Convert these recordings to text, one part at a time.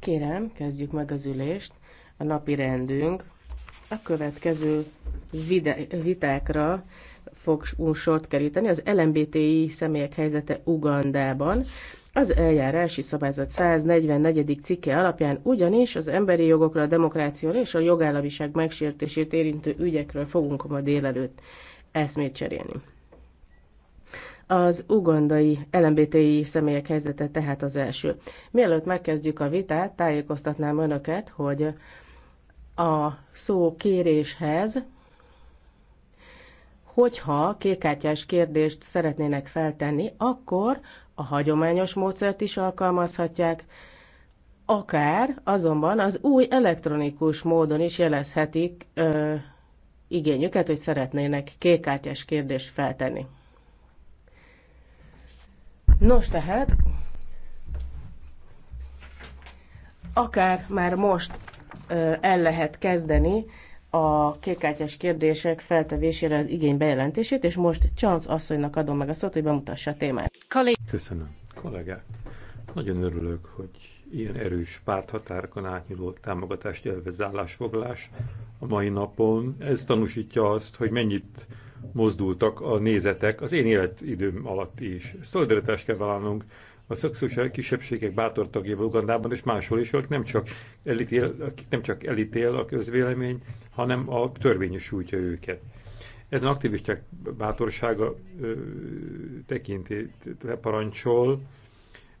Kérem, kezdjük meg az ülést. A napi rendünk a következő vitákra fog sort keríteni. Az LMBTI személyek helyzete Ugandában. Az eljárási szabályzat 144. cikke alapján ugyanis az emberi jogokra, a demokrációra és a jogállamiság megsértését érintő ügyekről fogunk ma délelőtt eszmét cserélni. Az ugandai LMBTI személyek helyzete tehát az első. Mielőtt megkezdjük a vitát, tájékoztatnám önöket, hogy a szó kéréshez, hogyha kékkártyás kérdést szeretnének feltenni, akkor a hagyományos módszert is alkalmazhatják, akár azonban az új elektronikus módon is jelezhetik ö, igényüket, hogy szeretnének kékkártyás kérdést feltenni. Nos tehát, akár már most el lehet kezdeni a kékkártyás kérdések feltevésére az igény bejelentését, és most Csanc asszonynak adom meg a szót, hogy bemutassa a témát. Köszönöm, kollégák. Nagyon örülök, hogy ilyen erős párthatárkon átnyúló támogatást élvez állásfoglás a mai napon. Ez tanúsítja azt, hogy mennyit mozdultak a nézetek az én életidőm alatt is. Szolidaritást kell vállalnunk a szexuális kisebbségek bátor tagjával Ugandában és máshol is, akik nem csak, elítél, akik nem csak elítél a közvélemény, hanem a törvény is sújtja őket. az aktivisták bátorsága tekintét parancsol,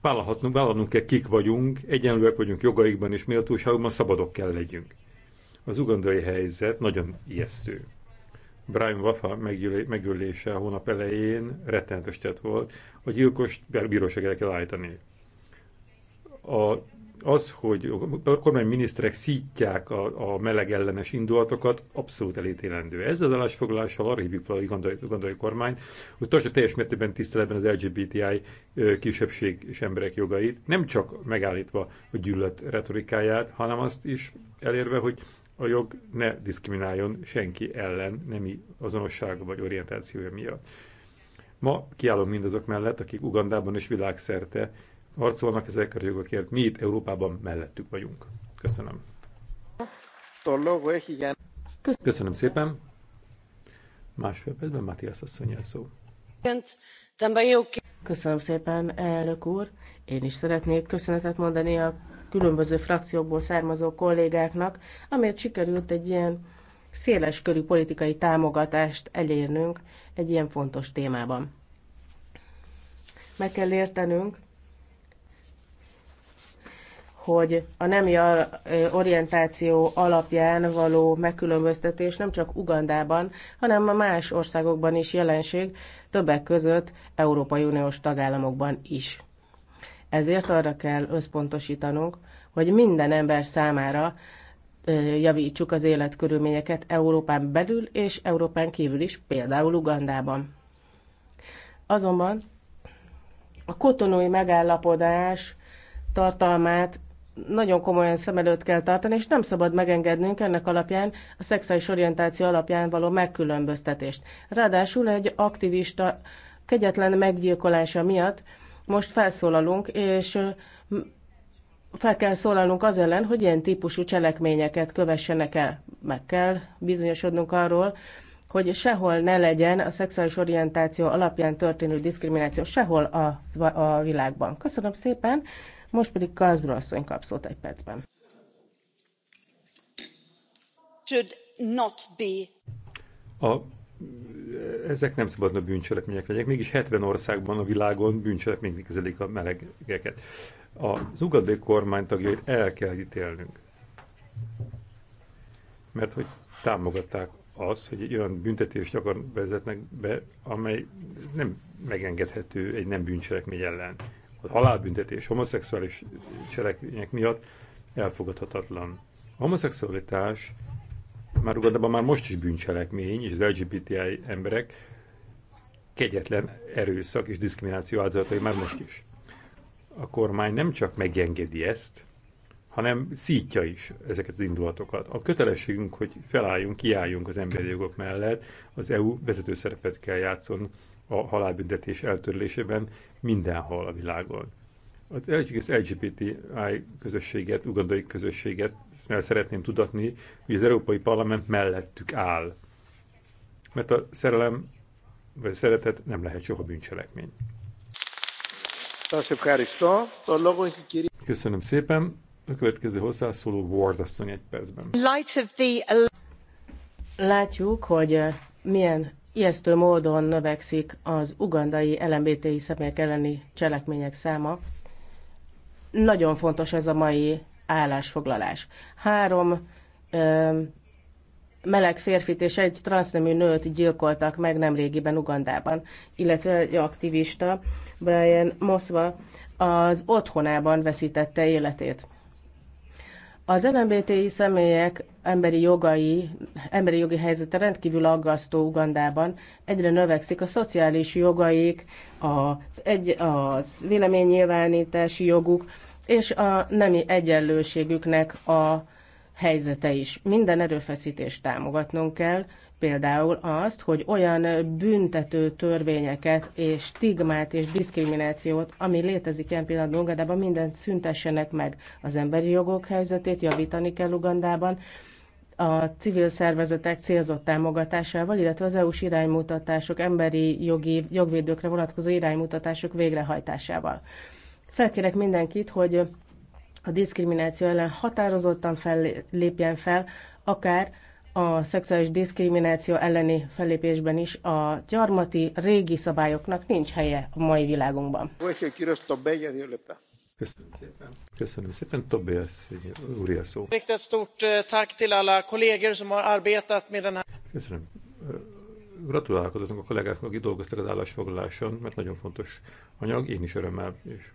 vállalhatnunk, vállalnunk kell, kik vagyunk, egyenlőek vagyunk jogaikban és méltóságunkban, szabadok kell legyünk. Az ugandai helyzet nagyon ijesztő. Brian Wafa megölése a hónap elején rettenetes tett volt, a gyilkost bíróság el kell állítani. A, az, hogy a miniszterek szítják a, a meleg ellenes indulatokat, abszolút elítélendő. Ezzel az állásfoglalással arra hívjuk fel a gondolai, gondolai kormány, hogy tartsa teljes mértékben tiszteletben az LGBTI kisebbség és emberek jogait, nem csak megállítva a gyűlölet retorikáját, hanem azt is elérve, hogy a jog ne diszkrimináljon senki ellen nemi azonossága vagy orientációja miatt. Ma kiállom mindazok mellett, akik Ugandában és világszerte harcolnak ezekkel a jogokért. Mi itt Európában mellettük vagyunk. Köszönöm. Köszönöm szépen. Másfél percben Matthias asszony szó. Köszönöm szépen, elnök úr. Én is szeretnék köszönetet mondani a különböző frakciókból származó kollégáknak, amért sikerült egy ilyen széles körű politikai támogatást elérnünk egy ilyen fontos témában. Meg kell értenünk, hogy a nemi orientáció alapján való megkülönböztetés nem csak Ugandában, hanem a más országokban is jelenség, többek között Európai Uniós tagállamokban is. Ezért arra kell összpontosítanunk, hogy minden ember számára javítsuk az életkörülményeket Európán belül és Európán kívül is, például Ugandában. Azonban a kotonói megállapodás tartalmát nagyon komolyan szem előtt kell tartani, és nem szabad megengednünk ennek alapján a szexuális orientáció alapján való megkülönböztetést. Ráadásul egy aktivista kegyetlen meggyilkolása miatt most felszólalunk, és fel kell szólalnunk az ellen, hogy ilyen típusú cselekményeket kövessenek el. Meg kell bizonyosodnunk arról, hogy sehol ne legyen a szexuális orientáció alapján történő diszkrimináció, sehol a, a világban. Köszönöm szépen, most pedig Kalszbra asszony kap szót egy percben. Should not be. A ezek nem szabadna bűncselekmények legyek. mégis 70 országban a világon bűncselekmények kezelik a melegeket. A ugadé kormány tagjait el kell ítélnünk. Mert hogy támogatták az, hogy egy olyan büntetést akar vezetnek be, amely nem megengedhető egy nem bűncselekmény ellen. A halálbüntetés homoszexuális cselekmények miatt elfogadhatatlan. A homoszexualitás már Ugandában már most is bűncselekmény, és az LGBTI emberek kegyetlen erőszak és diszkrimináció áldozatai már most is. A kormány nem csak megengedi ezt, hanem szítja is ezeket az indulatokat. A kötelességünk, hogy felálljunk, kiálljunk az emberi jogok mellett, az EU vezető szerepet kell játszon a halálbüntetés eltörlésében mindenhol a világon az egész LGBTI közösséget, ugandai közösséget szeretném tudatni, hogy az Európai Parlament mellettük áll. Mert a szerelem vagy a szeretet nem lehet soha bűncselekmény. Köszönöm szépen. A következő hozzászóló Ward asszony egy percben. Látjuk, hogy eh, milyen ijesztő módon növekszik az ugandai LMBTI személyek elleni cselekmények száma. Nagyon fontos ez a mai állásfoglalás. Három ö, meleg férfit és egy transznemű nőt gyilkoltak meg nemrégiben Ugandában, illetve egy aktivista, Brian Moszva, az otthonában veszítette életét. Az LMBTI személyek emberi, jogai, emberi jogi helyzete rendkívül aggasztó Ugandában. Egyre növekszik a szociális jogaik, az, egy, az véleménynyilvánítási joguk, és a nemi egyenlőségüknek a helyzete is. Minden erőfeszítést támogatnunk kell, például azt, hogy olyan büntető törvényeket és stigmát és diszkriminációt, ami létezik ilyen pillanatban Ugandában, mindent szüntessenek meg. Az emberi jogok helyzetét javítani kell Ugandában, a civil szervezetek célzott támogatásával, illetve az EU-s iránymutatások, emberi jogi jogvédőkre vonatkozó iránymutatások végrehajtásával. Felkérek mindenkit, hogy a diszkrimináció ellen határozottan fellépjen fel, akár a szexuális diszkrimináció elleni fellépésben is a gyarmati régi szabályoknak nincs helye a mai világunkban. Köszönöm szépen. Köszönöm szépen. Tobias úr a szó. Riktigt stort eh, tack till alla kollegor som har arbetat med den här... Köszönöm. Eh, Gratulálok azoknak a kollégáknak, akik dolgoztak az állásfoglaláson, mert nagyon fontos anyag, én is örömmel és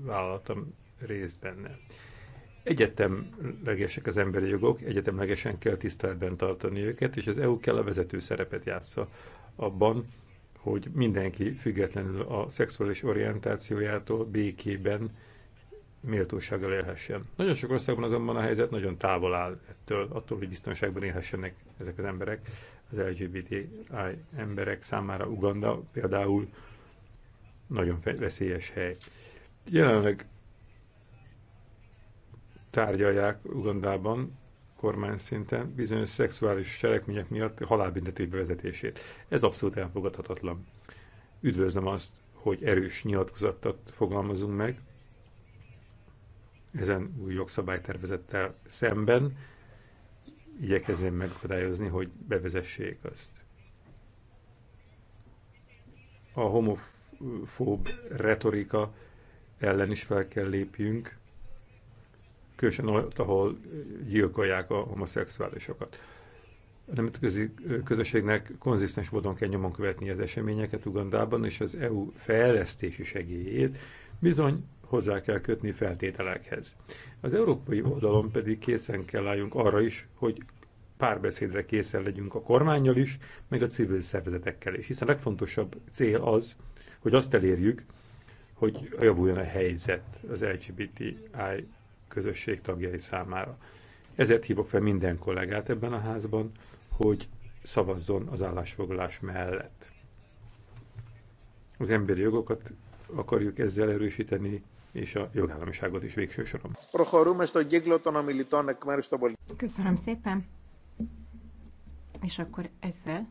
vállaltam részt benne. Egyetemlegesek az emberi jogok, egyetemlegesen kell tiszteletben tartani őket, és az EU kell a vezető szerepet játsza abban, hogy mindenki függetlenül a szexuális orientációjától békében méltósággal élhessen. Nagyon sok országban azonban a helyzet nagyon távol áll ettől, attól, hogy biztonságban élhessenek ezek az emberek, az LGBTI emberek számára Uganda például nagyon veszélyes hely. Jelenleg tárgyalják Ugandában kormány szinten bizonyos szexuális cselekmények miatt halálbüntetés bevezetését. Ez abszolút elfogadhatatlan. Üdvözlöm azt, hogy erős nyilatkozatot fogalmazunk meg ezen új jogszabálytervezettel szemben, igyekezvén megakadályozni, hogy bevezessék azt. A homofób retorika ellen is fel kell lépjünk, különösen ott, ahol gyilkolják a homoszexuálisokat. A nemzetközi közösségnek konzisztens módon kell nyomon követni az eseményeket Ugandában, és az EU fejlesztési segélyét bizony hozzá kell kötni feltételekhez. Az európai oldalon pedig készen kell álljunk arra is, hogy párbeszédre készen legyünk a kormányjal is, meg a civil szervezetekkel is, hiszen a legfontosabb cél az, hogy azt elérjük, hogy javuljon a helyzet az LGBTI közösség tagjai számára. Ezért hívok fel minden kollégát ebben a házban, hogy szavazzon az állásfoglalás mellett. Az emberi jogokat akarjuk ezzel erősíteni, és a jogállamiságot is végső soron. Köszönöm szépen! És akkor ezzel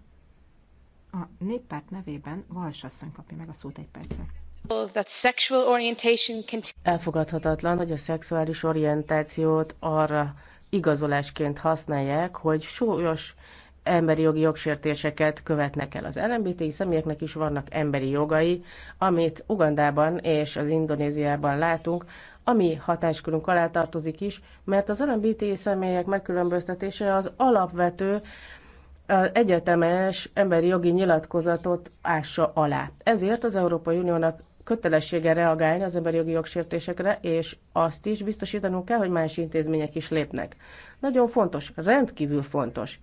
a néppárt nevében Valsasszony kapja meg a szót egy percet. Elfogadhatatlan, hogy a szexuális orientációt arra igazolásként használják, hogy súlyos emberi jogi jogsértéseket követnek el. Az LMBTI személyeknek is vannak emberi jogai, amit Ugandában és az Indonéziában látunk, ami hatáskörünk alá tartozik is, mert az LMBTI személyek megkülönböztetése az alapvető az egyetemes emberi jogi nyilatkozatot ássa alá. Ezért az Európai Uniónak kötelessége reagálni az emberi jogi jogsértésekre, és azt is biztosítanunk kell, hogy más intézmények is lépnek. Nagyon fontos, rendkívül fontos,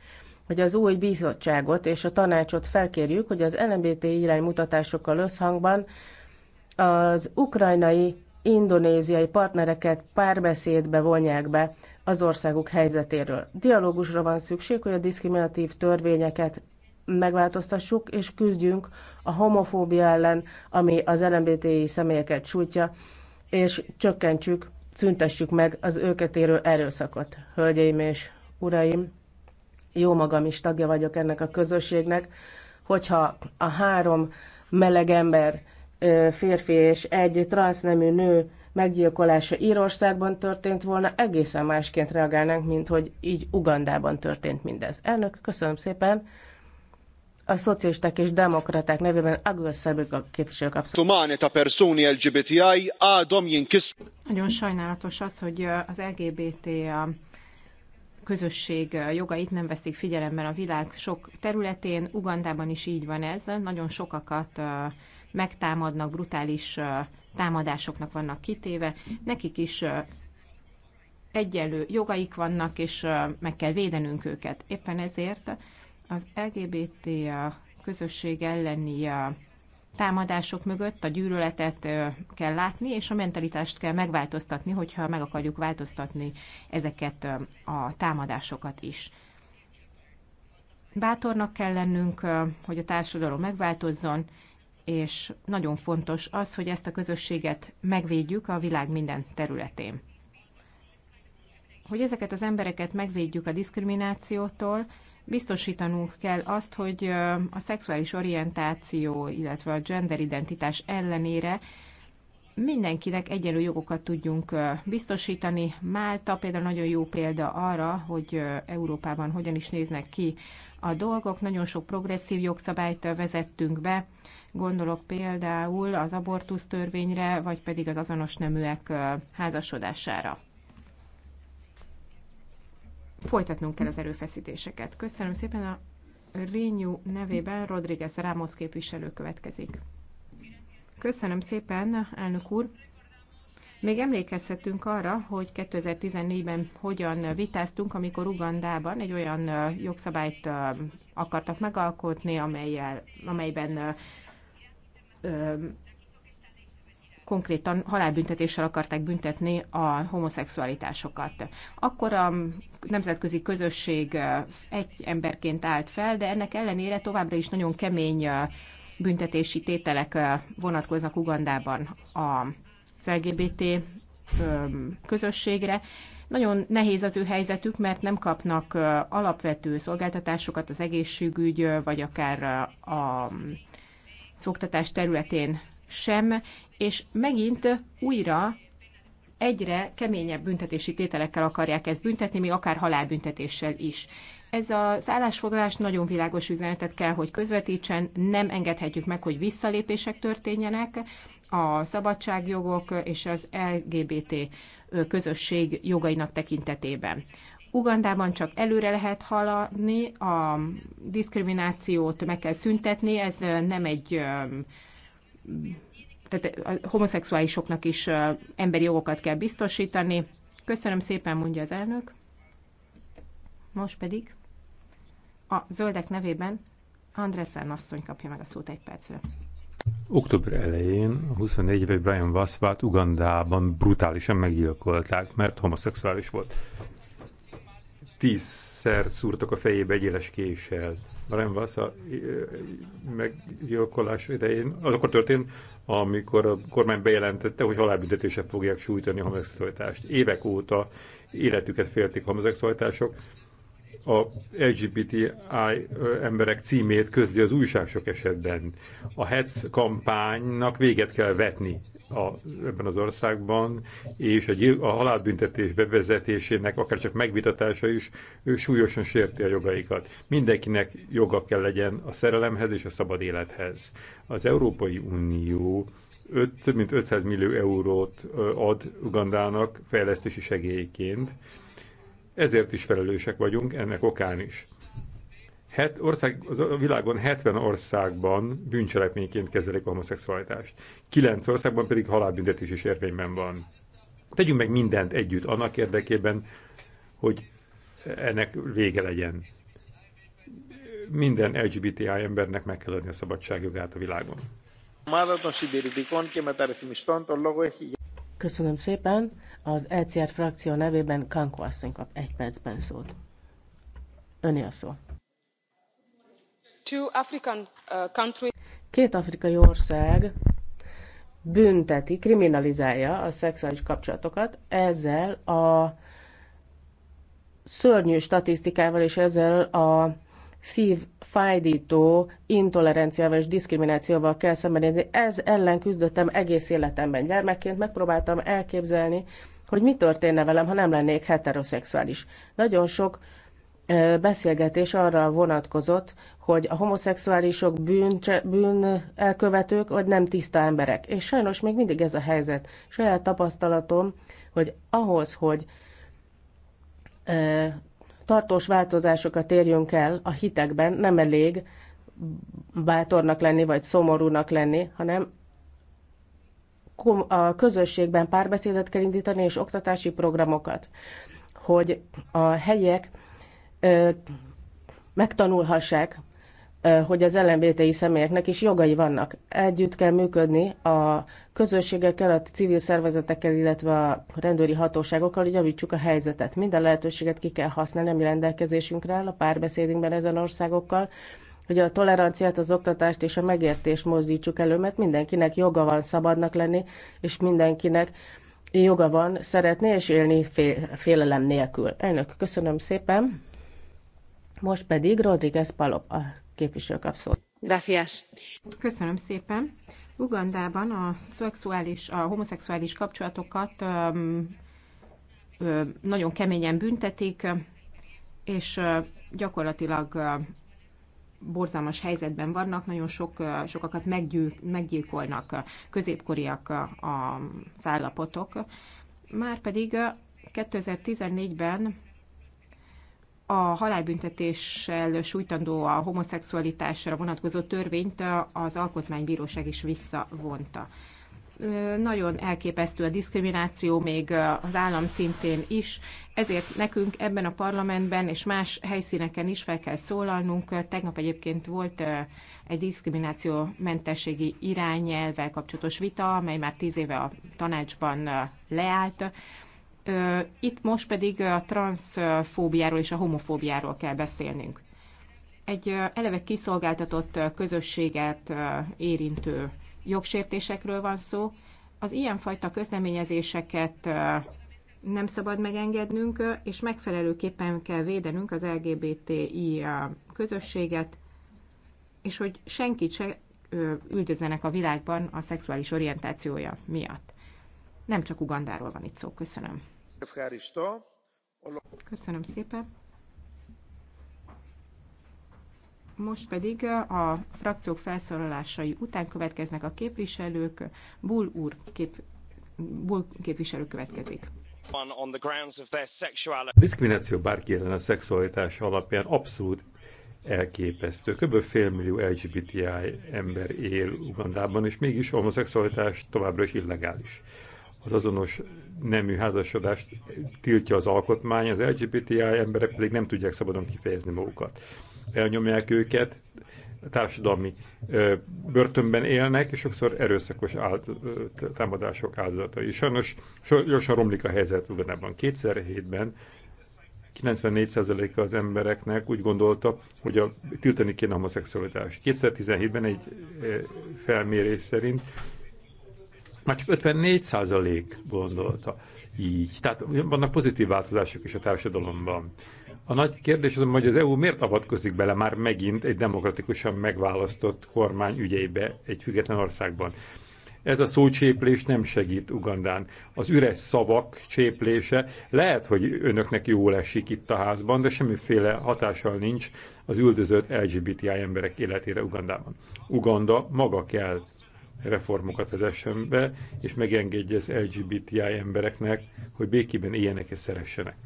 hogy az új bizottságot és a tanácsot felkérjük, hogy az LMBT iránymutatásokkal összhangban az ukrajnai, indonéziai partnereket párbeszédbe vonják be az országuk helyzetéről. Dialógusra van szükség, hogy a diszkriminatív törvényeket megváltoztassuk, és küzdjünk a homofóbia ellen, ami az LMBT személyeket sújtja, és csökkentsük, szüntessük meg az őket érő erőszakot. Hölgyeim és uraim, jó magam is tagja vagyok ennek a közösségnek, hogyha a három meleg ember, férfi és egy transznemű nő meggyilkolása Írországban történt volna, egészen másként reagálnánk, mint hogy így Ugandában történt mindez. Elnök, köszönöm szépen! a szocialisták és demokraták nevében Agul Szebük a képviselők abszolút. a personi LGBTI a jinkis. Nagyon sajnálatos az, hogy az LGBT közösség jogait nem veszik figyelemben a világ sok területén. Ugandában is így van ez. Nagyon sokakat megtámadnak, brutális támadásoknak vannak kitéve. Nekik is egyenlő jogaik vannak, és meg kell védenünk őket. Éppen ezért az LGBT közösség elleni támadások mögött a gyűlöletet kell látni, és a mentalitást kell megváltoztatni, hogyha meg akarjuk változtatni ezeket a támadásokat is. Bátornak kell lennünk, hogy a társadalom megváltozzon, és nagyon fontos az, hogy ezt a közösséget megvédjük a világ minden területén. Hogy ezeket az embereket megvédjük a diszkriminációtól, Biztosítanunk kell azt, hogy a szexuális orientáció, illetve a gender identitás ellenére mindenkinek egyenlő jogokat tudjunk biztosítani. Málta például nagyon jó példa arra, hogy Európában hogyan is néznek ki a dolgok. Nagyon sok progresszív jogszabályt vezettünk be, gondolok például az abortusz törvényre, vagy pedig az azonos neműek házasodására folytatnunk kell az erőfeszítéseket. Köszönöm szépen a Rényú nevében Rodríguez Ramos képviselő következik. Köszönöm szépen, elnök úr! Még emlékezhetünk arra, hogy 2014-ben hogyan vitáztunk, amikor Ugandában egy olyan jogszabályt akartak megalkotni, amelyel, amelyben konkrétan halálbüntetéssel akarták büntetni a homoszexualitásokat. Akkor a nemzetközi közösség egy emberként állt fel, de ennek ellenére továbbra is nagyon kemény büntetési tételek vonatkoznak Ugandában az LGBT közösségre. Nagyon nehéz az ő helyzetük, mert nem kapnak alapvető szolgáltatásokat az egészségügy, vagy akár a szoktatás területén sem, és megint újra egyre keményebb büntetési tételekkel akarják ezt büntetni, még akár halálbüntetéssel is. Ez az állásfoglalás nagyon világos üzenetet kell, hogy közvetítsen, nem engedhetjük meg, hogy visszalépések történjenek a szabadságjogok és az LGBT közösség jogainak tekintetében. Ugandában csak előre lehet haladni, a diszkriminációt meg kell szüntetni, ez nem egy tehát a homoszexuálisoknak is emberi jogokat kell biztosítani. Köszönöm szépen, mondja az elnök. Most pedig a zöldek nevében Andresen asszony kapja meg a szót egy percre. Október elején a 24 éves Brian Wasswát Ugandában brutálisan meggyilkolták, mert homoszexuális volt. Tízszer szúrtak a fejébe egy éles késsel. Brian a meggyilkolás idején, az akkor történt, amikor a kormány bejelentette, hogy halálbüntetése fogják sújtani a homoszexualitást. Évek óta életüket féltik a homoszexualitások. A LGBTI emberek címét közli az újság sok esetben. A HETS kampánynak véget kell vetni a, ebben az országban, és a, gyil, a halálbüntetés bevezetésének akár csak megvitatása is ő súlyosan sérti a jogaikat. Mindenkinek joga kell legyen a szerelemhez és a szabad élethez. Az Európai Unió 5, több mint 500 millió eurót ad Ugandának fejlesztési segélyként, ezért is felelősek vagyunk, ennek okán is. Het ország, az a világon 70 országban bűncselekményként kezelik a homoszexualitást. 9 országban pedig halálbüntetés is érvényben van. Tegyünk meg mindent együtt annak érdekében, hogy ennek vége legyen. Minden LGBTI embernek meg kell adni a szabadságjogát a világon. Köszönöm szépen. Az ECR frakció nevében Kanko asszony kap egy percben szót. Öné a szó. Uh, Két afrikai ország bünteti, kriminalizálja a szexuális kapcsolatokat, ezzel a szörnyű statisztikával és ezzel a szívfájdító intoleranciával és diszkriminációval kell szembenézni. Ez ellen küzdöttem egész életemben. Gyermekként megpróbáltam elképzelni, hogy mi történne velem, ha nem lennék heteroszexuális. Nagyon sok beszélgetés arra vonatkozott, hogy a homoszexuálisok bűn, bűn elkövetők, vagy nem tiszta emberek. És sajnos még mindig ez a helyzet. Saját tapasztalatom, hogy ahhoz, hogy tartós változásokat érjünk el a hitekben, nem elég bátornak lenni, vagy szomorúnak lenni, hanem a közösségben párbeszédet kell indítani, és oktatási programokat, hogy a helyiek megtanulhassák, hogy az LMBTI személyeknek is jogai vannak. Együtt kell működni a közösségekkel, a civil szervezetekkel, illetve a rendőri hatóságokkal, hogy javítsuk a helyzetet. Minden lehetőséget ki kell használni, a mi rendelkezésünkre áll a párbeszédünkben ezen országokkal, hogy a toleranciát, az oktatást és a megértést mozdítsuk elő, mert mindenkinek joga van szabadnak lenni, és mindenkinek joga van szeretni és élni fél, félelem nélkül. Elnök, köszönöm szépen! Most pedig Rodríguez Palop a képviselő kap szót. Gracias. Köszönöm szépen. Ugandában a, szexuális, a homoszexuális kapcsolatokat öm, ö, nagyon keményen büntetik, és ö, gyakorlatilag ö, borzalmas helyzetben vannak, nagyon sok, sokakat meggyűl, meggyilkolnak középkoriak az állapotok. Márpedig 2014-ben a halálbüntetéssel sújtandó a homoszexualitásra vonatkozó törvényt az alkotmánybíróság is visszavonta. Nagyon elképesztő a diszkrimináció még az állam szintén is, ezért nekünk ebben a parlamentben és más helyszíneken is fel kell szólalnunk. Tegnap egyébként volt egy diszkrimináció mentességi irányelvvel kapcsolatos vita, amely már tíz éve a tanácsban leállt itt most pedig a transzfóbiáról és a homofóbiáról kell beszélnünk. Egy eleve kiszolgáltatott közösséget érintő jogsértésekről van szó. Az ilyenfajta közleményezéseket nem szabad megengednünk, és megfelelőképpen kell védenünk az LGBTI közösséget, és hogy senkit se üldözzenek a világban a szexuális orientációja miatt. Nem csak Ugandáról van itt szó, köszönöm. Köszönöm szépen. Most pedig a frakciók felszólalásai után következnek a képviselők. Bull úr kép, Bull képviselő következik. A diszkrimináció bárki ellen a szexualitás alapján abszolút elképesztő. Kb. félmillió LGBTI ember él Ugandában, és mégis a homoszexualitás továbbra is illegális. Az azonos nemű házasodást tiltja az alkotmány, az LGBTI emberek pedig nem tudják szabadon kifejezni magukat. Elnyomják őket, társadalmi börtönben élnek, és sokszor erőszakos áld, támadások áldozatai. Sajnos gyorsan romlik a helyzet Ugandában. Kétszer ben 94%-a az embereknek úgy gondolta, hogy a, tiltani kéne a homoszexualitást. 2017-ben egy felmérés szerint már csak 54 százalék gondolta így. Tehát vannak pozitív változások is a társadalomban. A nagy kérdés az, hogy az EU miért avatkozik bele már megint egy demokratikusan megválasztott kormány ügyeibe egy független országban. Ez a szócséplés nem segít Ugandán. Az üres szavak cséplése lehet, hogy önöknek jól esik itt a házban, de semmiféle hatással nincs az üldözött LGBTI emberek életére Ugandában. Uganda maga kell reformokat vezessen be, és megengedje az LGBTI embereknek, hogy békében éljenek és szeressenek.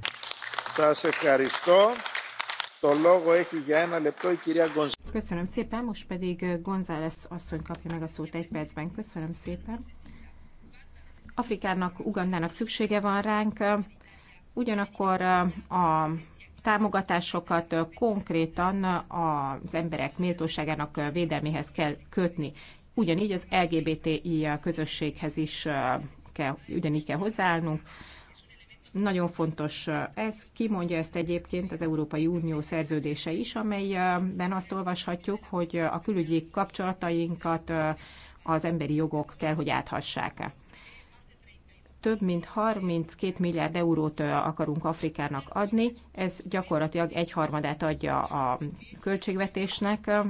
Köszönöm szépen, most pedig González asszony kapja meg a szót egy percben. Köszönöm szépen. Afrikának, Ugandának szüksége van ránk, ugyanakkor a támogatásokat konkrétan az emberek méltóságának védelméhez kell kötni ugyanígy az LGBTI közösséghez is kell, ugyanígy kell hozzáállnunk. Nagyon fontos ez, kimondja ezt egyébként az Európai Unió szerződése is, amelyben azt olvashatjuk, hogy a külügyi kapcsolatainkat az emberi jogok kell, hogy áthassák több mint 32 milliárd eurót akarunk Afrikának adni, ez gyakorlatilag egyharmadát adja a költségvetésnek, a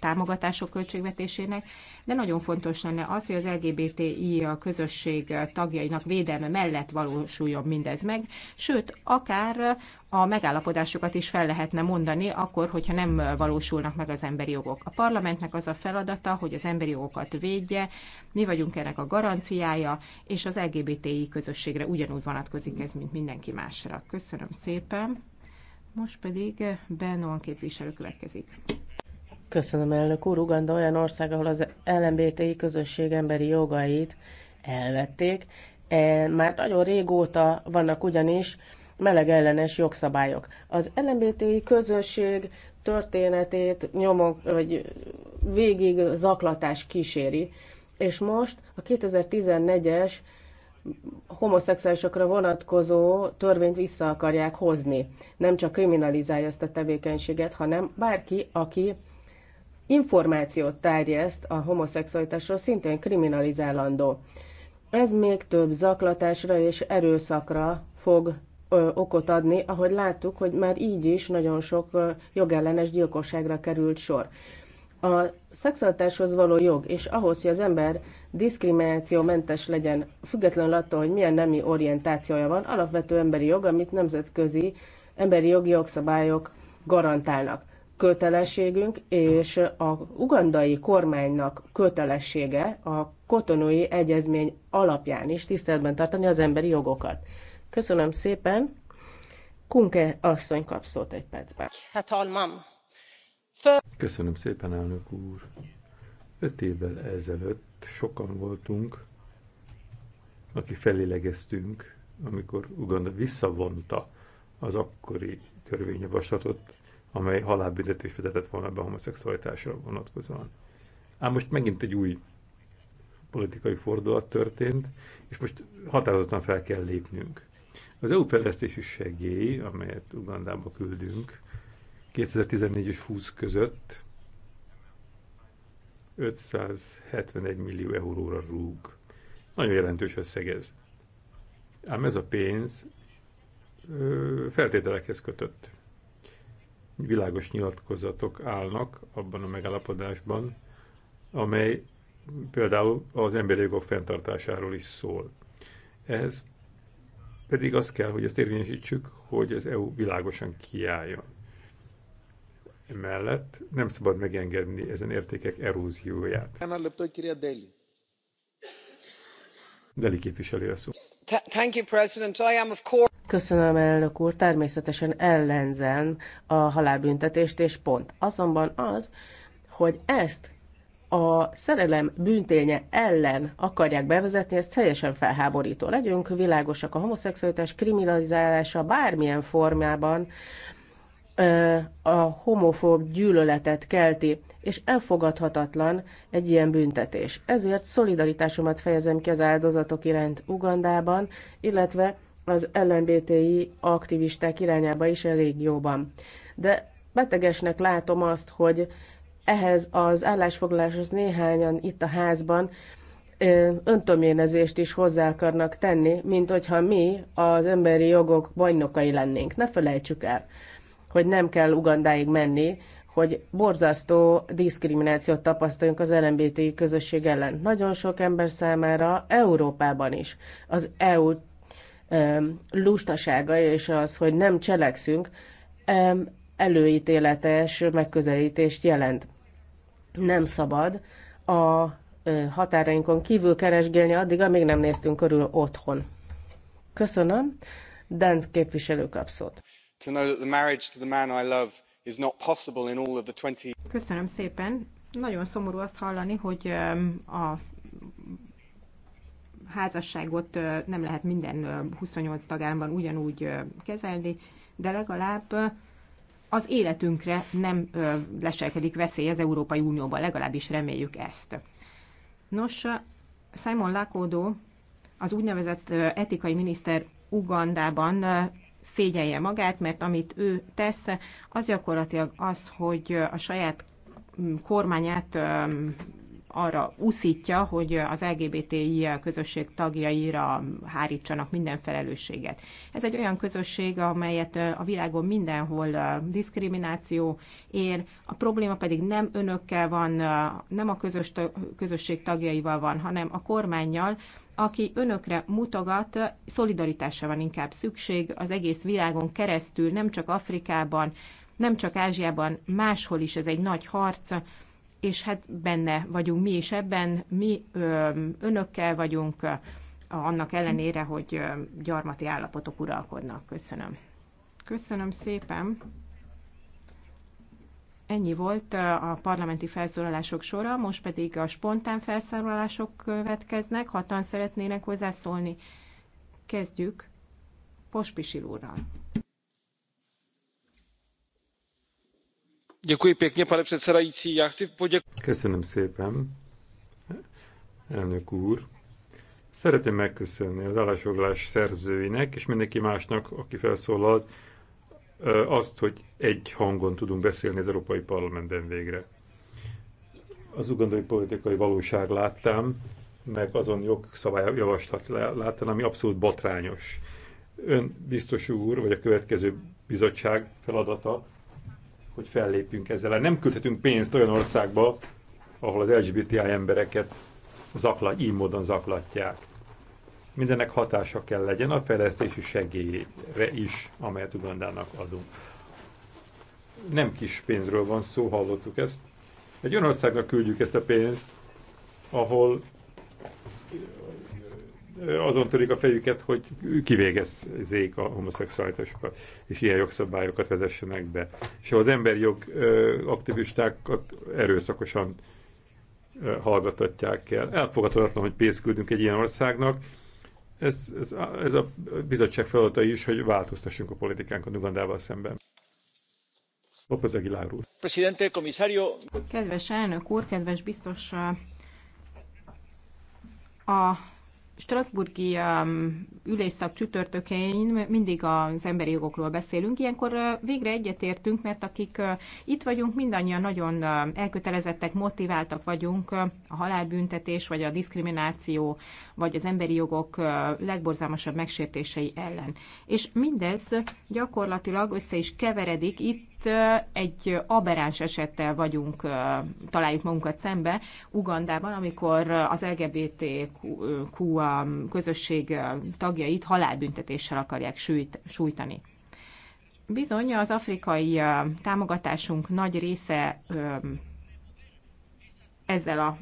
támogatások költségvetésének, de nagyon fontos lenne az, hogy az LGBTI közösség tagjainak védelme mellett valósuljon mindez meg, sőt, akár a megállapodásokat is fel lehetne mondani, akkor, hogyha nem valósulnak meg az emberi jogok. A parlamentnek az a feladata, hogy az emberi jogokat védje, mi vagyunk ennek a garanciája, és az LGBTI közösségre ugyanúgy vonatkozik ez, mint mindenki másra. Köszönöm szépen. Most pedig Benoan képviselő következik. Köszönöm, elnök úr. Uganda olyan ország, ahol az LMBTI közösség emberi jogait elvették. E, már nagyon régóta vannak ugyanis melegellenes jogszabályok. Az LMBTI közösség történetét nyomok, vagy végig zaklatás kíséri, és most a 2014-es homoszexuálisokra vonatkozó törvényt vissza akarják hozni. Nem csak kriminalizálja ezt a tevékenységet, hanem bárki, aki információt terjeszt a homoszexualitásról, szintén kriminalizálandó. Ez még több zaklatásra és erőszakra fog ö, okot adni, ahogy láttuk, hogy már így is nagyon sok ö, jogellenes gyilkosságra került sor. A szexualitáshoz való jog, és ahhoz, hogy az ember diszkriminációmentes legyen, függetlenül attól, hogy milyen nemi orientációja van, alapvető emberi jog, amit nemzetközi emberi jogi jogszabályok garantálnak kötelességünk és a ugandai kormánynak kötelessége a kotonói egyezmény alapján is tiszteletben tartani az emberi jogokat. Köszönöm szépen. Kunke asszony kap szót egy percben. Hát, Köszönöm szépen, elnök úr. Öt évvel ezelőtt sokan voltunk, aki felélegeztünk, amikor Uganda visszavonta az akkori törvényjavaslatot, amely halálbüntetést vezetett volna be a homoszexualitásra vonatkozóan. Ám most megint egy új politikai fordulat történt, és most határozottan fel kell lépnünk. Az EU fejlesztési segély, amelyet Ugandába küldünk, 2014 és 20 között 571 millió euróra rúg. Nagyon jelentős összeg ez. Ám ez a pénz feltételekhez kötött világos nyilatkozatok állnak abban a megállapodásban, amely például az emberi jogok fenntartásáról is szól. Ehhez pedig az kell, hogy ezt érvényesítsük, hogy az EU világosan kiálljon. Emellett nem szabad megengedni ezen értékek erózióját. Deli képviselő a szó. Thank you, President. I am of course... Köszönöm, elnök úr, természetesen ellenzem a halálbüntetést, és pont. Azonban az, hogy ezt a szerelem bűnténye ellen akarják bevezetni, ez teljesen felháborító. Legyünk világosak, a homoszexualitás kriminalizálása bármilyen formában a homofób gyűlöletet kelti, és elfogadhatatlan egy ilyen büntetés. Ezért szolidaritásomat fejezem ki az áldozatok iránt Ugandában, illetve az LMBTI aktivisták irányába is a régióban. De betegesnek látom azt, hogy ehhez az állásfoglaláshoz néhányan itt a házban öntöménezést is hozzá akarnak tenni, mint hogyha mi az emberi jogok bajnokai lennénk. Ne felejtsük el, hogy nem kell Ugandáig menni, hogy borzasztó diszkriminációt tapasztaljunk az LMBTI közösség ellen. Nagyon sok ember számára Európában is. Az EU lustasága és az, hogy nem cselekszünk, előítéletes megközelítést jelent. Nem szabad a határainkon kívül keresgélni addig, amíg nem néztünk körül otthon. Köszönöm. Dance képviselő kapszót. Köszönöm szépen. Nagyon szomorú azt hallani, hogy a házasságot nem lehet minden 28 tagállamban ugyanúgy kezelni, de legalább az életünkre nem leselkedik veszély az Európai Unióban, legalábbis reméljük ezt. Nos, Simon Lakodó, az úgynevezett etikai miniszter Ugandában szégyelje magát, mert amit ő tesz, az gyakorlatilag az, hogy a saját kormányát arra úszítja, hogy az LGBTI közösség tagjaira hárítsanak minden felelősséget. Ez egy olyan közösség, amelyet a világon mindenhol diszkrimináció ér, a probléma pedig nem önökkel van, nem a közös, közösség tagjaival van, hanem a kormányjal, aki önökre mutogat, szolidaritásra van inkább szükség az egész világon keresztül, nem csak Afrikában, nem csak Ázsiában, máshol is ez egy nagy harc, és hát benne vagyunk mi is ebben, mi ö, önökkel vagyunk, annak ellenére, hogy gyarmati állapotok uralkodnak. Köszönöm. Köszönöm szépen. Ennyi volt a parlamenti felszólalások sora, most pedig a spontán felszólalások következnek. Hatan szeretnének hozzászólni. Kezdjük Pospisil úrral. pane předsedající já chci poděkovat. szeretném megköszönni az állásfoglalás szerzőinek és mindenki másnak aki felszólalt azt hogy egy hangon tudunk beszélni az európai parlamentben végre. az ugandai politikai valóság láttam, meg azon jogszabályjavaslat láttam ami abszolút botrányos. ön biztos úr vagy a következő bizottság feladata hogy fellépjünk ezzel. Nem küldhetünk pénzt olyan országba, ahol az LGBTI embereket zaklat, így módon zaklatják. Mindennek hatása kell legyen a fejlesztési segélyre is, amelyet Ugandának adunk. Nem kis pénzről van szó, hallottuk ezt. Egy olyan országnak küldjük ezt a pénzt, ahol azon törik a fejüket, hogy kivégezzék a homoszexualitásokat, és ilyen jogszabályokat vezessenek be. És az emberjog aktivistákat erőszakosan hallgatatják el. Elfogadhatatlan, hogy pénzt küldünk egy ilyen országnak. Ez, ez, ez a bizottság feladata is, hogy változtassunk a politikánkat Ugandával szemben. López Aguilar úr. Presidente, komisario. Kedves elnök úr, kedves biztos a Strasburgi um, ülésszak csütörtökén mindig az emberi jogokról beszélünk, ilyenkor uh, végre egyetértünk, mert akik uh, itt vagyunk, mindannyian nagyon uh, elkötelezettek, motiváltak vagyunk a halálbüntetés, vagy a diszkrimináció, vagy az emberi jogok legborzalmasabb megsértései ellen. És mindez gyakorlatilag össze is keveredik itt itt egy aberáns esettel vagyunk, találjuk magunkat szembe Ugandában, amikor az LGBTQ um, közösség tagjait halálbüntetéssel akarják sújtani. Bizony, az afrikai támogatásunk nagy része ezzel az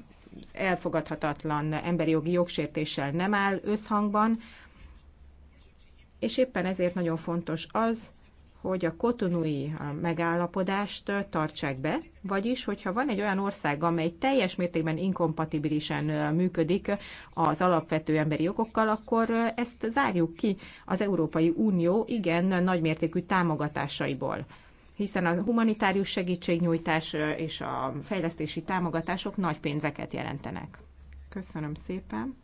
elfogadhatatlan emberi jogi jogsértéssel nem áll összhangban, és éppen ezért nagyon fontos az, hogy a kotonui megállapodást tartsák be, vagyis, hogyha van egy olyan ország, amely teljes mértékben inkompatibilisen működik az alapvető emberi jogokkal, akkor ezt zárjuk ki az Európai Unió igen nagymértékű támogatásaiból hiszen a humanitárius segítségnyújtás és a fejlesztési támogatások nagy pénzeket jelentenek. Köszönöm szépen.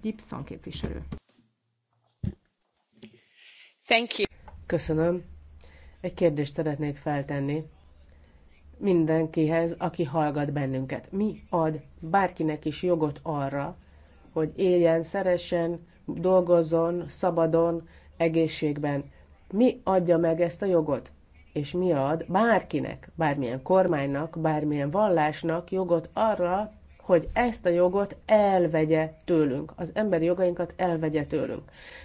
Gibson képviselő. Thank you. Köszönöm. Egy kérdést szeretnék feltenni mindenkihez, aki hallgat bennünket. Mi ad bárkinek is jogot arra, hogy éljen, szeressen, dolgozzon, szabadon, egészségben. Mi adja meg ezt a jogot? És mi ad bárkinek, bármilyen kormánynak, bármilyen vallásnak jogot arra, hogy ezt a jogot elvegye tőlünk, az emberi jogainkat elvegye tőlünk.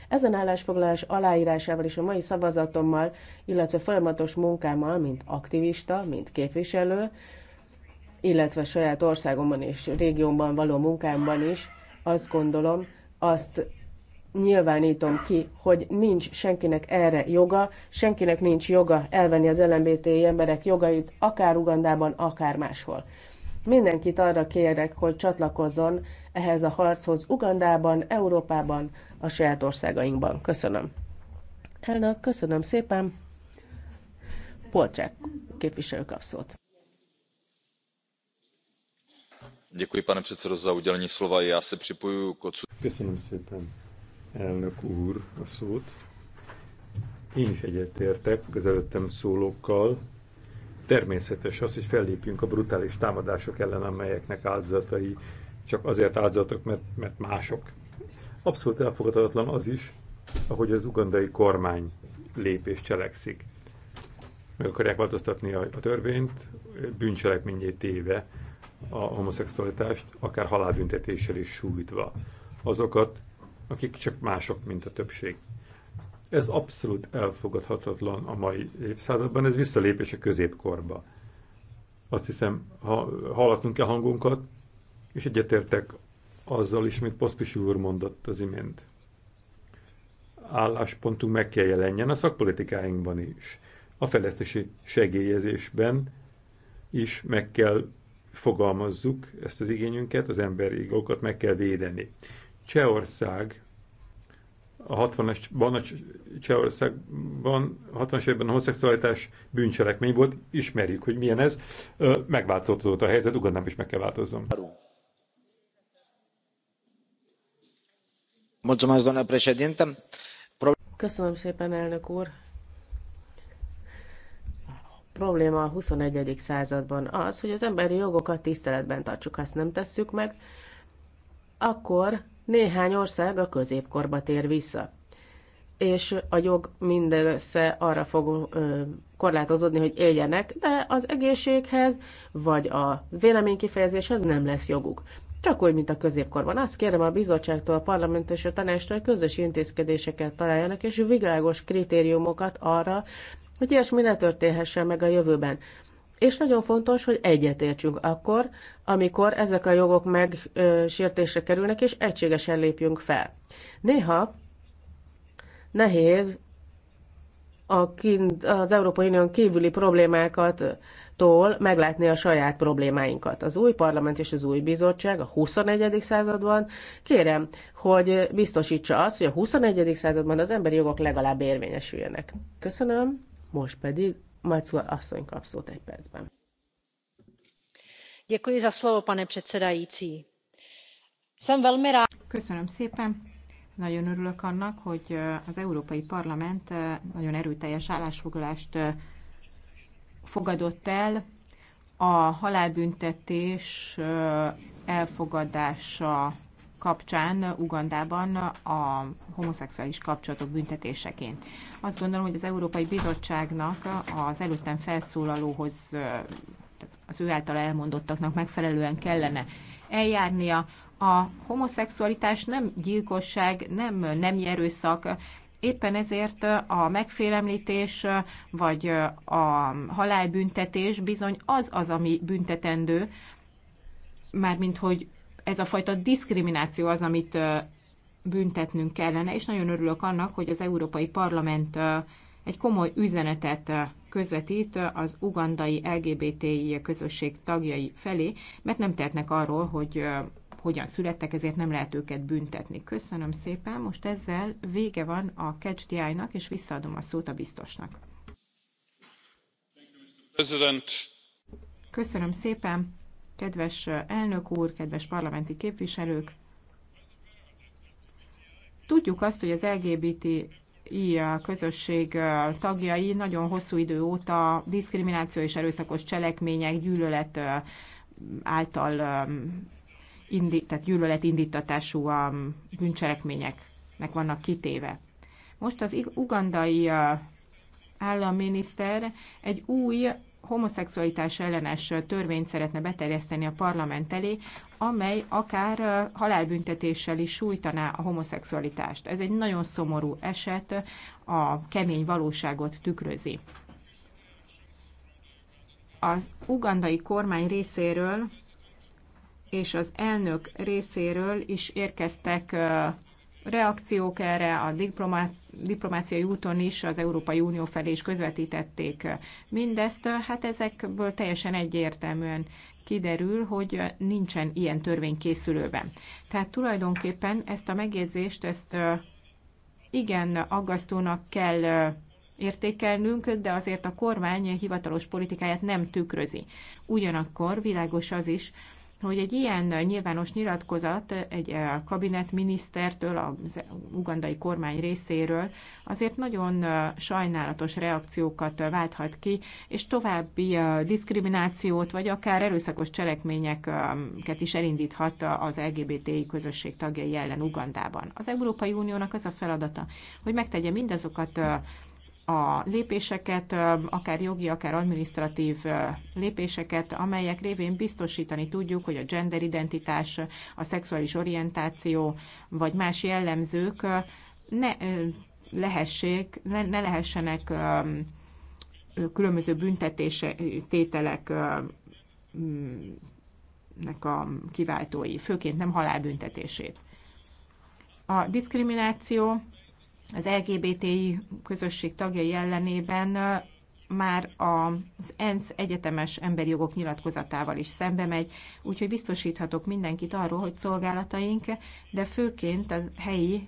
Ezen állásfoglalás aláírásával és a mai szavazatommal, illetve folyamatos munkámmal, mint aktivista, mint képviselő, illetve saját országomban és régiómban való munkámban is, azt gondolom, azt nyilvánítom ki, hogy nincs senkinek erre joga, senkinek nincs joga elvenni az LMBTI emberek jogait, akár Ugandában, akár máshol. Mindenkit arra kérek, hogy csatlakozzon ehhez a harchoz Ugandában, Európában, a saját országainkban. Köszönöm. Elnök, köszönöm szépen. Polcsák képviselő kapszót. szót. pane předsedající já se připojuji k Köszönöm szépen, elnök úr, a szót. Én is egyetértek az előttem szólókkal. Természetes az, hogy fellépjünk a brutális támadások ellen, amelyeknek áldozatai csak azért áldozatok, mert, mert mások. Abszolút elfogadhatatlan az is, ahogy az ugandai kormány lépés cselekszik. Meg akarják változtatni a, a törvényt, bűncselekményét téve a homoszexualitást, akár halálbüntetéssel is sújtva. Azokat, akik csak mások, mint a többség. Ez abszolút elfogadhatatlan a mai évszázadban, ez visszalépés a középkorba. Azt hiszem, ha hallatunk-e hangunkat, és egyetértek azzal is, amit Poszpisi úr mondott az imént. Álláspontunk meg kell jelenjen a szakpolitikáinkban is. A fejlesztési segélyezésben is meg kell fogalmazzuk ezt az igényünket, az emberi jogokat meg kell védeni. Csehország a 60-asban, a Csehországban, 60-as évben a homoszexualitás bűncselekmény volt, ismerjük, hogy milyen ez. Megváltozott a helyzet, Ugandám is meg kell változzon. Köszönöm szépen, elnök úr. A probléma a 21. században az, hogy az emberi jogokat tiszteletben tartsuk, ha ezt nem tesszük meg, akkor néhány ország a középkorba tér vissza, és a jog mindössze arra fog ö, korlátozódni, hogy éljenek, de az egészséghez vagy a véleménykifejezéshez nem lesz joguk. Csak úgy, mint a középkorban. Azt kérem a bizottságtól, a parlament és a tanástól, közös intézkedéseket találjanak, és világos kritériumokat arra, hogy ilyesmi ne történhessen meg a jövőben. És nagyon fontos, hogy egyetértsünk akkor, amikor ezek a jogok megsértésre kerülnek, és egységesen lépjünk fel. Néha nehéz a kint, az Európai Unión kívüli problémákat tól meglátni a saját problémáinkat. Az új parlament és az új bizottság a 21. században kérem, hogy biztosítsa azt, hogy a 21. században az emberi jogok legalább érvényesüljenek. Köszönöm, most pedig Macua asszony kap szót egy percben. pane předsedající. Jsem velmi Köszönöm szépen. Nagyon örülök annak, hogy az Európai Parlament nagyon erőteljes állásfoglalást fogadott el a halálbüntetés elfogadása kapcsán Ugandában a homoszexuális kapcsolatok büntetéseként. Azt gondolom, hogy az Európai Bizottságnak az előttem felszólalóhoz, az ő által elmondottaknak megfelelően kellene eljárnia. A homoszexualitás nem gyilkosság, nem nem erőszak, Éppen ezért a megfélemlítés vagy a halálbüntetés bizony az az, ami büntetendő, mármint hogy ez a fajta diszkrimináció az, amit büntetnünk kellene, és nagyon örülök annak, hogy az Európai Parlament egy komoly üzenetet közvetít az ugandai LGBTI közösség tagjai felé, mert nem tehetnek arról, hogy hogyan születtek, ezért nem lehet őket büntetni. Köszönöm szépen, most ezzel vége van a Catch the Eye-nak, és visszaadom a szót a biztosnak. Köszönöm szépen. Kedves elnök úr, kedves parlamenti képviselők! Tudjuk azt, hogy az LGBTI közösség tagjai nagyon hosszú idő óta diszkrimináció és erőszakos cselekmények, gyűlölet által indi, tehát gyűlöletindítatású bűncselekményeknek vannak kitéve. Most az ugandai államminiszter egy új homoszexualitás ellenes törvényt szeretne beterjeszteni a parlament elé, amely akár halálbüntetéssel is sújtaná a homoszexualitást. Ez egy nagyon szomorú eset, a kemény valóságot tükrözi. Az ugandai kormány részéről és az elnök részéről is érkeztek reakciók erre, a diplomát diplomáciai úton is az Európai Unió felé is közvetítették mindezt. Hát ezekből teljesen egyértelműen kiderül, hogy nincsen ilyen törvény készülőben. Tehát tulajdonképpen ezt a megjegyzést, ezt igen aggasztónak kell értékelnünk, de azért a kormány hivatalos politikáját nem tükrözi. Ugyanakkor világos az is, hogy egy ilyen nyilvános nyilatkozat egy eh, kabinetminisztertől, az ugandai kormány részéről azért nagyon eh, sajnálatos reakciókat eh, válthat ki, és további diszkriminációt, vagy akár erőszakos cselekményeket is elindíthat az LGBTI közösség tagjai ellen Ugandában. Az Európai Uniónak az a feladata, hogy megtegye mindazokat a lépéseket, akár jogi, akár administratív lépéseket, amelyek révén biztosítani tudjuk, hogy a gender identitás, a szexuális orientáció vagy más jellemzők ne lehessék, ne, ne lehessenek különböző büntetése tételek mm, nek a kiváltói, főként nem halálbüntetését. A diszkrimináció az LGBTI közösség tagjai ellenében már az ENSZ egyetemes emberi jogok nyilatkozatával is szembe megy, úgyhogy biztosíthatok mindenkit arról, hogy szolgálataink, de főként a helyi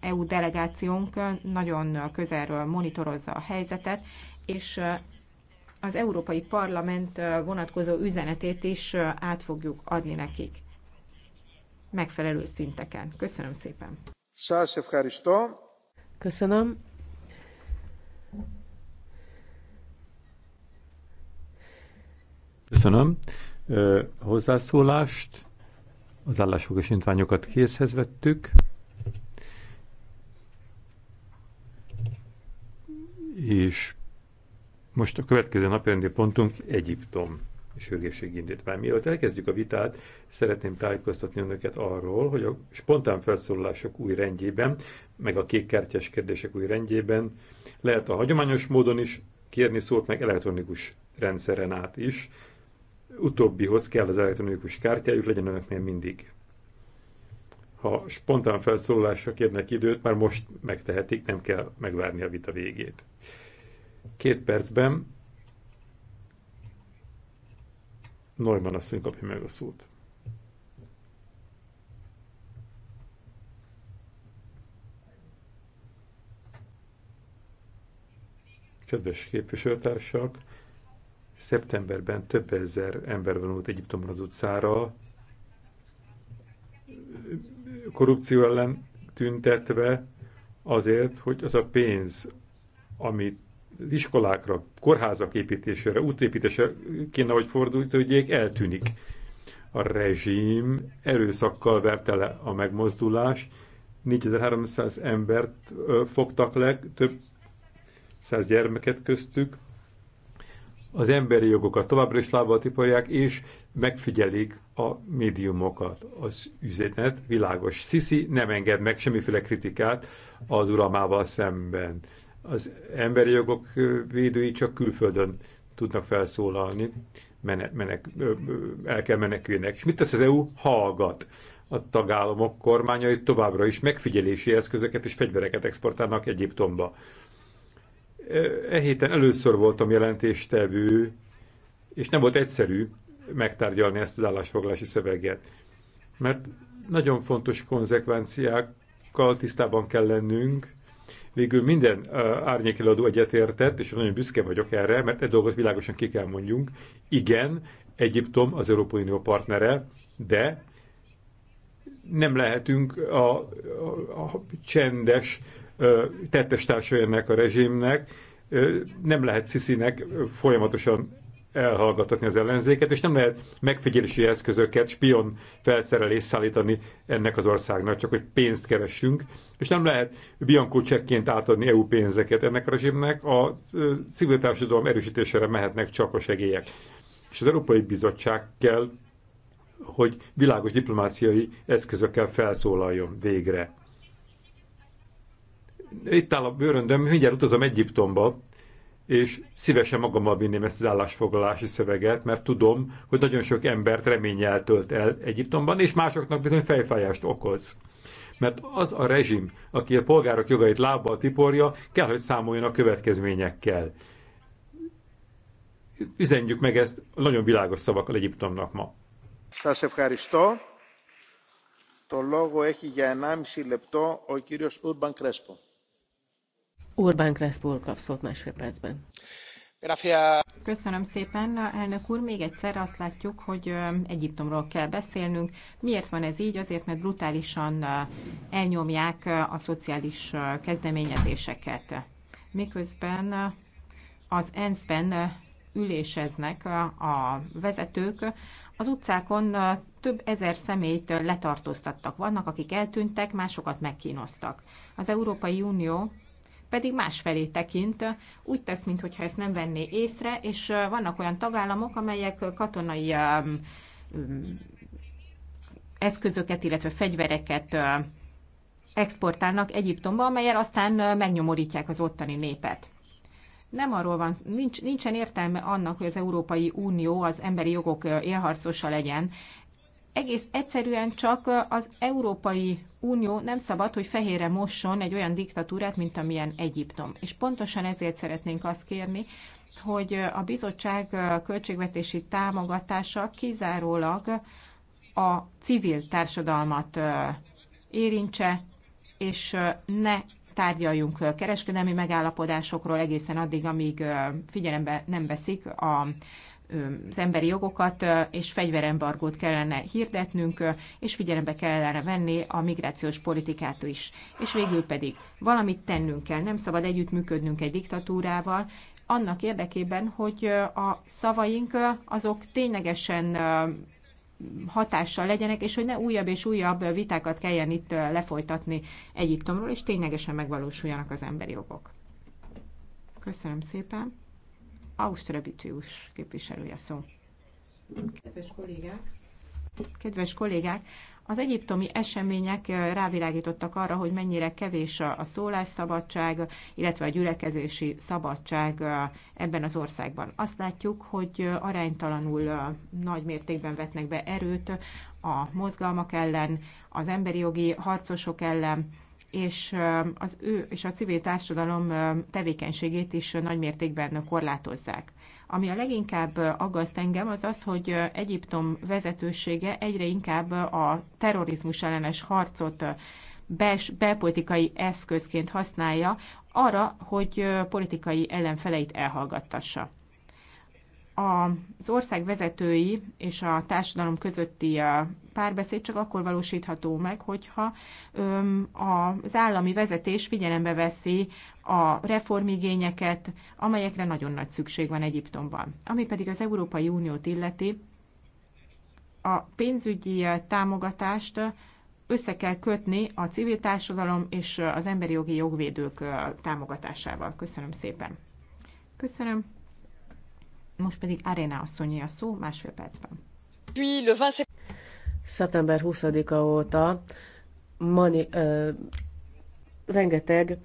EU delegációnk nagyon közelről monitorozza a helyzetet, és az Európai Parlament vonatkozó üzenetét is át fogjuk adni nekik megfelelő szinteken. Köszönöm szépen! Köszönöm. Köszönöm. hozzászólást, az állásfogás készhez vettük. És most a következő napirendi pontunk Egyiptom sürgésségi indítvány. Mielőtt elkezdjük a vitát, szeretném tájékoztatni önöket arról, hogy a spontán felszólalások új rendjében, meg a kékkártyás kérdések új rendjében lehet a hagyományos módon is kérni szót, meg elektronikus rendszeren át is. Utóbbihoz kell az elektronikus kártyájuk, legyen önöknél mindig. Ha spontán felszólalásra kérnek időt, már most megtehetik, nem kell megvárni a vita végét. Két percben Neumann asszony kapja meg a szót. Kedves képviselőtársak, szeptemberben több ezer ember vonult Egyiptomban az utcára, korrupció ellen tüntetve azért, hogy az a pénz, amit iskolákra, kórházak építésére, útépítésre kéne, hogy fordultódjék, eltűnik. A rezsim erőszakkal verte le a megmozdulás, 4300 embert fogtak le, több száz gyermeket köztük. Az emberi jogokat továbbra is lábbal tiporják, és megfigyelik a médiumokat. Az üzenet világos. Sisi nem enged meg semmiféle kritikát az uramával szemben az emberi jogok védői csak külföldön tudnak felszólalni, menek, menek, el kell menekülnek. És mit tesz az EU? Hallgat. A tagállamok kormányai továbbra is megfigyelési eszközöket és fegyvereket exportálnak Egyiptomba. E héten először voltam jelentéstevő, és nem volt egyszerű megtárgyalni ezt az állásfoglalási szöveget. Mert nagyon fontos konzekvenciákkal tisztában kell lennünk, Végül minden uh, árnyékiladó egyetértett, és nagyon büszke vagyok erre, mert egy dolgot világosan ki kell mondjunk. Igen, Egyiptom az Európai Unió partnere, de nem lehetünk a, a, a csendes uh, ennek a rezsimnek, nem lehet Sziszinek folyamatosan elhallgatni az ellenzéket, és nem lehet megfigyelési eszközöket, spion felszerelést szállítani ennek az országnak, csak hogy pénzt keressünk, és nem lehet Bianco csekként átadni EU pénzeket ennek a rezsimnek, a civil társadalom erősítésére mehetnek csak a segélyek. És az Európai Bizottság kell, hogy világos diplomáciai eszközökkel felszólaljon végre. Itt áll a bőröndöm, mindjárt utazom Egyiptomba, és szívesen magammal vinném ezt az állásfoglalási szöveget, mert tudom, hogy nagyon sok embert reményel tölt el Egyiptomban, és másoknak bizony fejfájást okoz. Mert az a rezsim, aki a polgárok jogait lábbal tiporja, kell, hogy számoljon a következményekkel. Üzenjük meg ezt nagyon világos szavakkal Egyiptomnak ma. Σας ευχαριστώ. Το λόγο έχει για 1,5 λεπτό ο κύριος Urban Crespo. Orbán Crespo kapszott másfél percben. Köszönöm szépen, elnök úr. Még egyszer azt látjuk, hogy Egyiptomról kell beszélnünk. Miért van ez így? Azért, mert brutálisan elnyomják a szociális kezdeményezéseket. Miközben az ENSZ-ben üléseznek a vezetők, az utcákon több ezer személyt letartóztattak. Vannak, akik eltűntek, másokat megkínoztak. Az Európai Unió pedig másfelé tekint, úgy tesz, mintha ezt nem venné észre, és vannak olyan tagállamok, amelyek katonai eszközöket, illetve fegyvereket exportálnak Egyiptomba, amelyel aztán megnyomorítják az ottani népet. Nem arról van, nincs, nincsen értelme annak, hogy az Európai Unió az emberi jogok élharcosa legyen egész egyszerűen csak az Európai Unió nem szabad, hogy fehérre mosson egy olyan diktatúrát, mint amilyen Egyiptom. És pontosan ezért szeretnénk azt kérni, hogy a bizottság költségvetési támogatása kizárólag a civil társadalmat érintse, és ne tárgyaljunk kereskedelmi megállapodásokról egészen addig, amíg figyelembe nem veszik a az emberi jogokat és fegyverembargót kellene hirdetnünk, és figyelembe kellene venni a migrációs politikát is. És végül pedig valamit tennünk kell, nem szabad együttműködnünk egy diktatúrával, annak érdekében, hogy a szavaink azok ténylegesen hatással legyenek, és hogy ne újabb és újabb vitákat kelljen itt lefolytatni Egyiptomról, és ténylegesen megvalósuljanak az emberi jogok. Köszönöm szépen! Ausztravicius képviselője szó. Kedves kollégák! Kedves kollégák! Az egyiptomi események eh, rávilágítottak arra, hogy mennyire kevés a szólásszabadság, illetve a gyülekezési szabadság eh, ebben az országban. Azt látjuk, hogy eh, aránytalanul nagy mértékben vetnek be erőt a mozgalmak ellen, az emberi jogi harcosok ellen, és, az ő, és a civil társadalom tevékenységét is nagymértékben korlátozzák. Ami a leginkább aggaszt engem, az az, hogy Egyiptom vezetősége egyre inkább a terrorizmus ellenes harcot belpolitikai eszközként használja arra, hogy politikai ellenfeleit elhallgattassa az ország vezetői és a társadalom közötti párbeszéd csak akkor valósítható meg, hogyha az állami vezetés figyelembe veszi a reformigényeket, amelyekre nagyon nagy szükség van Egyiptomban. Ami pedig az Európai Uniót illeti, a pénzügyi támogatást össze kell kötni a civil társadalom és az emberi jogi jogvédők támogatásával. Köszönöm szépen. Köszönöm. Most pedig Arena asszonyi a szó, másfél percben. Szeptember 20-a óta mani, ö, rengeteg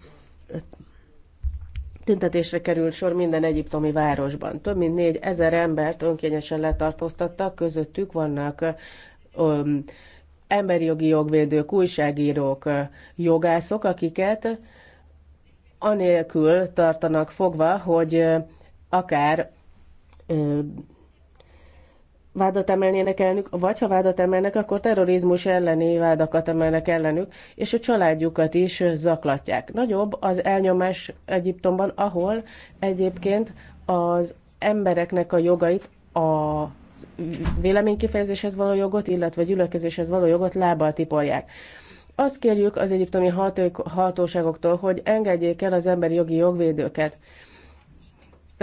tüntetésre került sor minden egyiptomi városban. Több mint négy ezer embert önkényesen letartóztattak, közöttük vannak ö, emberi jogi jogvédők, újságírók, jogászok, akiket anélkül tartanak fogva, hogy akár vádat emelnének ellenük, vagy ha vádat emelnek, akkor terrorizmus elleni vádakat emelnek ellenük, és a családjukat is zaklatják. Nagyobb az elnyomás Egyiptomban, ahol egyébként az embereknek a jogait, a véleménykifejezéshez való jogot, illetve gyülekezéshez való jogot lábbal tipolják. Azt kérjük az egyiptomi hatóságoktól, hogy engedjék el az emberi jogi jogvédőket.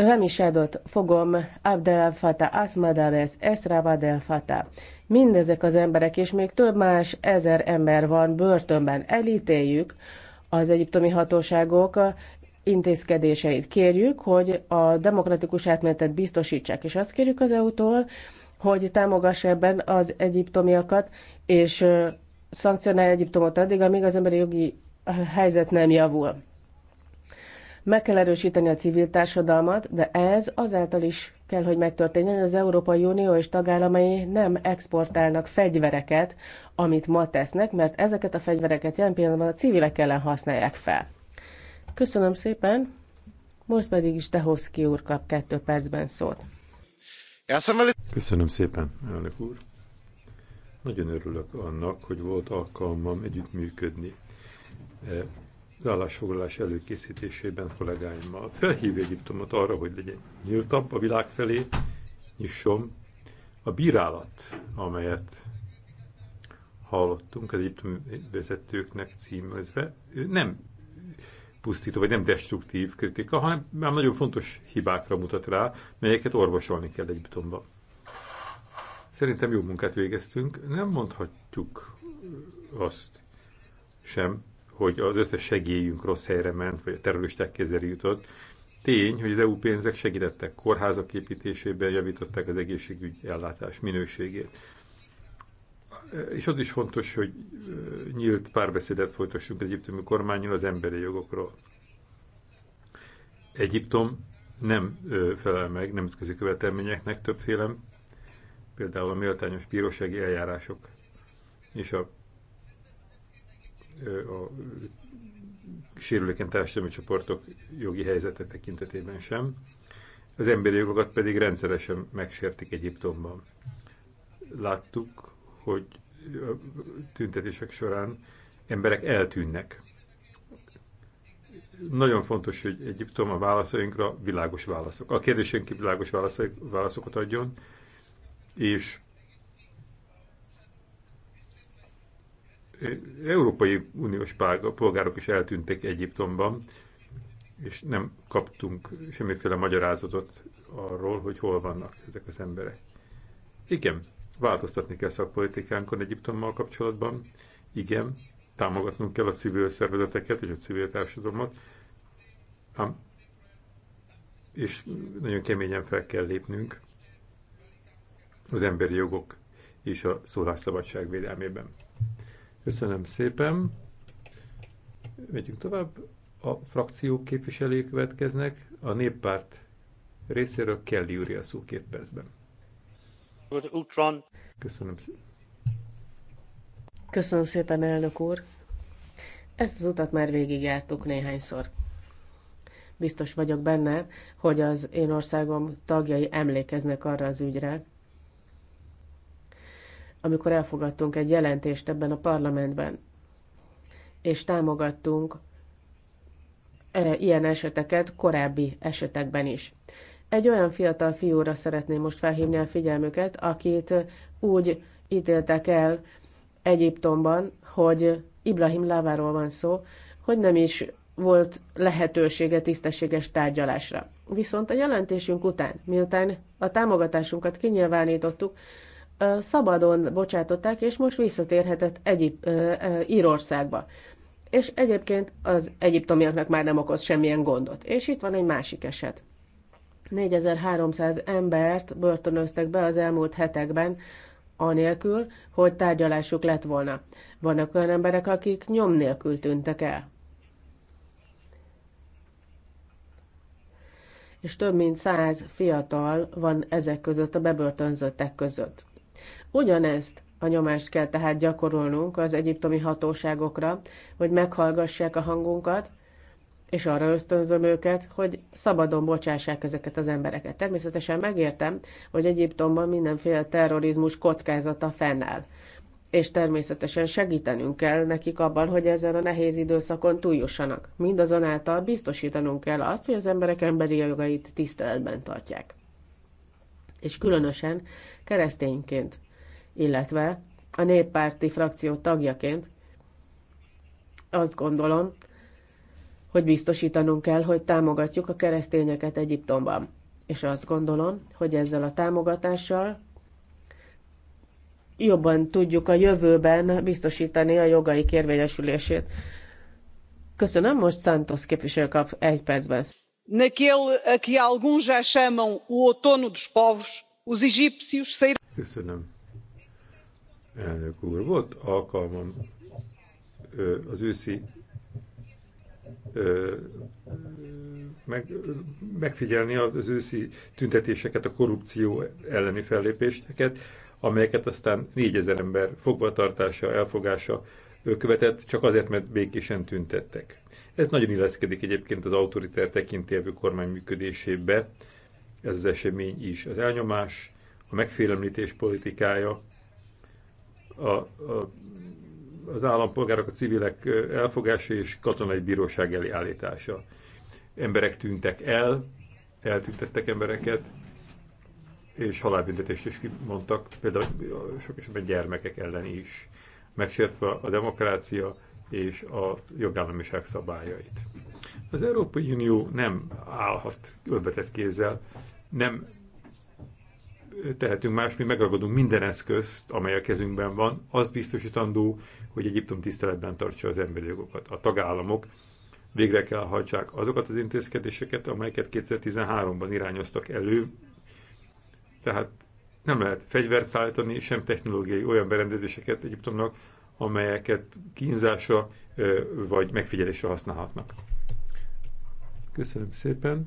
Remisadot fogom, Abdel Fatah, Asmadavez, Esra Abdel Fatah. Mindezek az emberek, és még több más ezer ember van börtönben. Elítéljük az egyiptomi hatóságok intézkedéseit. Kérjük, hogy a demokratikus átmenetet biztosítsák, és azt kérjük az EU-tól, hogy támogassa ebben az egyiptomiakat, és szankcionálja Egyiptomot addig, amíg az emberi jogi helyzet nem javul. Meg kell erősíteni a civil társadalmat, de ez azáltal is kell, hogy megtörténjen, hogy az Európai Unió és tagállamai nem exportálnak fegyvereket, amit ma tesznek, mert ezeket a fegyvereket jelen pillanatban a civilek ellen használják fel. Köszönöm szépen, most pedig is Tehovszki úr kap kettő percben szót. Köszönöm szépen, elnök úr. Nagyon örülök annak, hogy volt alkalmam együttműködni eh, az állásfoglalás előkészítésében kollégáimmal. Felhívja Egyiptomot arra, hogy legyen nyíltabb a világ felé, nyissom A bírálat, amelyet hallottunk az egyiptomi vezetőknek címezve, nem pusztító vagy nem destruktív kritika, hanem már nagyon fontos hibákra mutat rá, melyeket orvosolni kell Egyiptomban. Szerintem jó munkát végeztünk, nem mondhatjuk azt sem, hogy az összes segélyünk rossz helyre ment, vagy a terroristák kezére jutott. Tény, hogy az EU pénzek segítettek kórházak építésében, javították az egészségügy ellátás minőségét. És az is fontos, hogy nyílt párbeszédet folytassunk egyiptomi kormányon az emberi jogokról. Egyiptom nem felel meg nemzetközi követelményeknek többféle, például a méltányos bírósági eljárások és a a sérülékeny társadalmi csoportok jogi helyzete tekintetében sem. Az emberi jogokat pedig rendszeresen megsértik Egyiptomban. Láttuk, hogy tüntetések során emberek eltűnnek. Nagyon fontos, hogy Egyiptom a válaszainkra világos válaszok. A kérdésünk világos válaszokat adjon, és Európai Uniós polgárok is eltűntek Egyiptomban, és nem kaptunk semmiféle magyarázatot arról, hogy hol vannak ezek az emberek. Igen, változtatni kell szakpolitikánkon Egyiptommal kapcsolatban, igen, támogatnunk kell a civil szervezeteket és a civil társadalmat, ám, és nagyon keményen fel kell lépnünk az emberi jogok és a szólásszabadság védelmében. Köszönöm szépen. Megyünk tovább. A frakciók képviselői következnek. A néppárt részéről Kelly úr a szó két percben. Köszönöm szépen. Köszönöm szépen, elnök úr. Ezt az utat már végigjártuk néhányszor. Biztos vagyok benne, hogy az én országom tagjai emlékeznek arra az ügyre, amikor elfogadtunk egy jelentést ebben a parlamentben, és támogattunk e, ilyen eseteket korábbi esetekben is. Egy olyan fiatal fiúra szeretném most felhívni a figyelmüket, akit úgy ítéltek el Egyiptomban, hogy Ibrahim Láváról van szó, hogy nem is volt lehetősége tisztességes tárgyalásra. Viszont a jelentésünk után, miután a támogatásunkat kinyilvánítottuk, szabadon bocsátották, és most visszatérhetett Egyip, Írországba. És egyébként az egyiptomiaknak már nem okoz semmilyen gondot. És itt van egy másik eset. 4300 embert börtönöztek be az elmúlt hetekben, anélkül, hogy tárgyalásuk lett volna. Vannak olyan emberek, akik nyom nélkül tűntek el. És több mint száz fiatal van ezek között a bebörtönzöttek között. Ugyanezt a nyomást kell tehát gyakorolnunk az egyiptomi hatóságokra, hogy meghallgassák a hangunkat, és arra ösztönzöm őket, hogy szabadon bocsássák ezeket az embereket. Természetesen megértem, hogy Egyiptomban mindenféle terrorizmus kockázata fennáll. És természetesen segítenünk kell nekik abban, hogy ezen a nehéz időszakon túljussanak. Mindazonáltal biztosítanunk kell azt, hogy az emberek emberi jogait tiszteletben tartják. És különösen keresztényként illetve a néppárti frakció tagjaként azt gondolom, hogy biztosítanunk kell, hogy támogatjuk a keresztényeket Egyiptomban. És azt gondolom, hogy ezzel a támogatással jobban tudjuk a jövőben biztosítani a jogai kérvényesülését. Köszönöm, most Santos képviselő kap egy percben. Naquele a que alguns já chamam o outono dos povos, os egípcios saíram. Köszönöm elnök úr. Volt alkalmam az őszi meg, megfigyelni az őszi tüntetéseket, a korrupció elleni fellépéseket, amelyeket aztán négyezer ember fogvatartása, elfogása követett, csak azért, mert békésen tüntettek. Ez nagyon illeszkedik egyébként az autoriter tekintélyű kormány működésébe, ez az esemény is. Az elnyomás, a megfélemlítés politikája, a, a, az állampolgárok, a civilek elfogása és katonai bíróság elé állítása. Emberek tűntek el, eltüntettek embereket, és halálbüntetést is kimondtak, például sok esetben gyermekek ellen is, megsértve a demokrácia és a jogállamiság szabályait. Az Európai Unió nem állhat öbetett kézzel, nem tehetünk más, mi megragadunk minden eszközt, amely a kezünkben van, az biztosítandó, hogy Egyiptom tiszteletben tartsa az emberi jogokat. A tagállamok végre kell hajtsák azokat az intézkedéseket, amelyeket 2013-ban irányoztak elő, tehát nem lehet fegyvert szállítani, sem technológiai olyan berendezéseket Egyiptomnak, amelyeket kínzásra vagy megfigyelésre használhatnak. Köszönöm szépen.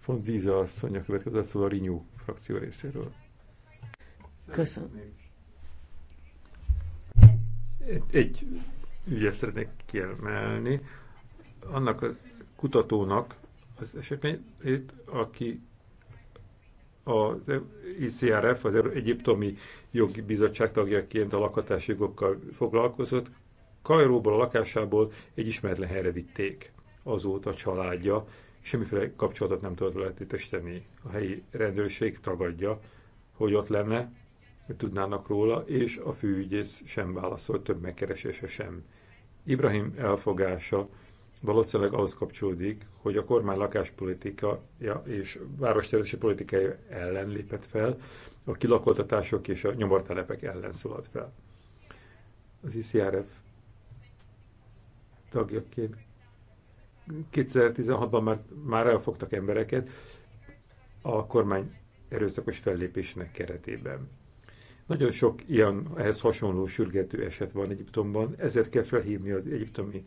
Font Víza asszony a következő a Rinyú frakció részéről. Köszönöm. Egy ügyet szeretnék kiemelni. Annak a kutatónak az esetben aki az ICRF, az Egyiptomi Jogi Bizottság tagjaként a jogokkal foglalkozott, Kajróból a lakásából egy ismeretlen helyre vitték. Azóta a családja semmiféle kapcsolatot nem tudott lehetetesteni. A helyi rendőrség tagadja, hogy ott lenne, hogy tudnának róla, és a főügyész sem válaszol, több megkeresése sem. Ibrahim elfogása valószínűleg ahhoz kapcsolódik, hogy a kormány lakáspolitika és városterülési politikája ellen lépett fel, a kilakoltatások és a nyomortelepek ellen szólalt fel. Az ICRF tagjaként 2016-ban már, már elfogtak embereket a kormány erőszakos fellépésnek keretében. Nagyon sok ilyen ehhez hasonló sürgető eset van Egyiptomban, ezért kell felhívni az egyiptomi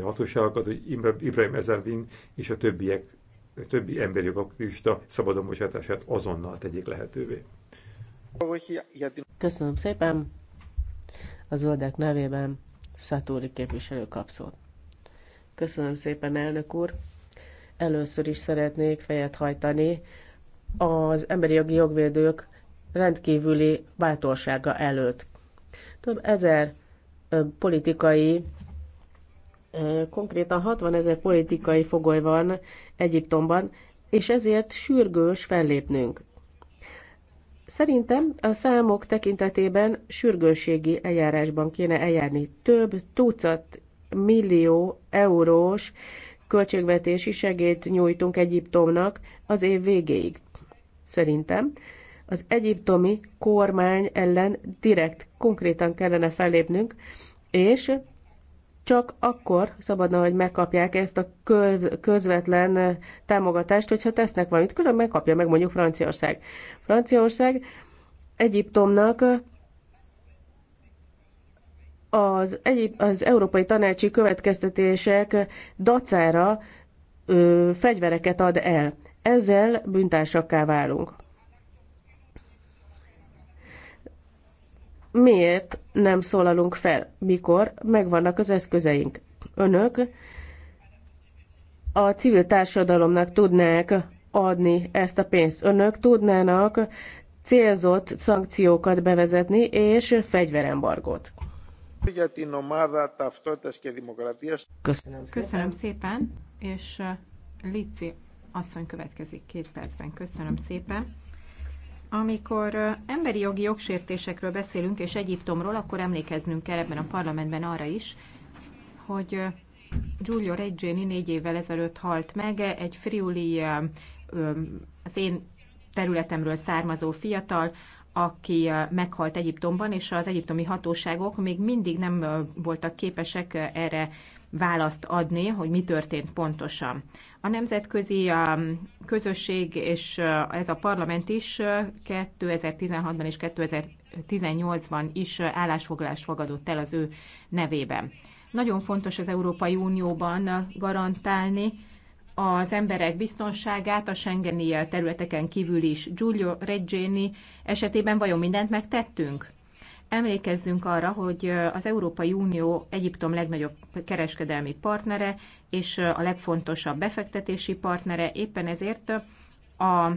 hatóságokat, hogy Ibrahim Ezervin és a többiek, a többi emberi aktivista szabadon bocsátását azonnal tegyék lehetővé. Köszönöm szépen! Az oldák nevében Szatóri képviselő kapszott. Köszönöm szépen, elnök úr. Először is szeretnék fejet hajtani az emberi jogi jogvédők rendkívüli bátorsága előtt. Több ezer politikai, konkrétan 60 ezer politikai fogoly van Egyiptomban, és ezért sürgős fellépnünk. Szerintem a számok tekintetében sürgősségi eljárásban kéne eljárni. Több tucat millió eurós költségvetési segélyt nyújtunk Egyiptomnak az év végéig. Szerintem az egyiptomi kormány ellen direkt, konkrétan kellene fellépnünk, és csak akkor szabadna, hogy megkapják ezt a közvetlen támogatást, hogyha tesznek valamit, különben megkapja, meg mondjuk Franciaország. Franciaország Egyiptomnak az, egyéb, az európai tanácsi következtetések dacára ö, fegyvereket ad el. Ezzel büntársakká válunk. Miért nem szólalunk fel, mikor megvannak az eszközeink? Önök a civil társadalomnak tudnák adni ezt a pénzt. Önök tudnának célzott szankciókat bevezetni és fegyverembargót. Köszönöm szépen. Köszönöm szépen, és Lici asszony következik két percben. Köszönöm szépen. Amikor emberi jogi jogsértésekről beszélünk, és Egyiptomról, akkor emlékeznünk kell ebben a parlamentben arra is, hogy Giulio Reggiani négy évvel ezelőtt halt meg, egy friuli, az én területemről származó fiatal, aki meghalt Egyiptomban, és az egyiptomi hatóságok még mindig nem voltak képesek erre választ adni, hogy mi történt pontosan. A nemzetközi közösség és ez a parlament is 2016-ban és 2018-ban is állásfoglalást fogadott el az ő nevében. Nagyon fontos az Európai Unióban garantálni, az emberek biztonságát a Schengeni területeken kívül is. Giulio Reggiani esetében vajon mindent megtettünk? Emlékezzünk arra, hogy az Európai Unió Egyiptom legnagyobb kereskedelmi partnere és a legfontosabb befektetési partnere, éppen ezért a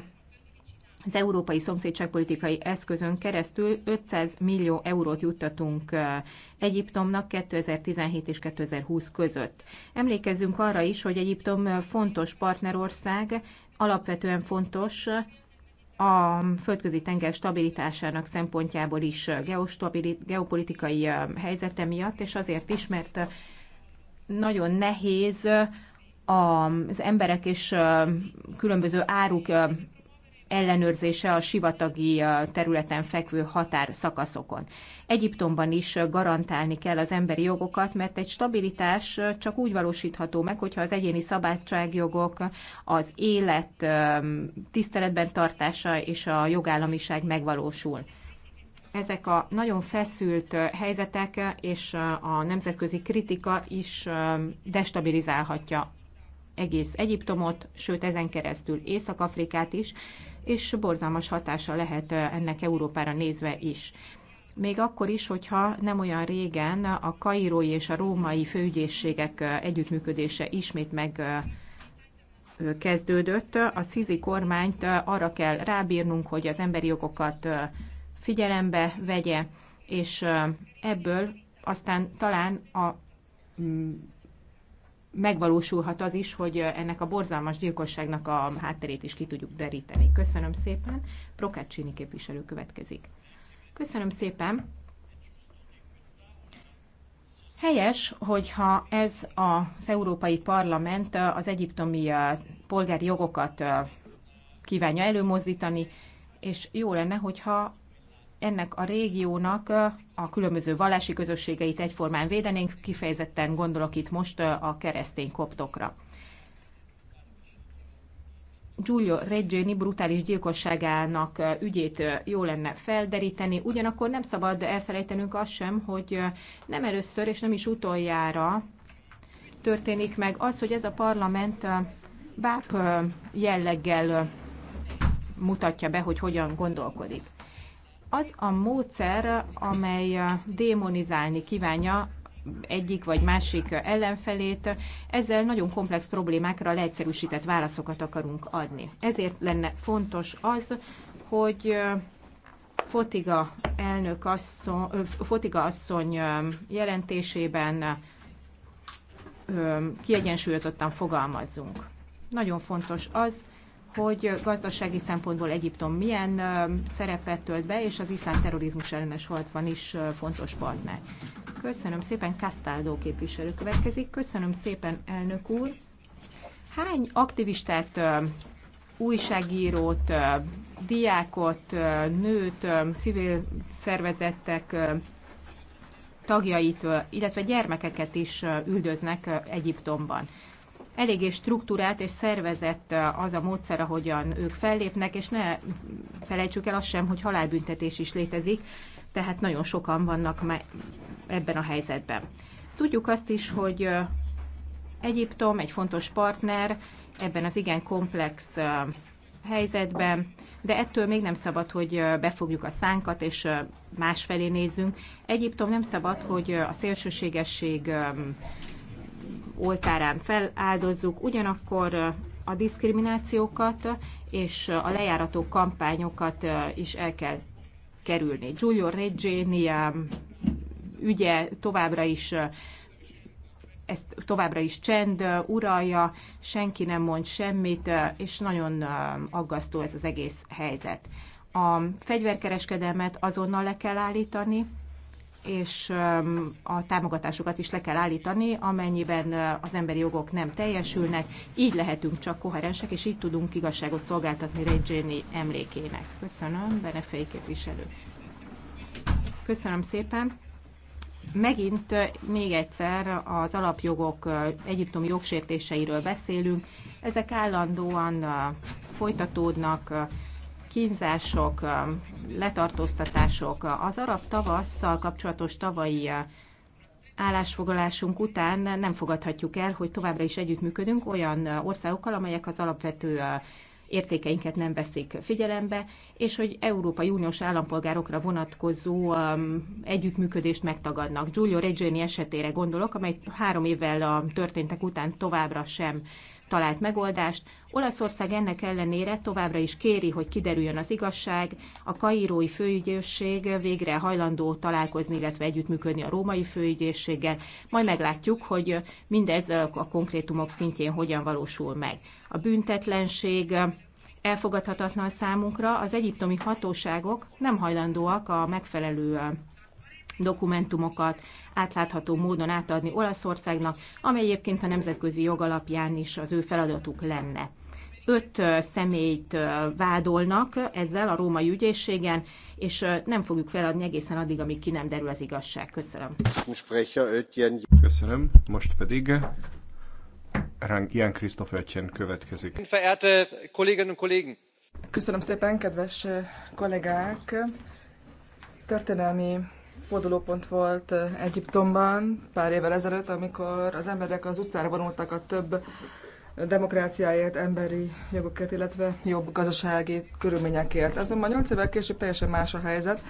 az európai szomszédságpolitikai eszközön keresztül 500 millió eurót juttatunk Egyiptomnak 2017 és 2020 között. Emlékezzünk arra is, hogy Egyiptom fontos partnerország, alapvetően fontos a földközi tenger stabilitásának szempontjából is geopolitikai helyzete miatt, és azért is, mert nagyon nehéz az emberek és különböző áruk ellenőrzése a sivatagi területen fekvő határszakaszokon. Egyiptomban is garantálni kell az emberi jogokat, mert egy stabilitás csak úgy valósítható meg, hogyha az egyéni szabadságjogok, az élet tiszteletben tartása és a jogállamiság megvalósul ezek a nagyon feszült helyzetek és a nemzetközi kritika is destabilizálhatja egész Egyiptomot, sőt ezen keresztül Észak-Afrikát is, és borzalmas hatása lehet ennek Európára nézve is. Még akkor is, hogyha nem olyan régen a kairói és a római főügyészségek együttműködése ismét meg kezdődött. A szízi kormányt arra kell rábírnunk, hogy az emberi jogokat figyelembe vegye, és ebből aztán talán a megvalósulhat az is, hogy ennek a borzalmas gyilkosságnak a hátterét is ki tudjuk deríteni. Köszönöm szépen. Prokácsini képviselő következik. Köszönöm szépen. Helyes, hogyha ez az Európai Parlament az egyiptomi polgári jogokat kívánja előmozdítani, és jó lenne, hogyha ennek a régiónak a különböző vallási közösségeit egyformán védenénk, kifejezetten gondolok itt most a keresztény koptokra. Giulio Reggiani brutális gyilkosságának ügyét jó lenne felderíteni, ugyanakkor nem szabad elfelejtenünk azt sem, hogy nem először és nem is utoljára történik meg az, hogy ez a parlament báp jelleggel mutatja be, hogy hogyan gondolkodik az a módszer, amely uh, démonizálni kívánja egyik vagy másik ellenfelét, ezzel nagyon komplex problémákra leegyszerűsített válaszokat akarunk adni. Ezért lenne fontos az, hogy uh, Fotiga elnök asszony, Fotiga asszony jelentésében kiegyensúlyozottan fogalmazzunk. Nagyon fontos az, hogy gazdasági szempontból Egyiptom milyen szerepet tölt be, és az iszlám terrorizmus ellenes harcban is fontos partner. Köszönöm szépen, Kastáldó képviselő következik. Köszönöm szépen, elnök úr. Hány aktivistát, újságírót, diákot, nőt, civil szervezetek tagjait, illetve gyermekeket is üldöznek Egyiptomban eléggé struktúrált és szervezett az a módszer, ahogyan ők fellépnek, és ne felejtsük el azt sem, hogy halálbüntetés is létezik, tehát nagyon sokan vannak ebben a helyzetben. Tudjuk azt is, hogy Egyiptom egy fontos partner ebben az igen komplex helyzetben, de ettől még nem szabad, hogy befogjuk a szánkat és másfelé nézzünk. Egyiptom nem szabad, hogy a szélsőségesség oltárán feláldozzuk, ugyanakkor a diszkriminációkat és a lejárató kampányokat is el kell kerülni. Giulio Reggiani ügye továbbra is ezt továbbra is csend uralja, senki nem mond semmit, és nagyon aggasztó ez az egész helyzet. A fegyverkereskedelmet azonnal le kell állítani, és a támogatásokat is le kell állítani, amennyiben az emberi jogok nem teljesülnek. Így lehetünk csak koherensek, és így tudunk igazságot szolgáltatni Regéni emlékének. Köszönöm, Benefei képviselő. Köszönöm szépen. Megint még egyszer az alapjogok egyiptomi jogsértéseiről beszélünk. Ezek állandóan folytatódnak, kínzások, letartóztatások, az arab tavasszal kapcsolatos tavalyi állásfoglalásunk után nem fogadhatjuk el, hogy továbbra is együttműködünk olyan országokkal, amelyek az alapvető értékeinket nem veszik figyelembe, és hogy Európai Uniós állampolgárokra vonatkozó um, együttműködést megtagadnak. Giulio Reggiani esetére gondolok, amely három évvel a történtek után továbbra sem talált megoldást. Olaszország ennek ellenére továbbra is kéri, hogy kiderüljön az igazság. A kairói főügyészség végre hajlandó találkozni, illetve együttműködni a római főügyészséggel. Majd meglátjuk, hogy mindez a konkrétumok szintjén hogyan valósul meg. A büntetlenség elfogadhatatlan számunkra, az egyiptomi hatóságok nem hajlandóak a megfelelő dokumentumokat átlátható módon átadni Olaszországnak, amely egyébként a nemzetközi jog alapján is az ő feladatuk lenne. Öt személyt vádolnak ezzel a római ügyészségen, és nem fogjuk feladni egészen addig, amíg ki nem derül az igazság. Köszönöm. Köszönöm. Most pedig Jan Krisztof Ötjen következik. Köszönöm szépen, kedves kollégák! Történelmi fordulópont volt eh, Egyiptomban pár évvel ezelőtt, amikor az emberek az utcára vonultak a több demokráciáért, emberi jogokért, illetve jobb gazdasági körülményekért. Azonban 8 évvel később teljesen más a helyzet.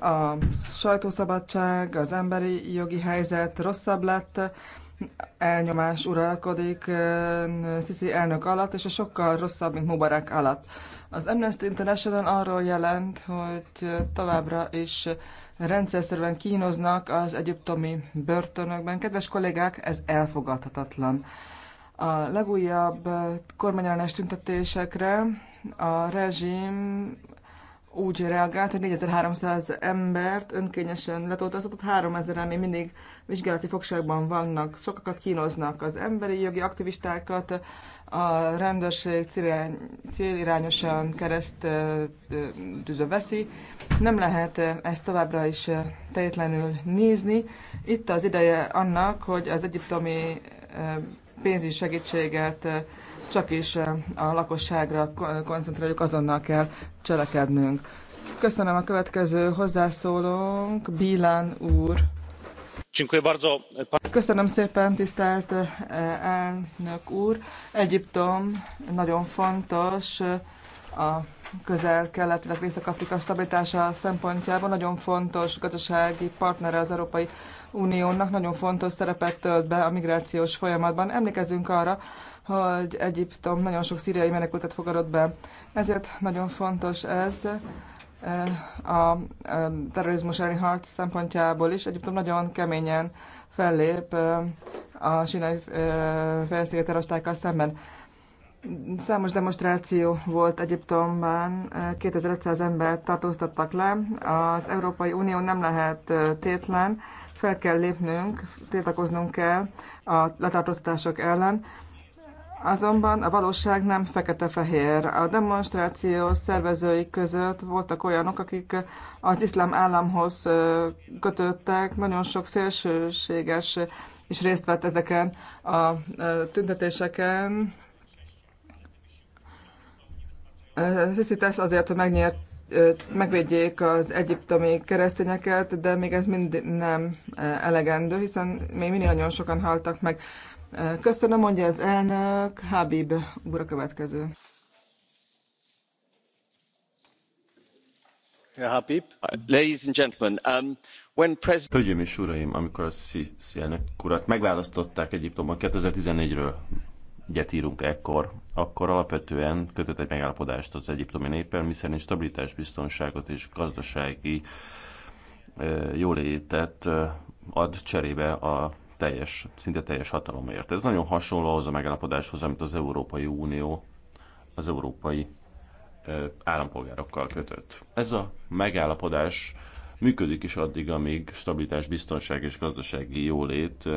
A sajtószabadság, az emberi jogi helyzet rosszabb lett, elnyomás uralkodik eh, Sisi elnök alatt, és a sokkal rosszabb, mint Mubarak alatt. Az Amnesty International arról jelent, hogy továbbra is rendszerszerűen kínoznak az egyiptomi börtönökben. Kedves kollégák, ez elfogadhatatlan. A legújabb eh, kormányellenes tüntetésekre a rezsim úgy reagált, hogy 4300 embert önkényesen letartóztatott, 3000-en még mindig vizsgálati fogságban vannak, sokakat kínoznak az emberi jogi aktivistákat, a rendőrség célirányosan kereszt tűző veszi. Nem lehet ezt továbbra is tehetlenül nézni. Itt az ideje annak, hogy az egyiptomi pénzügyi segítséget csak is a lakosságra koncentráljuk, azonnal kell cselekednünk. Köszönöm a következő hozzászólónk, Bílán úr. Köszönöm szépen, tisztelt e, elnök úr. Egyiptom nagyon fontos e, a közel-kelet, illetve Észak-Afrika stabilitása szempontjából. Nagyon fontos gazdasági partnere az Európai Uniónak, nagyon fontos szerepet tölt be a migrációs folyamatban. Emlékezzünk arra, hogy Egyiptom nagyon sok szíriai menekültet fogadott be. Ezért nagyon fontos ez, a terrorizmus elleni harc szempontjából is. Egyébként nagyon keményen fellép a sinai fejlesztéget szemben. Számos demonstráció volt Egyiptomban, 2500 ember tartóztattak le. Az Európai Unió nem lehet tétlen, fel kell lépnünk, tiltakoznunk kell a letartóztatások ellen. Azonban a valóság nem fekete-fehér. A demonstráció szervezői között voltak olyanok, akik az iszlám államhoz kötöttek, nagyon sok szélsőséges is részt vett ezeken a tüntetéseken. Sisi azért, hogy megnyert, megvédjék az egyiptomi keresztényeket, de még ez mind nem elegendő, hiszen még mindig nagyon sokan haltak meg. Köszönöm, mondja az elnök. Habib úr a következő. Ladies and gentlemen, um, when president... Hölgyeim és uraim, amikor a Sisi elnök urat megválasztották Egyiptomban 2014-ről, ugye írunk ekkor, akkor alapvetően kötött egy megállapodást az egyiptomi néppel, miszerint stabilitás, biztonságot és gazdasági jólétet ad cserébe a teljes, szinte teljes hatalomért. Ez nagyon hasonló ahhoz a megállapodáshoz, amit az Európai Unió az európai állampolgárokkal kötött. Ez a megállapodás működik is addig, amíg stabilitás, biztonság és gazdasági jólét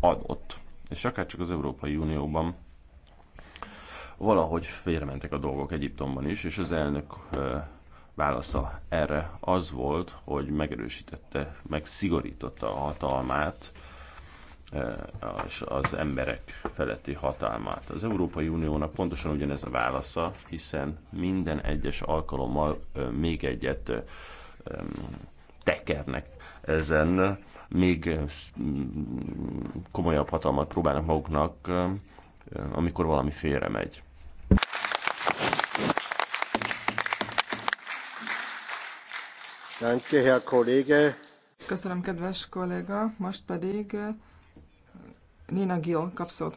adott. És akár csak az Európai Unióban valahogy félrementek a dolgok Egyiptomban is, és az elnök válasza erre az volt, hogy megerősítette, megszigorította a hatalmát Eh, és az emberek feletti hatalmát. Az Európai Uniónak pontosan ugyanez a válasza, hiszen minden egyes alkalommal eh, még egyet eh, tekernek ezen, még mm, komolyabb hatalmat próbálnak maguknak, amikor valami félre megy. Köszönöm, kedves kolléga. Most pedig Nina Gill kap szót.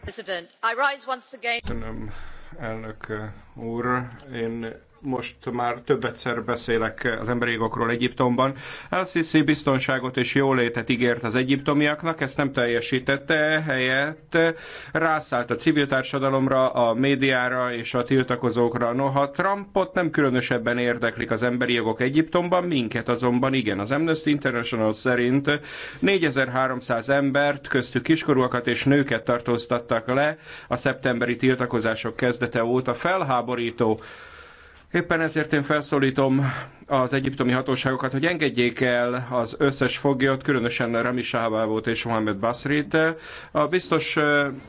Köszönöm, elnök úr. Én most már több egyszer beszélek az emberi jogokról Egyiptomban. el biztonságot és jólétet ígért az egyiptomiaknak, ezt nem teljesítette, helyett rászállt a civil társadalomra, a médiára és a tiltakozókra. Noha Trumpot nem különösebben érdeklik az emberi jogok Egyiptomban, minket azonban igen. Az Amnesty International szerint 4300 embert, köztük kiskorúakat és nőket tartóztattak le a szeptemberi tiltakozások kezdete óta. Felháborító Éppen ezért én felszólítom az egyiptomi hatóságokat, hogy engedjék el az összes foglyot, különösen Rami volt és Mohamed Basrit. A biztos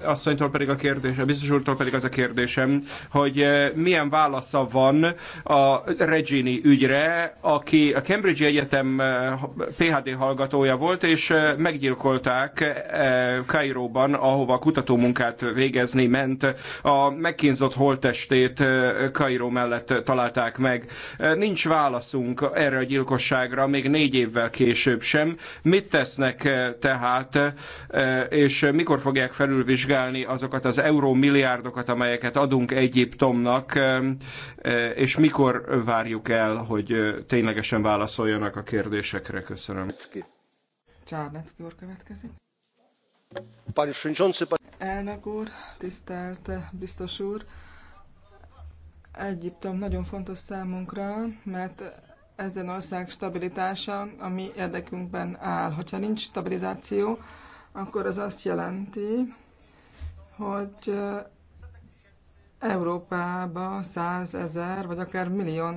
asszonytól pedig a a biztos úrtól pedig az a kérdésem, hogy milyen válasza van a Regini ügyre, aki a Cambridge Egyetem PhD hallgatója volt, és meggyilkolták Kairóban, ahova kutatómunkát végezni ment. A megkínzott holttestét Kairó mellett találták meg. Nincs válasz válaszunk erre a gyilkosságra, még négy évvel később sem. Mit tesznek eh, tehát, eh, és mikor fogják felülvizsgálni azokat az eurómilliárdokat, amelyeket adunk Egyiptomnak, eh, és mikor várjuk el, hogy ténylegesen válaszoljanak a kérdésekre? Köszönöm. Csárnecki úr következik. Elnök úr, tisztelt biztos úr! Egyiptom nagyon fontos számunkra, mert ezen ország stabilitása a mi érdekünkben áll. Hogyha nincs stabilizáció, akkor az azt jelenti, hogy eh, Európába százezer, vagy akár millió,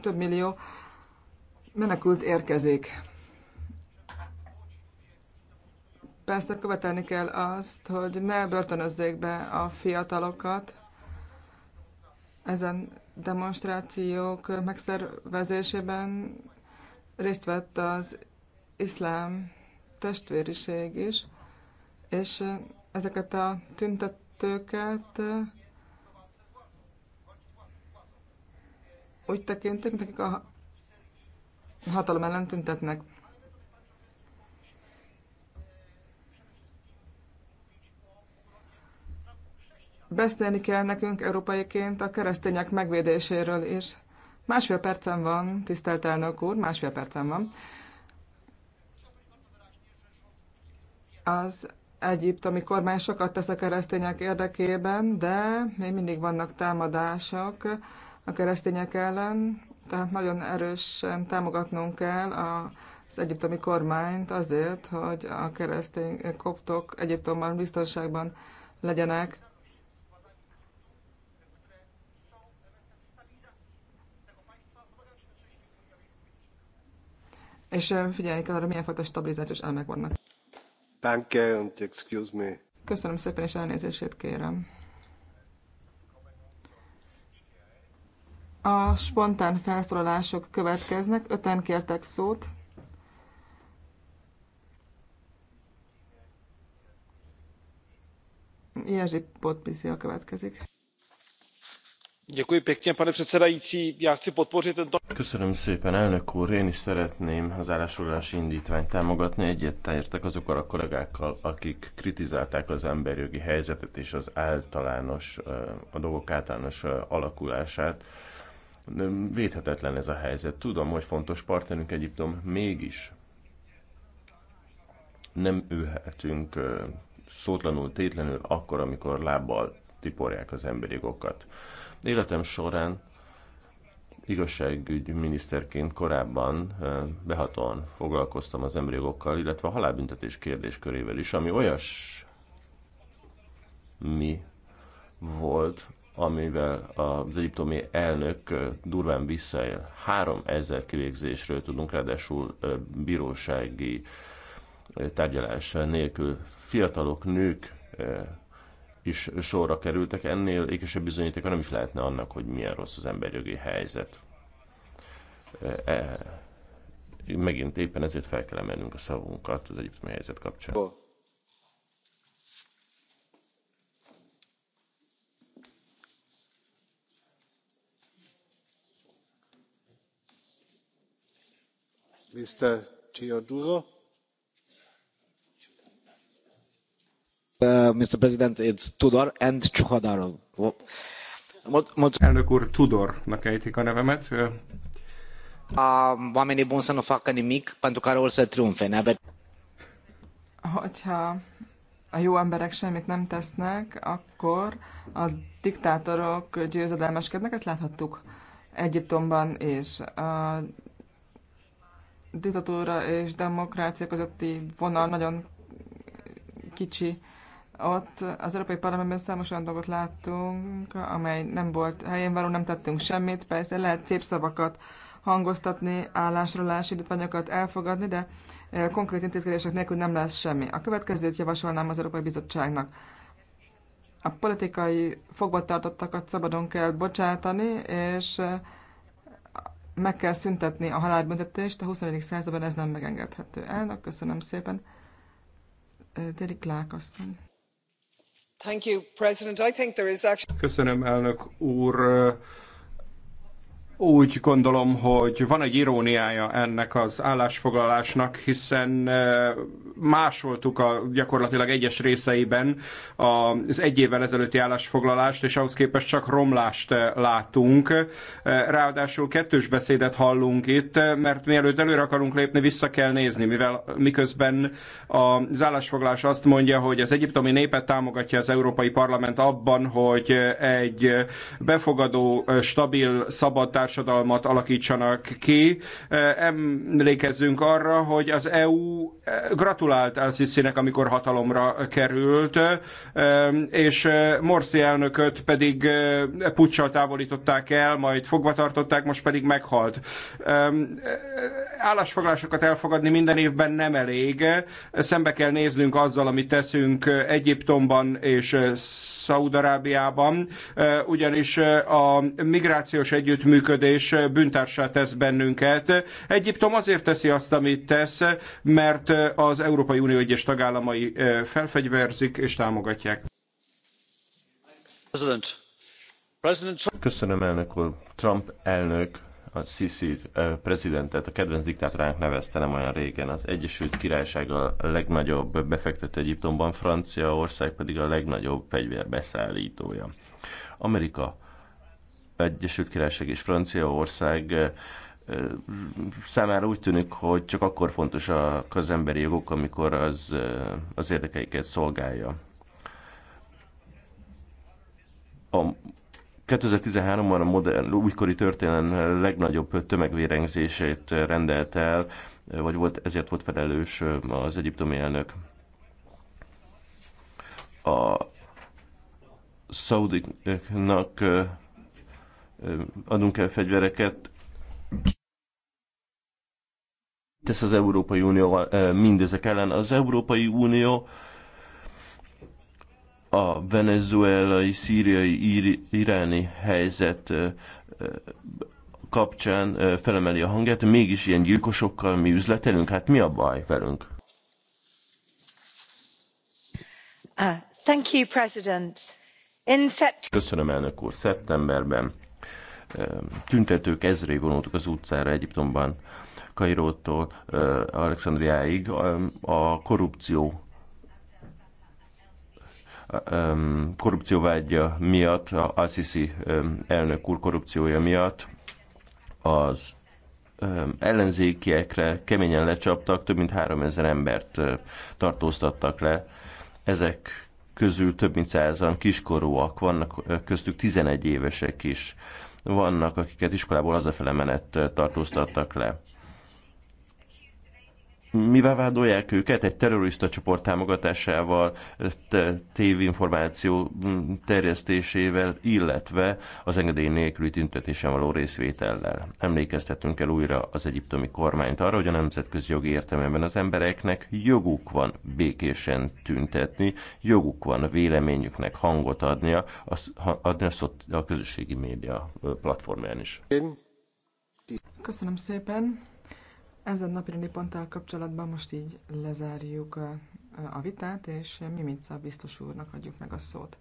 több millió menekült érkezik. Persze követelni kell azt, hogy ne börtönözzék be a fiatalokat, ezen demonstrációk megszervezésében részt vett az iszlám testvériség is, és ezeket a tüntetőket úgy tekintik, mint akik a hatalom ellen tüntetnek. Beszélni kell nekünk európaiként a keresztények megvédéséről is. Másfél percem van, tisztelt elnök úr, másfél percem van. Az egyiptomi kormány sokat tesz a keresztények érdekében, de még mindig vannak támadások a keresztények ellen, tehát nagyon erősen támogatnunk kell az egyiptomi kormányt azért, hogy a keresztény koptok Egyiptomban biztonságban legyenek. és figyelni kell arra, milyen fajta stabilizációs elemek vannak. Thank you and excuse me. Köszönöm szépen, és elnézését kérem. A spontán felszólalások következnek, öten kértek szót. Jerzy Podpiszi a következik pane předsedající já chci podpořit tento. köszönöm szépen elnök úr én is szeretném az állásfoglalási indtványt támogatni egyetértek azokkal a kollégákkal akik kritizálták az jogi helyzetet és az általános eh, a dolgok általános eh, alakulását védhetetlen ez a helyzet tudom hogy fontos partnerünk egyiptom mégis nem ülhetünk eh, szótlanul tétlenül akkor amikor lábbal tiporják az emberi jogokat. Életem során igazságügy miniszterként korábban behatóan foglalkoztam az emberi jogokkal, illetve a halálbüntetés kérdéskörével is, ami olyas mi volt, amivel az egyiptomi elnök durván visszaél. 3000 kivégzésről tudunk, ráadásul bírósági tárgyalás nélkül fiatalok, nők is sorra kerültek, ennél ékesebb bizonyítéka nem is lehetne annak, hogy milyen rossz az emberjogi helyzet. E, e megint éppen ezért fel kell emelnünk a szavunkat az egyiptomi helyzet kapcsán. Mr. Teodoro. Uh, Mr. President, it's Tudor and Csuhadarov. Elnök úr, Tudornak ejtik a nevemet. Uh, um, oamenii buni să nu facă nimic pentru ca răul să triumfe. Hogyha a jó emberek semmit nem tesznek, akkor a diktátorok győzedelmeskednek, ezt láthattuk Egyiptomban és a diktatúra és demokrácia közötti vonal nagyon kicsi ott az Európai Parlamentben számos olyan dolgot láttunk, amely nem volt helyén való, nem tettünk semmit. Persze lehet szép szavakat hangoztatni, állásról állásítványokat elfogadni, de e, konkrét intézkedések nélkül nem lesz semmi. A következőt javasolnám az Európai Bizottságnak. A politikai fogvatartottakat szabadon kell bocsátani, és e, meg kell szüntetni a halálbüntetést, a 21. században ez nem megengedhető. Elnök, köszönöm szépen. E, Déri Lákasszony. Köszönöm, elnök úr úgy gondolom, hogy van egy iróniája ennek az állásfoglalásnak, hiszen eh, másoltuk a gyakorlatilag egyes részeiben az egy évvel ezelőtti állásfoglalást, és ahhoz képest csak romlást eh, látunk. Eh, ráadásul kettős beszédet hallunk itt, mert mielőtt előre akarunk lépni, vissza kell nézni, mivel miközben az állásfoglalás azt mondja, hogy az egyiptomi népet támogatja az Európai Parlament abban, hogy egy befogadó, stabil, szabad társadalmat alakítsanak ki. Emlékezzünk arra, hogy az EU gratulált el Sziszének, amikor hatalomra került, és Morsi elnököt pedig puccsal távolították el, majd fogvatartották, most pedig meghalt. Állásfoglásokat elfogadni minden évben nem elég. Szembe kell néznünk azzal, amit teszünk Egyiptomban és Szaudarábiában, ugyanis a migrációs együttműködés működés bűntársá tesz bennünket. Egyiptom azért teszi azt, amit tesz, mert az Európai Unió egyes tagállamai eh, felfegyverzik és támogatják. Köszönöm, elnök úr. Trump elnök a Sisi eh, prezidentet, a kedvenc diktátorának nevezte nem olyan régen. Az Egyesült Királyság a legnagyobb befektető Egyiptomban, Franciaország pedig a legnagyobb fegyverbeszállítója. Amerika Egyesült Királyság és Franciaország számára úgy tűnik, hogy csak akkor fontos az emberi jogok, amikor az, az érdekeiket szolgálja. A 2013-ban a modern, újkori történelem legnagyobb tömegvérengzését rendelt el, vagy volt, ezért volt felelős az egyiptomi elnök. A szaudiknak adunk el fegyvereket. Tesz az Európai Unió mindezek ellen. Az Európai Unió a venezuelai, szíriai, iráni helyzet kapcsán felemeli a hangját, mégis ilyen gyilkosokkal mi üzletelünk, hát mi a baj velünk? Uh, Köszönöm, elnök úr. Szeptemberben tüntetők ezré vonultak az utcára Egyiptomban, Kairótól Alexandriáig a korrupció korrupcióvágya miatt, a Sisi elnök úr korrupciója miatt az ellenzékiekre keményen lecsaptak, több mint 3000 embert tartóztattak le. Ezek közül több mint százan kiskorúak, vannak köztük 11 évesek is vannak, akiket iskolából hazafele menet tartóztattak le. Mivel vádolják őket? Egy terrorista csoport támogatásával, tévinformáció terjesztésével, illetve az engedély nélküli tüntetésen való részvétellel. Emlékeztetünk el újra az egyiptomi kormányt arra, hogy a nemzetközi jogi értelmében az embereknek joguk van békésen tüntetni, joguk van véleményüknek hangot adnia, az, adni azt a közösségi média platformján is. Köszönöm szépen. Ezen napi ponttal kapcsolatban most így lezárjuk a vitát, és a biztos úrnak adjuk meg a szót.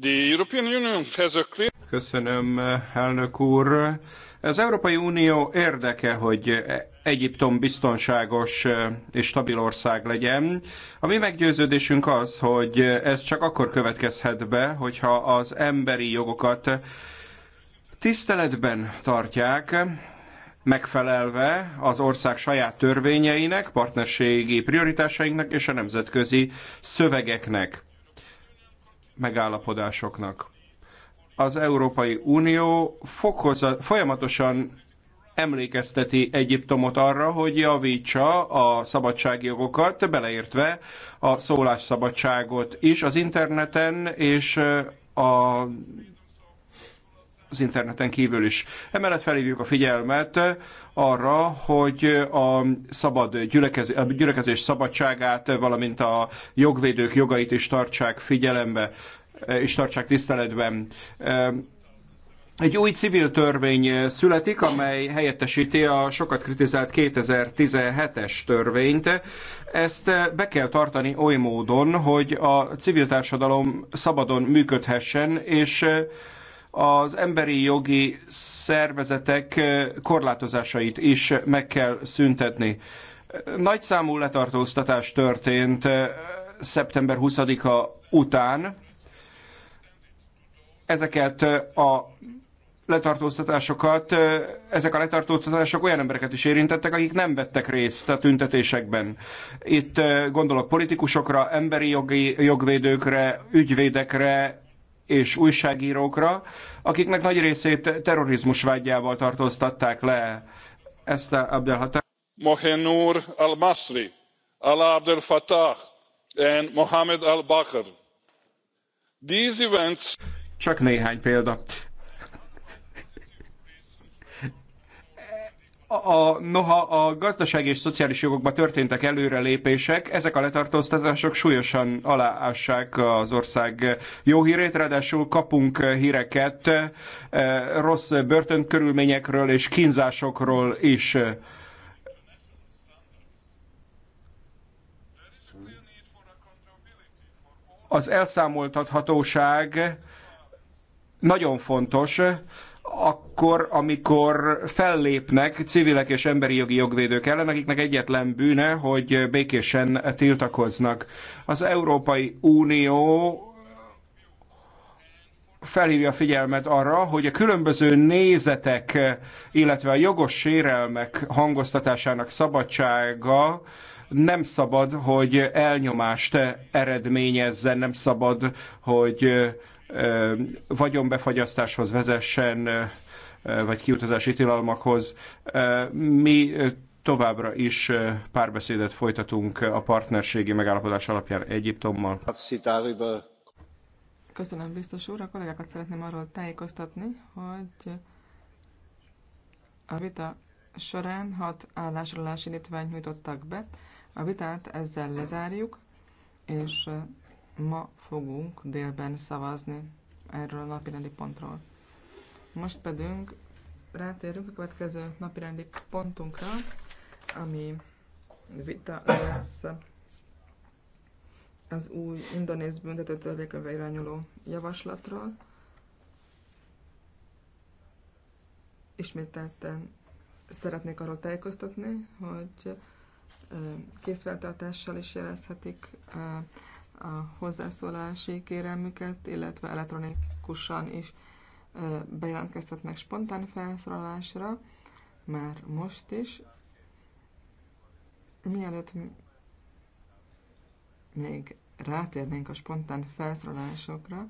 The European Union has a clear... Köszönöm, elnök úr. Az Európai Unió érdeke, hogy Egyiptom biztonságos és stabil ország legyen. A mi meggyőződésünk az, hogy ez csak akkor következhet be, hogyha az emberi jogokat tiszteletben tartják, megfelelve az ország saját törvényeinek, partnerségi prioritásainknak és a nemzetközi szövegeknek, megállapodásoknak. Az Európai Unió fokozat, folyamatosan emlékezteti Egyiptomot arra, hogy javítsa a szabadságjogokat, beleértve a szólásszabadságot is az interneten és a az interneten kívül is. Emellett felhívjuk a figyelmet arra, hogy a, szabad gyülekez, a gyülekezés szabadságát, valamint a jogvédők jogait is tartsák figyelembe, és tartsák tiszteletben. Egy új civil törvény születik, amely helyettesíti a sokat kritizált 2017-es törvényt. Ezt be kell tartani oly módon, hogy a civil társadalom szabadon működhessen, és az emberi jogi szervezetek korlátozásait is meg kell szüntetni. Nagy számú letartóztatás történt szeptember 20-a után. Ezeket a letartóztatásokat, ezek a letartóztatások olyan embereket is érintettek, akik nem vettek részt a tüntetésekben. Itt gondolok politikusokra, emberi jogi, jogvédőkre, ügyvédekre, és újságírókra, akiknek nagy részét terrorizmus vágyával tartóztatták le. Ezt Abdelhatár. Mohenur al-Masri, al Abdel Fattah and Mohamed al-Bakr. These events... Csak néhány példa. a, noha a gazdasági és szociális jogokban történtek előrelépések, ezek a letartóztatások súlyosan aláássák az ország jó hírét, ráadásul kapunk híreket eh, rossz börtönkörülményekről és kínzásokról is. Az elszámoltathatóság nagyon fontos, akkor, amikor fellépnek civilek és emberi jogi jogvédők ellen, akiknek egyetlen bűne, hogy békésen tiltakoznak. Az Európai Unió felhívja a figyelmet arra, hogy a különböző nézetek, illetve a jogos sérelmek hangoztatásának szabadsága nem szabad, hogy elnyomást eredményezzen, nem szabad, hogy vagyonbefagyasztáshoz vezessen, vagy kiutazási tilalmakhoz. Mi továbbra is párbeszédet folytatunk a partnerségi megállapodás alapján Egyiptommal. Köszönöm, biztos úr. A kollégákat szeretném arról tájékoztatni, hogy a vita során hat állásolási indítványt nyújtottak be. A vitát ezzel lezárjuk, és Ma fogunk délben szavazni erről a napirendi pontról. Most pedig rátérünk a következő napirendi pontunkra, ami vita lesz az új indonéz büntető törvénykönyve irányuló javaslatról. Ismételten szeretnék arról tájékoztatni, hogy készfeltartással is jelezhetik a hozzászólási kérelmüket, illetve elektronikusan is bejelentkezhetnek spontán felszólalásra, már most is. Mielőtt még rátérnénk a spontán felszólalásokra,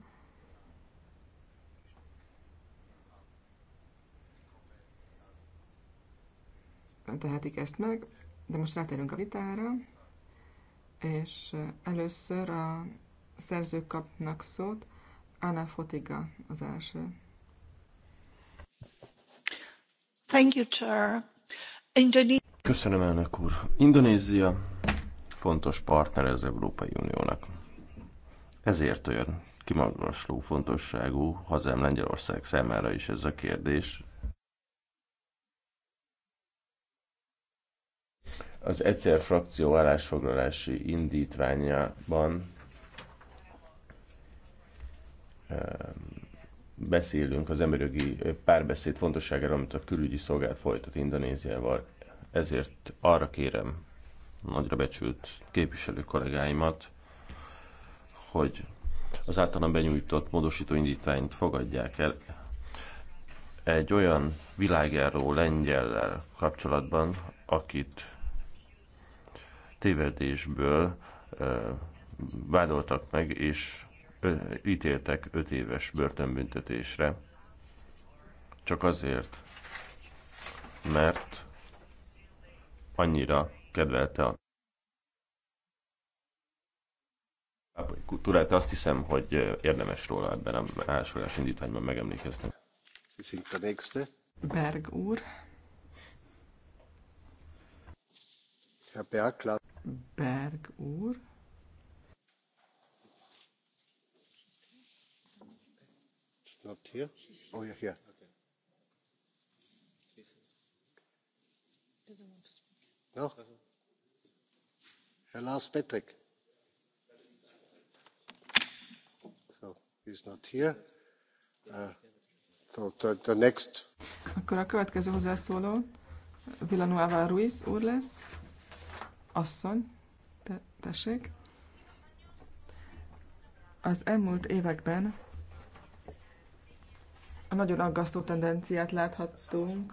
tehetik ezt meg, de most rátérünk a vitára és először a szerzők kapnak szót. Anna Fotiga az első. Thank you, Chair. Indonesia. Köszönöm, elnök úr. Indonézia fontos partner az Európai Uniónak. Ezért olyan kimagasló fontosságú hazám Lengyelország számára is ez a kérdés, Az ECR frakció állásfoglalási indítványában ehm, beszélünk az emberi párbeszéd fontosságáról, amit a külügyi szolgált folytat Indonéziával. Ezért arra kérem nagyra becsült képviselő kollégáimat, hogy az általam benyújtott módosító indítványt fogadják el egy olyan világjáró lengyellel kapcsolatban, akit tévedésből vádoltak meg, és ítéltek 5 éves börtönbüntetésre. Csak azért, mert annyira kedvelte a pápai kultúrát, azt hiszem, hogy érdemes róla ebben a másolás indítványban megemlékezni. Berg úr. Herr Berg, Berg úr. Not here? Oh, yeah, here. No? Herr Lars Petrik. So, he's not here. Uh, so the, the next. Akkor a következő hozzászóló Villanueva Ruiz úr lesz asszony, te, tessék. Az elmúlt években a nagyon aggasztó tendenciát láthattunk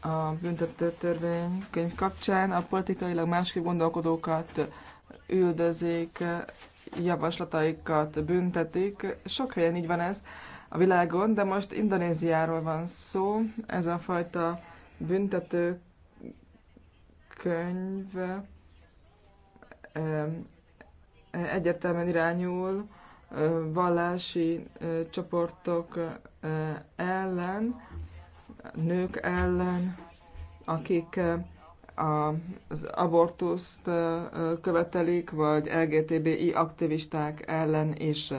a büntető törvénykönyv kapcsán. A politikailag másképp gondolkodókat üldözik, javaslataikat büntetik. Sok helyen így van ez a világon, de most Indonéziáról van szó. Ez a fajta büntető könyv egyértelműen irányul vallási csoportok ellen, nők ellen, akik az abortuszt követelik, vagy LGTBI aktivisták ellen is.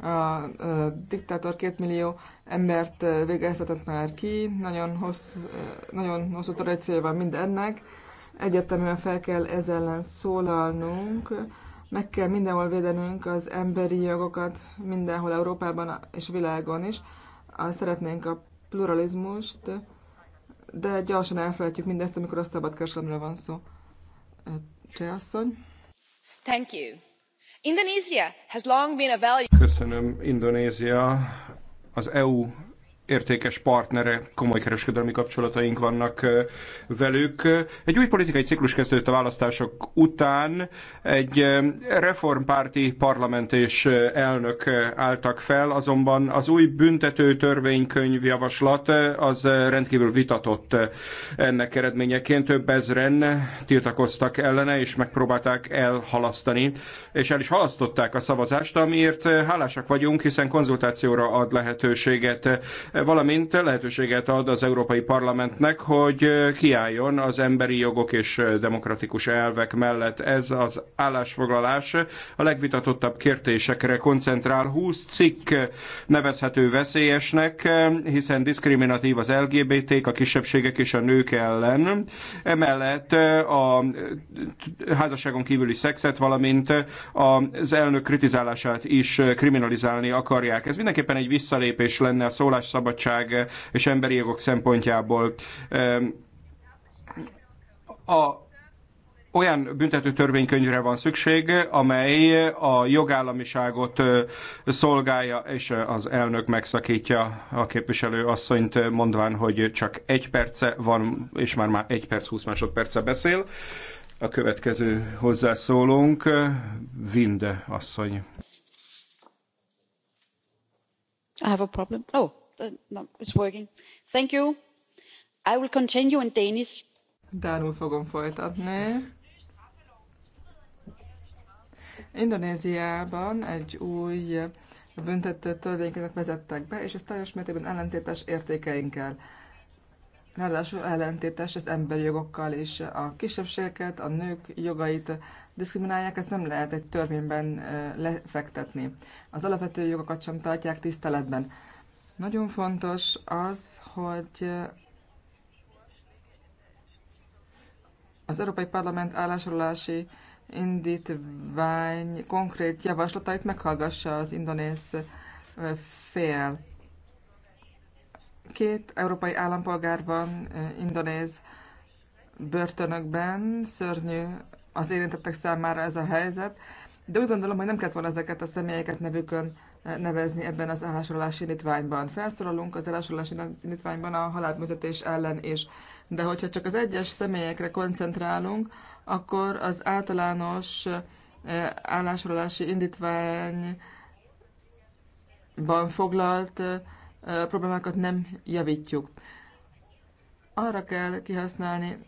a diktátor két millió embert végeztetett már ki, nagyon hosszú, nagyon hosszú tradíciója van mindennek, egyértelműen fel kell ez ellen szólalnunk, meg kell mindenhol védenünk az emberi jogokat, mindenhol Európában és világon is. Szeretnénk a pluralizmust, de gyorsan elfelejtjük mindezt, amikor a szabadkereskedelemről van szó. Cseh asszony. Thank you. Köszönöm, Indonézia az EU értékes partnere, komoly kereskedelmi kapcsolataink vannak velük. Egy új politikai ciklus kezdődött a választások után, egy reformpárti parlament és elnök álltak fel, azonban az új büntető törvénykönyv javaslat az rendkívül vitatott ennek eredményeként. Több ezren tiltakoztak ellene, és megpróbálták elhalasztani, és el is halasztották a szavazást, amiért hálásak vagyunk, hiszen konzultációra ad lehetőséget valamint lehetőséget ad az Európai Parlamentnek, hogy kiálljon az emberi jogok és demokratikus elvek mellett. Ez az állásfoglalás a legvitatottabb kérdésekre koncentrál. 20 cikk nevezhető veszélyesnek, hiszen diszkriminatív az LGBT-k, a kisebbségek és a nők ellen. Emellett a házasságon kívüli szexet, valamint az elnök kritizálását is kriminalizálni akarják. Ez mindenképpen egy visszalépés lenne a szólásszabadság szabadság és emberi jogok szempontjából. A olyan büntető törvénykönyvre van szükség, amely a jogállamiságot szolgálja, és az elnök megszakítja a képviselő asszonyt, mondván, hogy csak egy perce van, és már már egy perc, 20 másodperce beszél. A következő hozzászólónk, Vinde asszony. I have a problem. Oh, Dánul fogom folytatni. Indonéziában egy új büntető törvénykönyvet vezettek be, és ez teljes mértékben ellentétes értékeinkkel. Ráadásul ellentétes az emberi jogokkal is. A kisebbségeket, a nők jogait diszkriminálják, ezt nem lehet egy törvényben lefektetni. Az alapvető jogokat sem tartják tiszteletben. Nagyon fontos az, hogy az Európai Parlament állásolási indítvány konkrét javaslatait meghallgassa az indonész fél. Két európai állampolgár van indonéz börtönökben, szörnyű az érintettek számára ez a helyzet, de úgy gondolom, hogy nem kellett volna ezeket a személyeket nevükön nevezni ebben az állásolási indítványban. Felszorolunk az állásolási indítványban a halálbüntetés ellen is. De hogyha csak az egyes személyekre koncentrálunk, akkor az általános eh, állásolási indítványban foglalt eh, problémákat nem javítjuk. Arra kell kihasználni,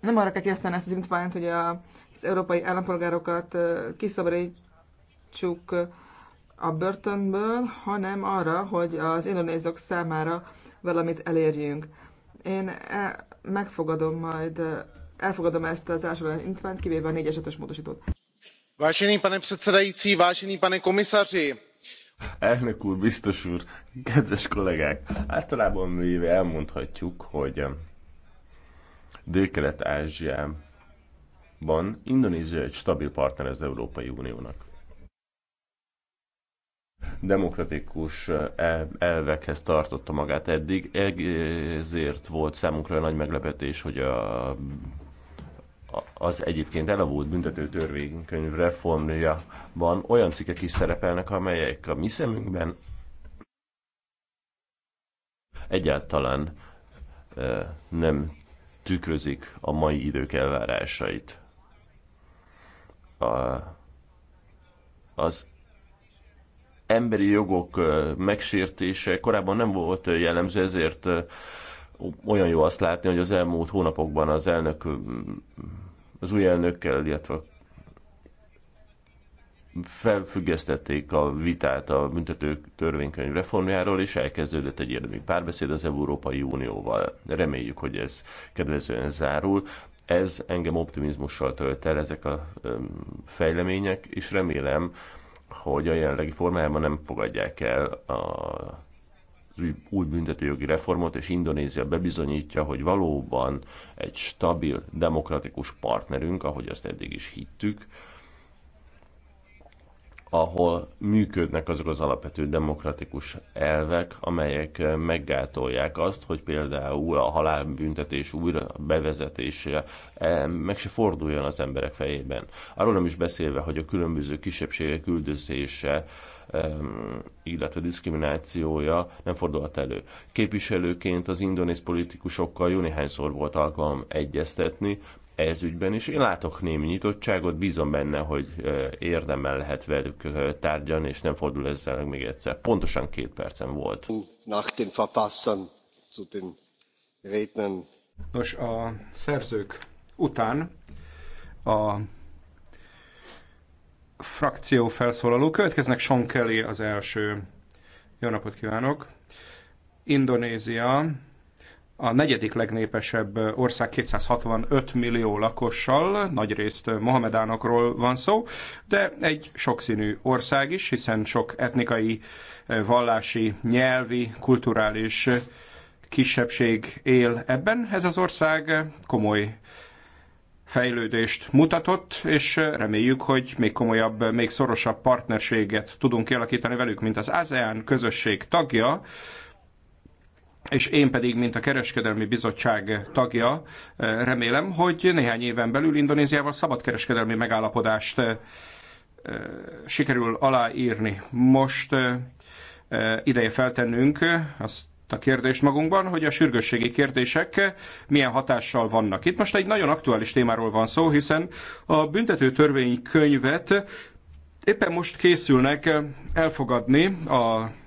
nem arra kell kihasználni ezt az indítványt, hogy az európai állampolgárokat eh, kiszabadítsuk, csak a börtönből, hanem arra, hogy az indonézok számára valamit elérjünk. Én e- megfogadom majd, elfogadom ezt az társadalmi intvánt, kivéve a 4 5 módosítót. Vážený pane předsedající, vážený pane komisaři, Elnök úr, biztos úr, kedves kollégák, általában mi elmondhatjuk, hogy Dél-Kelet-Ázsiában Indonézia egy stabil partner az Európai Uniónak demokratikus eh, elvekhez tartotta magát eddig, ezért volt számunkra nagy meglepetés, hogy a az egyébként elavult büntető törvénykönyv reformjában olyan cikkek is szerepelnek, amelyek a mi szemünkben egyáltalán eh, nem tükrözik a mai idők elvárásait. A, az emberi jogok megsértése korábban nem volt jellemző, ezért olyan jó azt látni, hogy az elmúlt hónapokban az elnök, az új elnökkel, illetve felfüggesztették a vitát a büntető törvénykönyv reformjáról, és elkezdődött egy érdemi párbeszéd az Európai Unióval. Reméljük, hogy ez kedvezően zárul. Ez engem optimizmussal tölt el, ezek a fejlemények, és remélem, hogy a jelenlegi formájában nem fogadják el a az új, új büntetőjogi reformot, és Indonézia bebizonyítja, hogy valóban egy stabil, demokratikus partnerünk, ahogy azt eddig is hittük, ahol működnek azok az alapvető demokratikus elvek, amelyek eh, meggátolják azt, hogy például a halálbüntetés újra bevezetése eh, meg se forduljon az emberek fejében. Arról nem is beszélve, hogy a különböző kisebbségek üldözése eh, illetve diszkriminációja nem fordulhat elő. Képviselőként az indonéz politikusokkal jó néhányszor volt alkalom egyeztetni, ez ügyben, és én látok némi nyitottságot, bízom benne, hogy érdemmel lehet velük tárgyalni, és nem fordul ezzel még egyszer. Pontosan két percen volt. Nach den Verfassern zu den Rednern. Nos, a szerzők után a frakció felszólaló következnek. Sean Kelly az első. Jó napot kívánok! Indonézia a negyedik legnépesebb ország 265 millió lakossal, nagyrészt Mohamedánokról van szó, de egy sokszínű ország is, hiszen sok etnikai, vallási, nyelvi, kulturális kisebbség él ebben. Ez az ország komoly fejlődést mutatott, és reméljük, hogy még komolyabb, még szorosabb partnerséget tudunk kialakítani velük, mint az ASEAN közösség tagja és én pedig, mint a Kereskedelmi Bizottság tagja, eh, remélem, hogy néhány éven belül Indonéziával szabadkereskedelmi megállapodást eh, sikerül aláírni. Most eh, ideje feltennünk azt a kérdést magunkban, hogy a sürgősségi kérdések milyen hatással vannak. Itt most egy nagyon aktuális témáról van szó, hiszen a büntető törvénykönyvet Éppen most készülnek elfogadni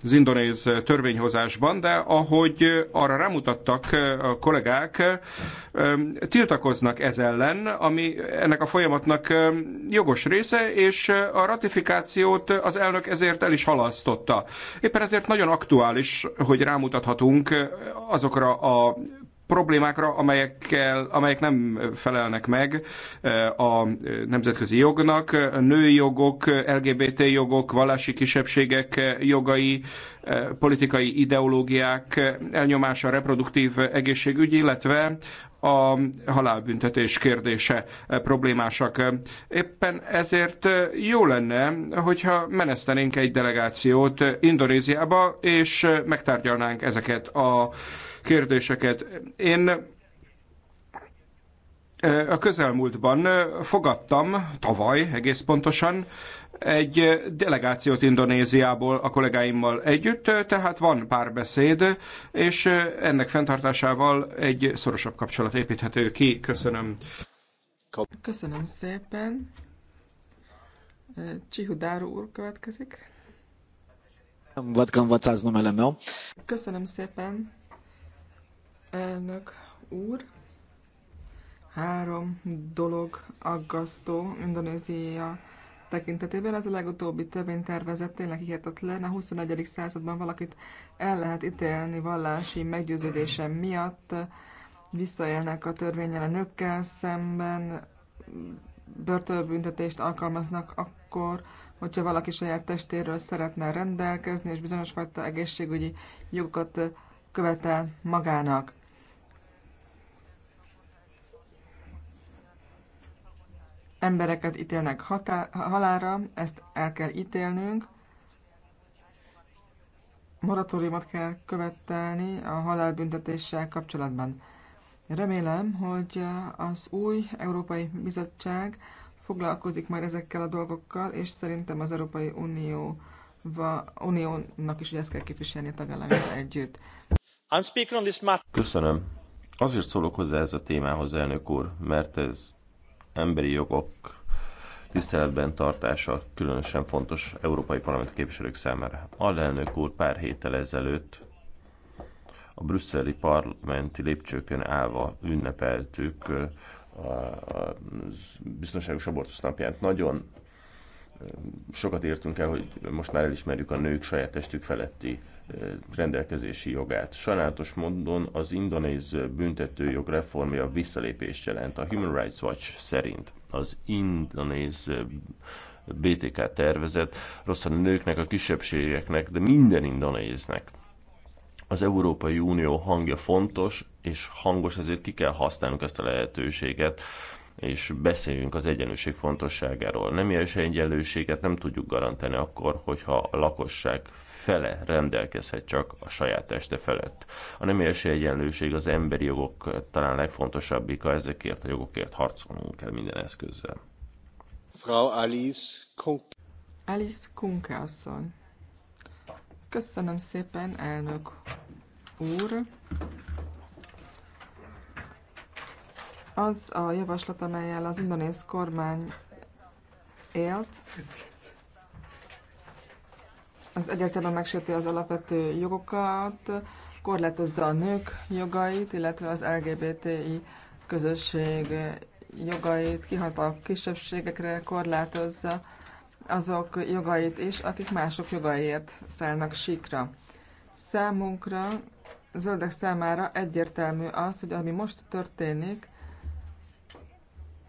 az indonéz törvényhozásban, de ahogy arra rámutattak a kollégák, tiltakoznak ez ellen, ami ennek a folyamatnak jogos része, és a ratifikációt az elnök ezért el is halasztotta. Éppen ezért nagyon aktuális, hogy rámutathatunk azokra a problémákra, amelyekkel, amelyek nem felelnek meg eh, a nemzetközi jognak, női jogok, LGBT jogok, vallási kisebbségek jogai, eh, politikai ideológiák eh, elnyomása, reproduktív egészségügy, illetve a halálbüntetés kérdése problémásak. Éppen ezért jó lenne, hogyha menesztenénk egy delegációt Indonéziába, és megtárgyalnánk ezeket a kérdéseket. Én eh, a közelmúltban eh, fogadtam, tavaly egész pontosan, egy delegációt Indonéziából a kollégáimmal együtt, eh, tehát van párbeszéd, és ennek fenntartásával egy szorosabb kapcsolat építhető ki. Köszönöm. Köszönöm szépen. Csihudáru úr következik. Köszönöm szépen. Elnök úr, három dolog aggasztó Indonézia tekintetében. Ez a legutóbbi törvénytervezet tényleg hihetetlen. A 21. században valakit el lehet ítélni vallási meggyőződése miatt, visszaélnek a törvényen a nőkkel szemben, börtönbüntetést alkalmaznak akkor, hogyha valaki saját testéről szeretne rendelkezni, és bizonyos fajta egészségügyi jogokat követel magának. embereket ítélnek hatá- halára, ezt el kell ítélnünk. Moratóriumot kell követelni a halálbüntetéssel kapcsolatban. Remélem, hogy az új Európai Bizottság foglalkozik majd ezekkel a dolgokkal, és szerintem az Európai Unió Uniónak is, hogy ezt kell képviselni a tagállamokkal együtt. Köszönöm. Azért szólok hozzá ez a témához, elnök úr, mert ez emberi jogok tiszteletben tartása különösen fontos európai parlamenti képviselők számára. Alelnök úr pár héttel ezelőtt a brüsszeli parlamenti lépcsőkön állva ünnepeltük a biztonságos abortus napját. Nagyon sokat értünk el, hogy most már elismerjük a nők saját testük feletti rendelkezési jogát. Sajnálatos módon az indonéz büntetőjog reformja visszalépést jelent. A Human Rights Watch szerint az indonéz BTK tervezet rossz a nőknek, a kisebbségeknek, de minden indonéznek. Az Európai Unió hangja fontos és hangos, ezért ki kell használnunk ezt a lehetőséget, és beszéljünk az egyenlőség fontosságáról. Nem ilyen egyenlőséget nem tudjuk garantálni akkor, hogyha a lakosság fele rendelkezhet csak a saját teste felett. A nem érsi egyenlőség az emberi jogok talán legfontosabbika, ezekért a jogokért harcolnunk kell minden eszközzel. Frau Alice Kunke. Alice Kunke asszony. Köszönöm szépen, elnök úr. Az a javaslat, amelyel az indonész kormány élt, az egyetemben megsérti az alapvető jogokat, korlátozza a nők jogait, illetve az LGBTI közösség jogait, kihat a kisebbségekre, korlátozza azok jogait is, akik mások jogaiért szállnak síkra. Számunkra, zöldek számára egyértelmű az, hogy ami most történik,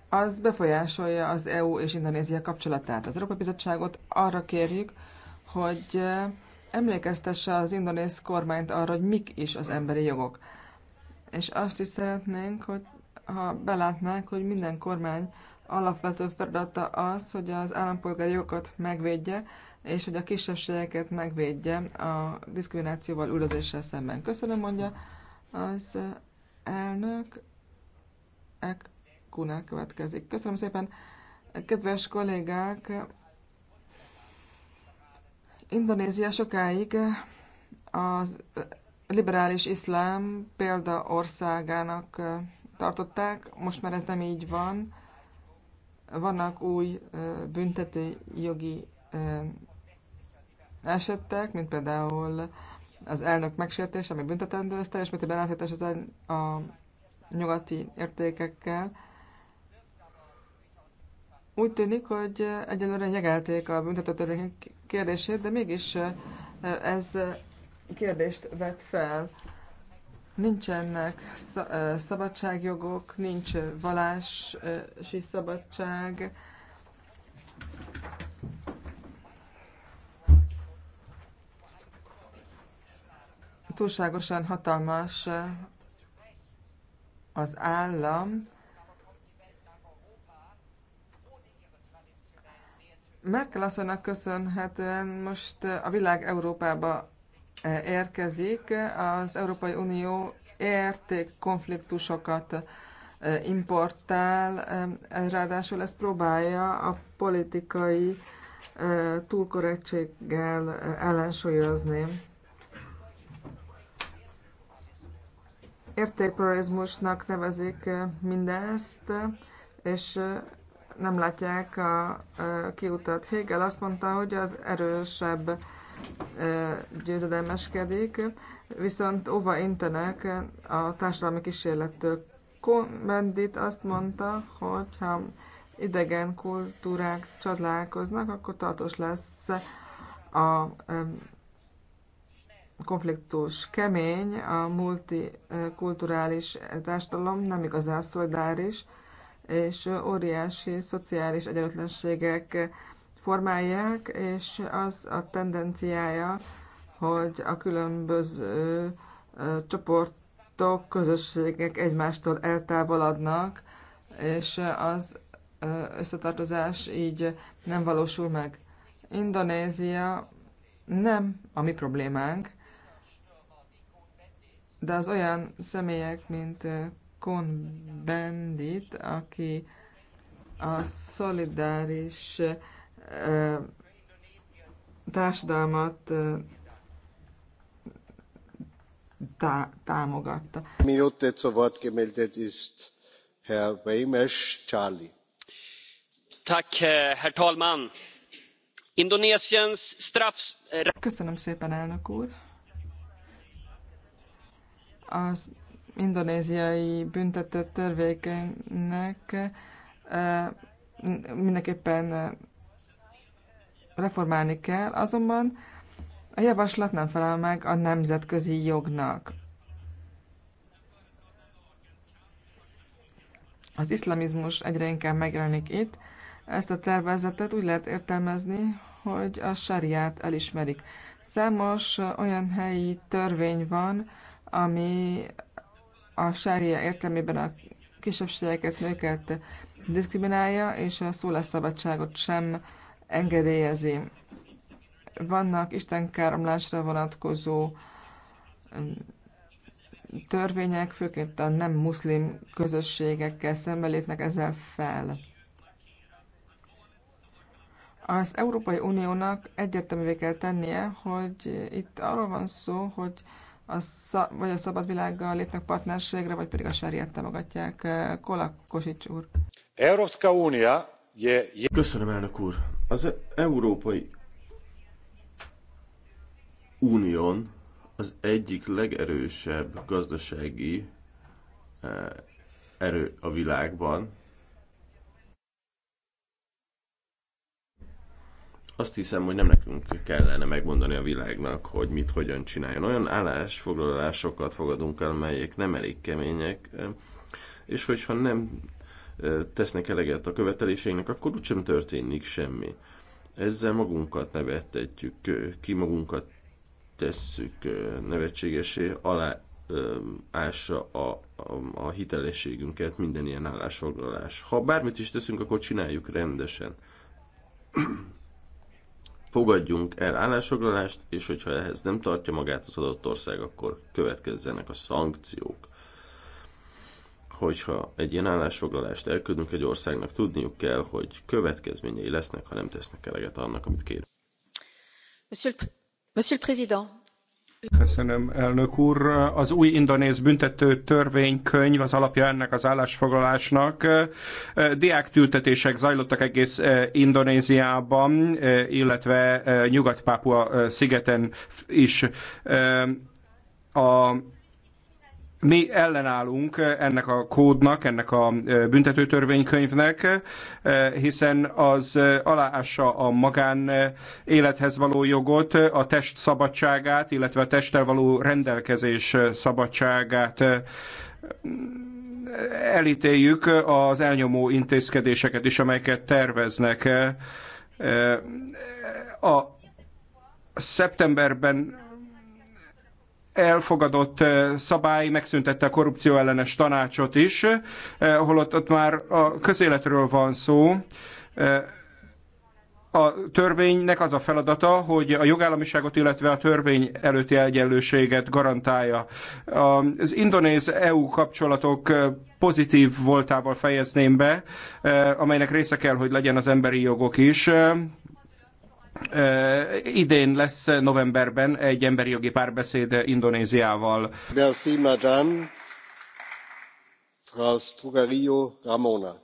az befolyásolja az EU és Indonézia kapcsolatát. Az Európai Bizottságot arra kérjük, hogy emlékeztesse az indonéz kormányt arra, hogy mik is az emberi jogok. És azt is szeretnénk, hogy ha belátnák, hogy minden kormány alapvető feladata az, hogy az állampolgári jogokat megvédje, és hogy a kisebbségeket megvédje a diszkriminációval, üldözéssel szemben. Köszönöm, mondja az elnök. Ek Kunel következik. Köszönöm szépen, kedves kollégák! Indonézia sokáig az liberális iszlám példa országának tartották, most már ez nem így van. Vannak új jogi esettek, mint például az elnök megsértése, ami büntetendő, ez teljes mértékben elhetés az a nyugati értékekkel. Úgy tűnik, hogy egyelőre nyegelték a büntetőtörvény kérdését, de mégis ez kérdést vet fel. Nincsenek szabadságjogok, nincs valási szabadság, túlságosan hatalmas az állam, Merkel asszonynak köszönhetően most eh, a világ Európába eh, érkezik, az Európai Unió értékkonfliktusokat eh, importál, ráadásul ezt próbálja a politikai túlkorrektséggel ellensúlyozni. Értékpluralizmusnak nevezik mindezt, és nem látják a kiutat. Hegel azt mondta, hogy az erősebb győzedelmeskedik, viszont óva intenek a társadalmi kísérlettől. Kondit azt mondta, hogy ha idegen kultúrák csatlakoznak, akkor tartós lesz a konfliktus kemény, a multikulturális társadalom nem igazán szolidáris, és óriási szociális egyenlőtlenségek formálják, és az a tendenciája, hogy a különböző csoportok, közösségek egymástól eltávolodnak, és az összetartozás így nem valósul meg. Indonézia nem a mi problémánk, de az olyan személyek, mint Kohn Bendit, aki a szolidáris társadalmat tá támogatta. Minute zur Wort gemeldet ist Herr Charlie. Tack, eh, herr talman! straff... Köszönöm szépen, elnök úr! Az indonéziai büntető törvénynek mindenképpen reformálni kell, azonban a javaslat nem felel meg a nemzetközi jognak. Az iszlamizmus egyre inkább megjelenik itt. Ezt a tervezetet úgy lehet értelmezni, hogy a sariát elismerik. Számos olyan helyi törvény van, ami a sária értelmében a kisebbségeket, nőket diszkriminálja, és a szólásszabadságot sem engedélyezi. Vannak káromlásra vonatkozó mm, törvények, főként a nem muszlim közösségekkel szemben lépnek ezzel fel. Az Európai Uniónak egyértelművé kell tennie, hogy itt arról van szó, hogy a szab, vagy a szabad világgal lépnek partnerségre, vagy pedig a seriát támogatják. Kosics úr. Európska Unia je... Köszönöm, elnök úr. Az Európai Unión az egyik legerősebb gazdasági eh, erő a világban, Azt hiszem, hogy nem nekünk kellene megmondani a világnak, hogy mit hogyan csináljon. Olyan állásfoglalásokat fogadunk el, melyek nem elég kemények, és hogyha nem tesznek eleget a követeléseinknek, akkor úgysem történik semmi. Ezzel magunkat nevettetjük, ki magunkat tesszük nevetségesé, alá ássa a, a, a hitelességünket minden ilyen állásfoglalás. Ha bármit is teszünk, akkor csináljuk rendesen fogadjunk el állásfoglalást, és hogyha ehhez nem tartja magát az adott ország, akkor következzenek a szankciók. Hogyha egy ilyen állásfoglalást elküldünk egy országnak, tudniuk kell, hogy következményei lesznek, ha nem tesznek eleget annak, amit kérünk. Monsieur le Président, Köszönöm, elnök úr. Az új indonéz büntető törvénykönyv az alapja ennek az állásfoglalásnak. tültetések zajlottak egész eh, Indonéziában, eh, illetve eh, Nyugat-Pápua szigeten is. A mi ellenállunk ennek a kódnak, ennek a büntetőtörvénykönyvnek, hiszen az aláássa a magán élethez való jogot, a test szabadságát, illetve a testtel való rendelkezés szabadságát elítéljük az elnyomó intézkedéseket is, amelyeket terveznek. A szeptemberben elfogadott szabály megszüntette a korrupció ellenes tanácsot is, holott ott már a közéletről van szó. A törvénynek az a feladata, hogy a jogállamiságot, illetve a törvény előtti egyenlőséget garantálja. Az indonéz-EU kapcsolatok pozitív voltával fejezném be, amelynek része kell, hogy legyen az emberi jogok is Idén lesz novemberben egy emberi jogi párbeszéd Indonéziával. Merci, madame. Frau Strugario Ramona.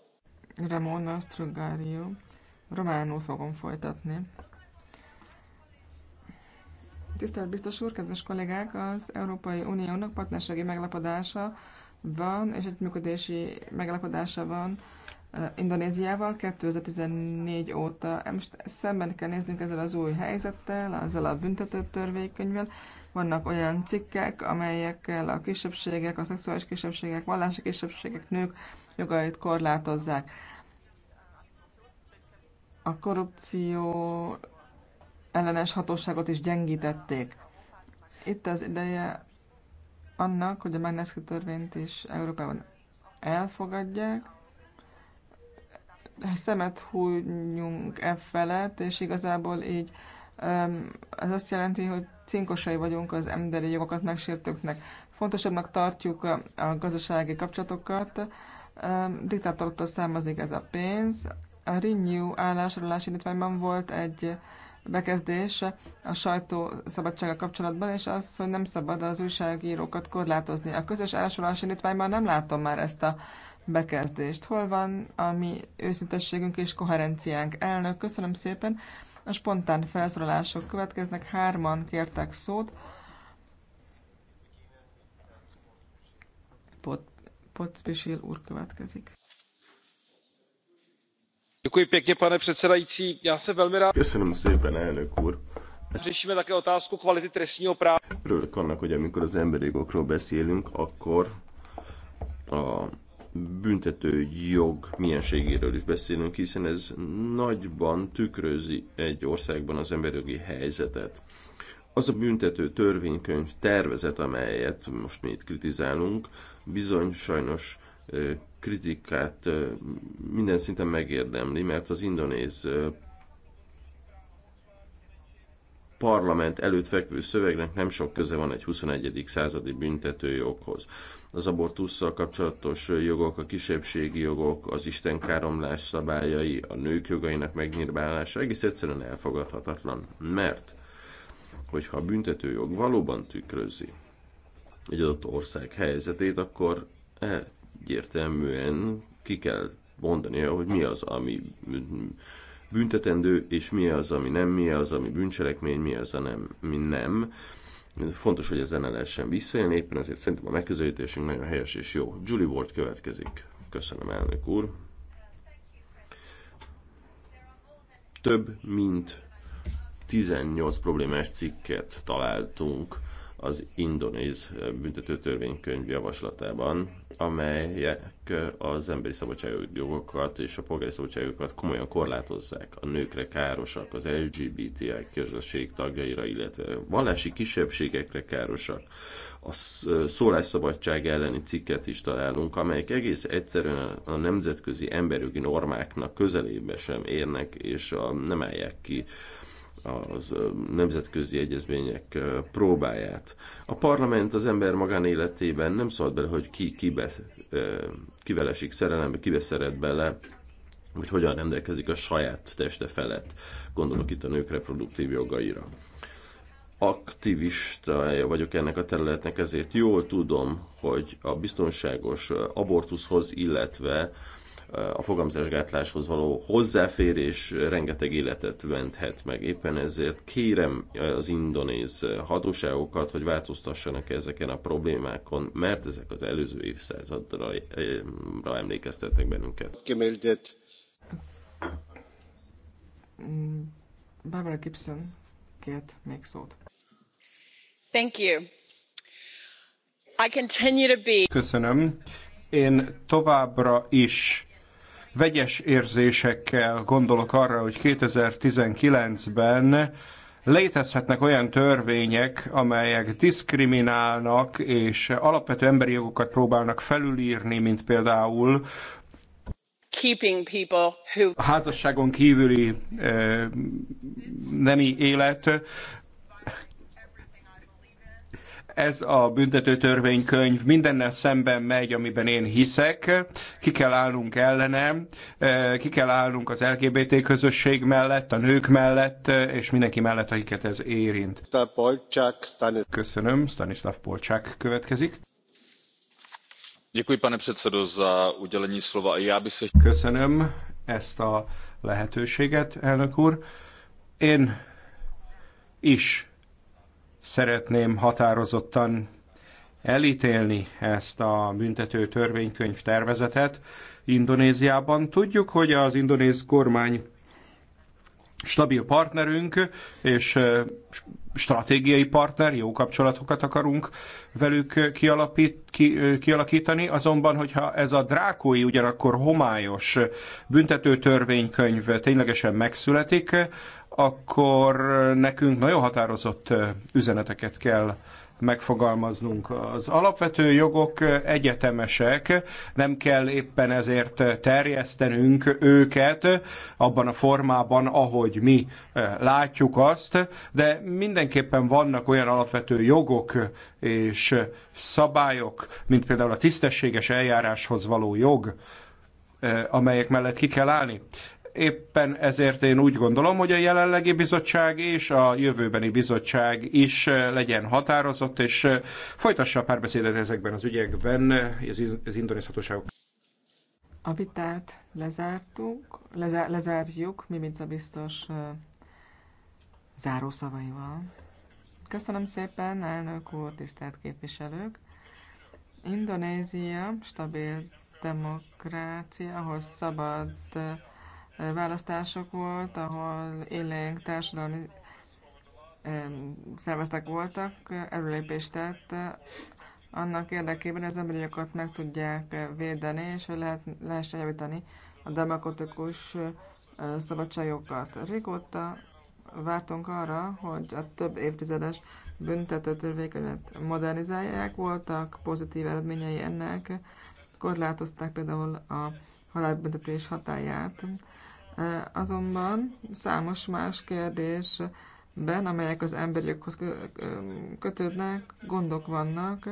Ramona Strugario. Románul fogom folytatni. Tisztelt biztos úr, kedves kollégák, az Európai Uniónak partnerségi meglapodása van, és egy működési meglapodása van Eh, Indonéziával 2014 óta. Eh, most szemben kell néznünk ezzel az új helyzettel, ezzel a büntető törvénykönyvvel. Vannak olyan cikkek, amelyekkel a kisebbségek, a szexuális kisebbségek, vallási kisebbségek, nők jogait korlátozzák. A korrupció ellenes hatóságot is gyengítették. Itt az ideje annak, hogy a Magnitsky törvényt is Európában elfogadják, szemet hújjunk e felett, és igazából így ez azt jelenti, hogy cinkosai vagyunk az emberi jogokat megsértőknek. Fontosabbnak tartjuk a gazdasági kapcsolatokat, diktátortól származik ez a pénz. A Renew állásolás indítványban volt egy bekezdés a sajtó szabadsága kapcsolatban, és az, hogy nem szabad az újságírókat korlátozni. A közös állásolás indítványban nem látom már ezt a bekezdést. Hol van a mi őszintességünk és koherenciánk? Elnök, köszönöm szépen. A spontán felszólalások következnek. Hárman kértek szót. Pot, Potspisil úr következik. pane předsedající já se velmi rád řešíme také otázku kvality trestního práva. örülök annak hogy amikor az emberi jogokról beszélünk akkor a büntető jog mienségéről is beszélünk, hiszen ez nagyban tükrözi egy országban az emberjogi helyzetet. Az a büntető törvénykönyv tervezet, amelyet most mi itt kritizálunk, bizony sajnos kritikát minden szinten megérdemli, mert az indonéz parlament előtt fekvő szövegnek nem sok köze van egy 21. századi büntetőjoghoz az abortusszal kapcsolatos jogok, a kisebbségi jogok, az istenkáromlás szabályai, a nők jogainak megnyírbálása egész egyszerűen elfogadhatatlan, mert hogyha a büntetőjog valóban tükrözi egy adott ország helyzetét, akkor egyértelműen ki kell mondania, hogy mi az, ami büntetendő, és mi az, ami nem, mi az, ami bűncselekmény, mi az, ami nem. Fontos, hogy ezen lehessen visszaélni, éppen ezért szerintem a megközelítésünk nagyon helyes és jó. Julie Ward következik. Köszönöm, elnök úr. Több mint 18 problémás cikket találtunk az indonéz büntetőtörvénykönyv javaslatában, amelyek az emberi szabadságjogokat és a polgári szabadságokat komolyan korlátozzák. A nőkre károsak, az LGBTI közösség tagjaira, illetve vallási kisebbségekre károsak. A szólásszabadság elleni cikket is találunk, amelyek egész egyszerűen a nemzetközi emberjogi normáknak közelébe sem érnek, és a, nem állják ki az nemzetközi egyezmények próbáját. A parlament az ember magánéletében nem szólt bele, hogy ki kibe, kivel esik szerelembe, kibe szeret bele, hogy hogyan rendelkezik a saját teste felett. Gondolok itt a nők reproduktív jogaira. Aktivistája vagyok ennek a területnek, ezért jól tudom, hogy a biztonságos abortuszhoz, illetve a fogamzásgátláshoz való hozzáférés rengeteg életet menthet meg. Éppen ezért kérem az indonéz hatóságokat, hogy változtassanak ezeken a problémákon, mert ezek az előző évszázadra eh, emlékeztetnek bennünket. Gemeldet. Barbara Gibson kért még szót. Thank you. I continue to be... Köszönöm. Én továbbra is vegyes érzésekkel gondolok arra, hogy 2019-ben létezhetnek olyan törvények, amelyek diszkriminálnak és alapvető emberi jogokat próbálnak felülírni, mint például a házasságon kívüli eh, nemi élet, ez a büntető törvénykönyv mindennel szemben megy, amiben én hiszek. Ki kell állnunk ellene, eh, ki kell állnunk az LGBT közösség mellett, a nők mellett, eh, és mindenki mellett, akiket ez érint. Köszönöm, Stanislav Polcsák következik pane slova. já bych se. köszönöm ezt a lehetőséget elnök úr. én is Szeretném határozottan elítélni ezt a büntető törvénykönyv tervezetet Indonéziában. Tudjuk, hogy az indonéz kormány stabil partnerünk, és stratégiai partner, jó kapcsolatokat akarunk velük kialapít, ki, kialakítani, azonban, hogyha ez a drákói ugyanakkor homályos büntetőtörvénykönyv ténylegesen megszületik, akkor nekünk nagyon határozott üzeneteket kell megfogalmaznunk. Az alapvető jogok egyetemesek, nem kell éppen ezért terjesztenünk őket abban a formában, ahogy mi látjuk azt, de mindenképpen vannak olyan alapvető jogok és szabályok, mint például a tisztességes eljáráshoz való jog, amelyek mellett ki kell állni. Éppen ezért én úgy gondolom, hogy a jelenlegi bizottság és a jövőbeni bizottság is eh, legyen határozott, és eh, folytassa a párbeszédet ezekben az ügyekben az, az hatóságok. A vitát lezártuk, lezár, lezárjuk, mi mint a biztos eh, zárószavaival. Köszönöm szépen, elnök úr, tisztelt képviselők! Indonézia stabil demokrácia, ahol szabad választások volt, ahol élénk társadalmi szerveztek voltak, előlépést tett annak érdekében, hogy az emberi jogokat meg tudják védeni, és hogy lehet, lehessen javítani a demokratikus szabadságokat. Régóta vártunk arra, hogy a több évtizedes büntető törvényeket modernizálják, voltak pozitív eredményei ennek, korlátozták például a halálbüntetés hatáját, Azonban számos más kérdésben, amelyek az emberiokhoz kötődnek, gondok vannak,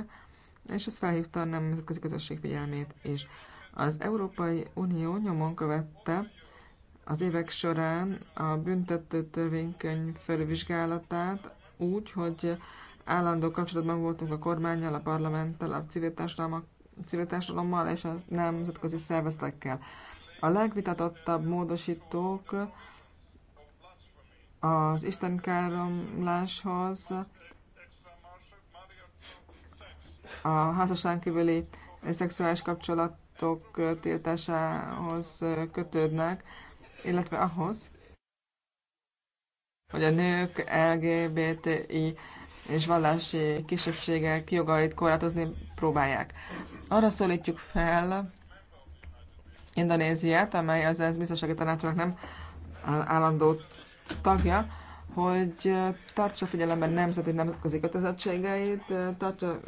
és ez felhívta a nemzetközi közösség figyelmét is. Az Európai Unió nyomon követte az évek során a büntető törvénykönyv felvizsgálatát úgy, hogy állandó kapcsolatban voltunk a kormányjal, a parlamenttel, a civil, társadalommal és a nemzetközi szervezetekkel. A legvitatottabb módosítók az káromláshoz, a házasság kívüli szexuális kapcsolatok tiltásához kötődnek, illetve ahhoz, hogy a nők, LGBTI és vallási kisebbségek jogait korlátozni próbálják. Arra szólítjuk fel Indonéziát, amely az ENSZ biztonsági tanácsának nem állandó tagja, hogy tartsa figyelembe nemzeti nemzetközi kötelezettségeit, tartsa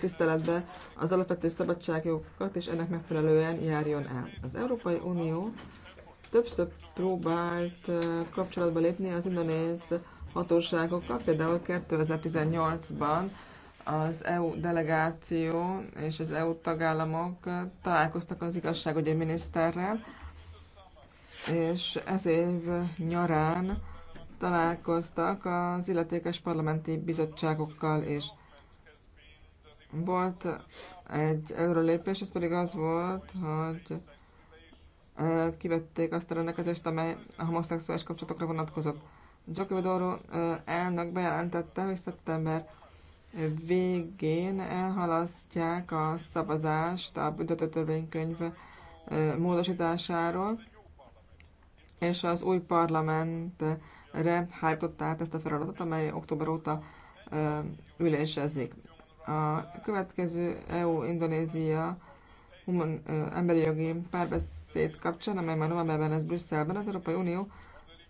tiszteletbe az alapvető szabadságjogokat, és ennek megfelelően járjon el. Az Európai Unió többször próbált kapcsolatba lépni az indonéz hatóságokkal, például 2018-ban az EU delegáció és az EU tagállamok találkoztak az igazságügyi miniszterrel, és ez év nyarán találkoztak az illetékes parlamenti bizottságokkal is. Volt egy előrelépés, ez pedig az volt, hogy kivették azt a rendelkezést, amely a homoszexuális kapcsolatokra vonatkozott. Giocovidoro elnök bejelentette, hogy szeptember végén elhalasztják a szavazást a büntetőtörvénykönyv módosításáról, és az új parlamentre hajtották át ezt a feladatot, amely október óta ülésezik. A következő EU-Indonézia emberi jogi párbeszéd kapcsán, amely már novemberben lesz Brüsszelben, az Európai Unió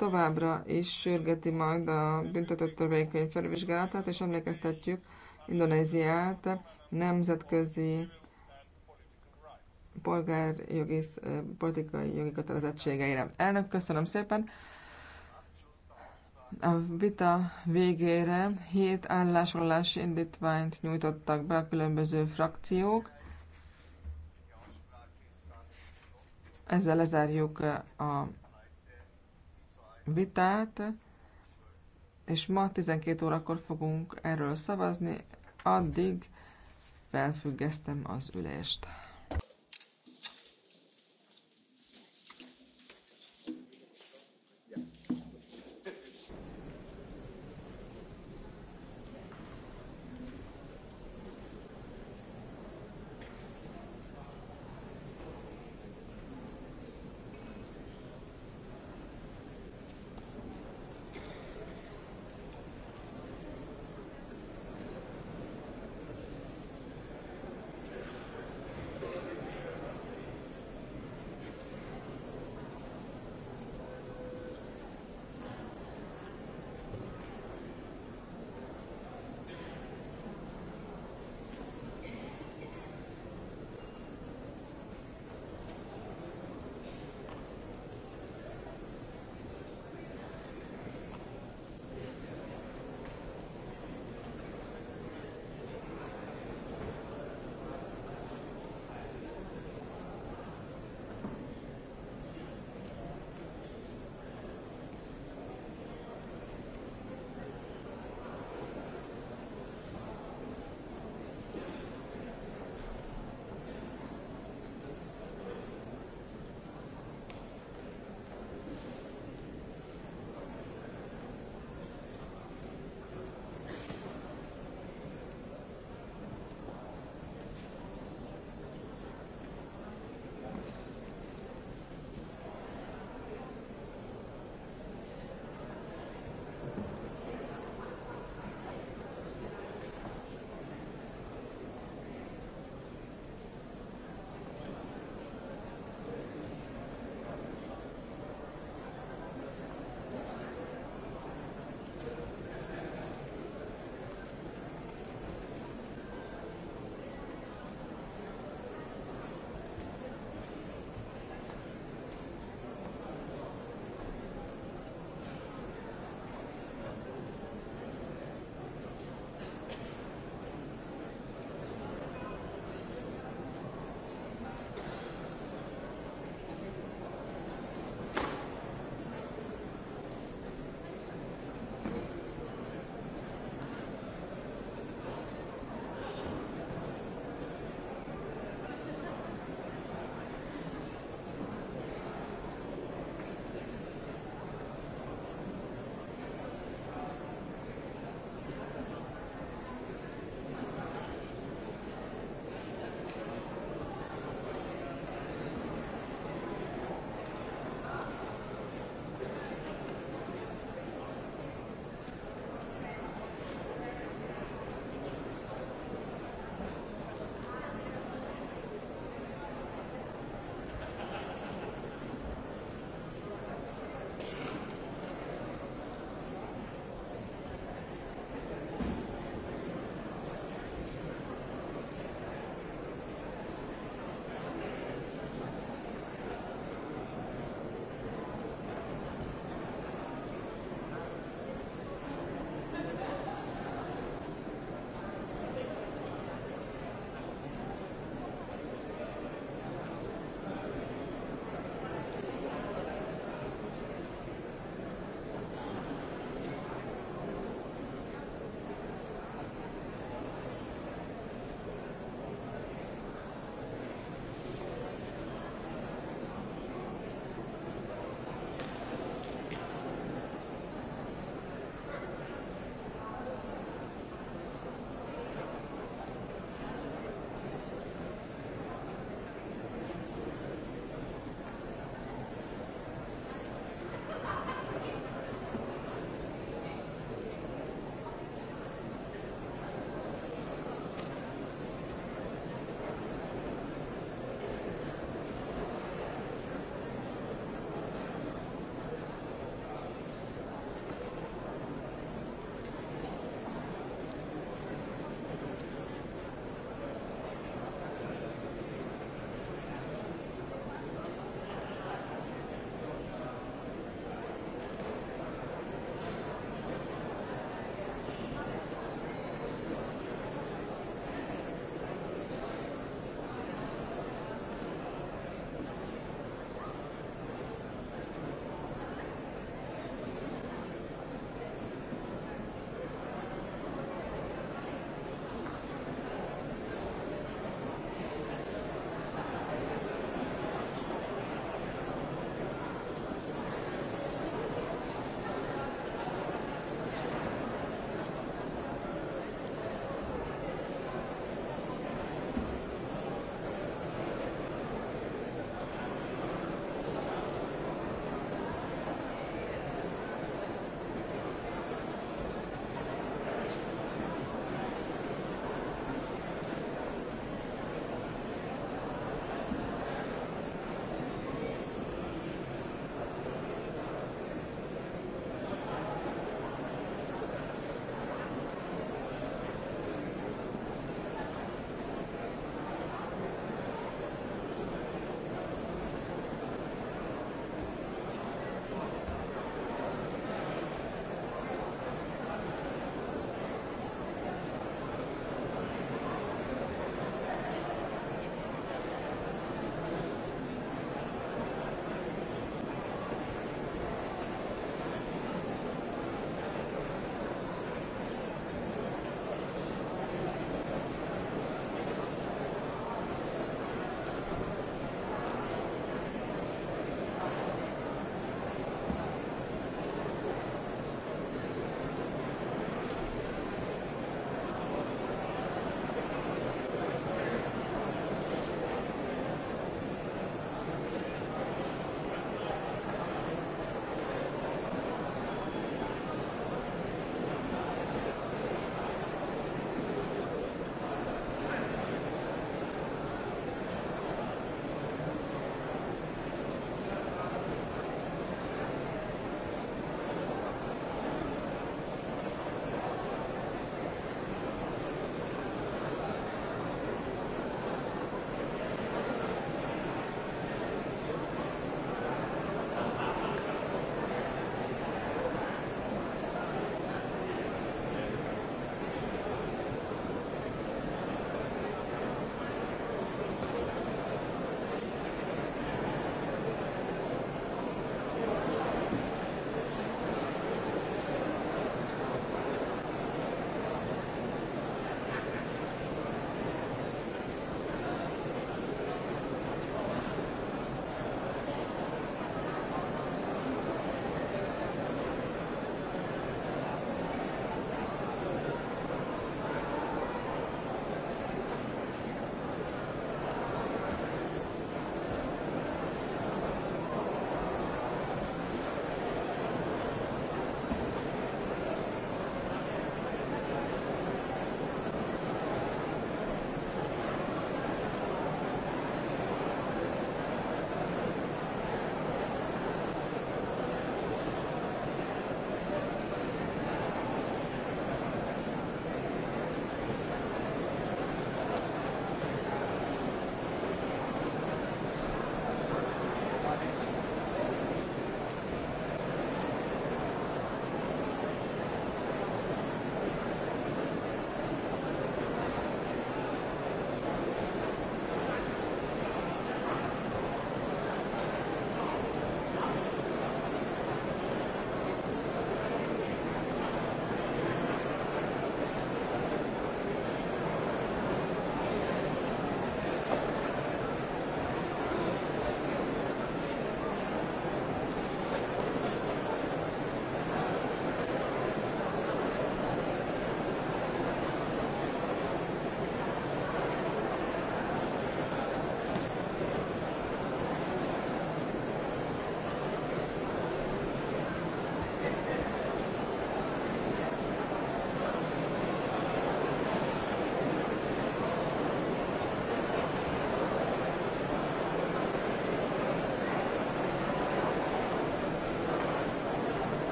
továbbra is sürgeti majd a büntetett törvénykönyv felvizsgálatát, és emlékeztetjük Indonéziát nemzetközi polgárjogi, politikai jogi kötelezettségeire. Elnök, köszönöm szépen! A vita végére hét állásolási indítványt nyújtottak be a különböző frakciók. Ezzel lezárjuk a vitát, és ma 12 órakor fogunk erről szavazni, addig felfüggesztem az ülést.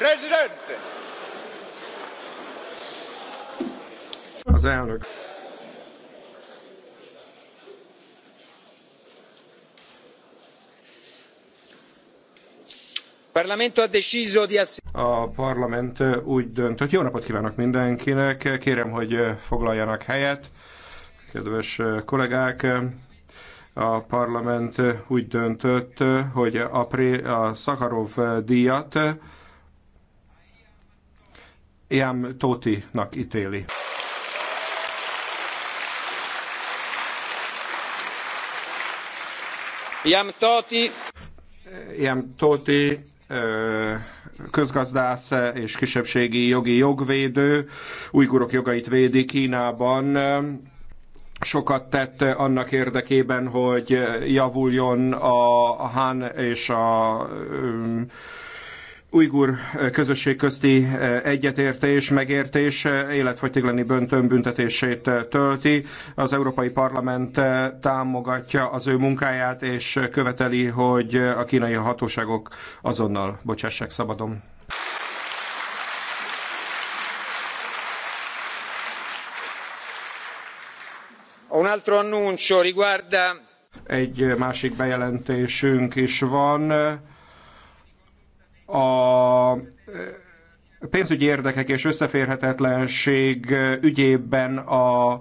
Presidente! Az elnök. A parlament úgy döntött. Jó napot kívánok mindenkinek. Kérem, hogy foglaljanak helyet. Kedves kollégák, a parlament úgy döntött, hogy a, pré, a Szakarov díjat Jám Tótinak ítéli. Jám Tóti. Jám Tóti közgazdász és kisebbségi jogi jogvédő, ujgurok jogait védi Kínában sokat tett annak érdekében, hogy javuljon a Han és a ujgur eh, közösség közti eh, egyetértés, megértés eh, életfogytiglani börtönbüntetését tölti. Az Európai Parlament támogatja az ő munkáját, és követeli, hogy a kínai hatóságok azonnal bocsássák szabadon. Un altro annuncio riguarda... Egy másik bejelentésünk is van a pénzügyi érdekek és összeférhetetlenség ügyében a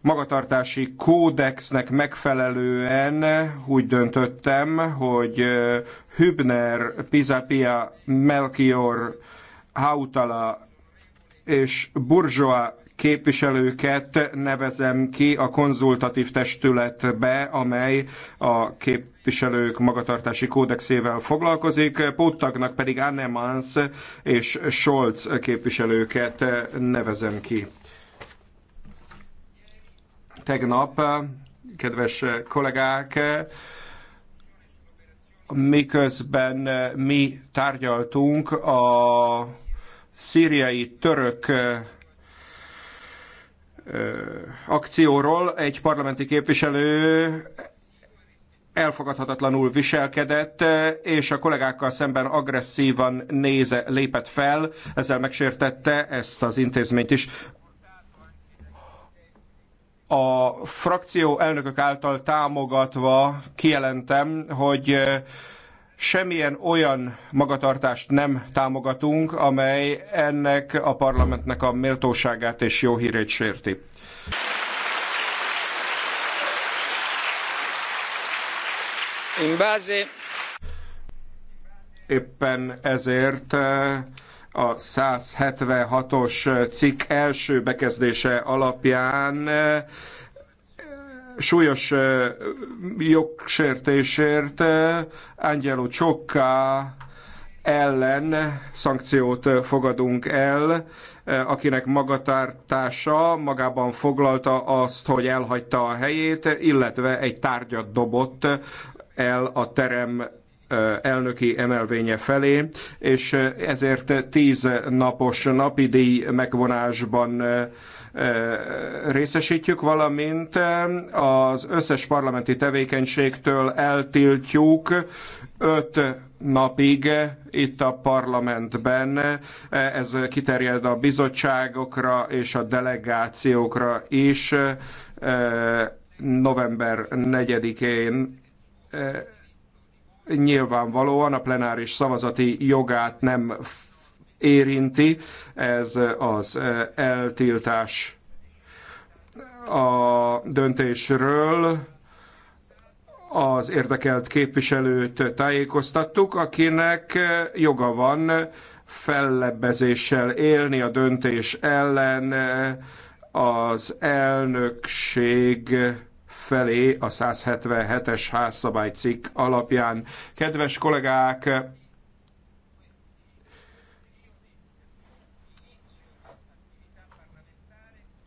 magatartási kódexnek megfelelően úgy döntöttem, hogy Hübner, Pizapia, Melchior, Hautala és Burzsoa képviselőket nevezem ki a konzultatív testületbe, amely a kép képviselők magatartási kódexével foglalkozik, póttagnak pedig Annemans és Scholz képviselőket nevezem ki. Tegnap, kedves kollégák, miközben mi tárgyaltunk a szíriai török akcióról egy parlamenti képviselő elfogadhatatlanul viselkedett, és a kollégákkal szemben agresszívan néze, lépett fel, ezzel megsértette ezt az intézményt is a frakció elnökök által támogatva kijelentem, hogy semmilyen olyan magatartást nem támogatunk, amely ennek a parlamentnek a méltóságát és jó hírét sérti. Éppen ezért eh, a 176-os cikk első bekezdése alapján eh, súlyos eh, jogsértésért Angelo Csokká ellen szankciót fogadunk el, akinek magatartása magában foglalta azt, hogy elhagyta a helyét, illetve egy tárgyat dobott el a terem elnöki emelvénye felé, és ezért tíz napos napi díj megvonásban részesítjük, valamint az összes parlamenti tevékenységtől eltiltjuk öt napig itt a parlamentben. Ez kiterjed a bizottságokra és a delegációkra is november 4-én nyilvánvalóan a plenáris szavazati jogát nem érinti, ez az eltiltás a döntésről az érdekelt képviselőt tájékoztattuk, akinek joga van fellebbezéssel élni a döntés ellen az elnökség felé a 177-es házszabálycikk alapján. Kedves kollégák,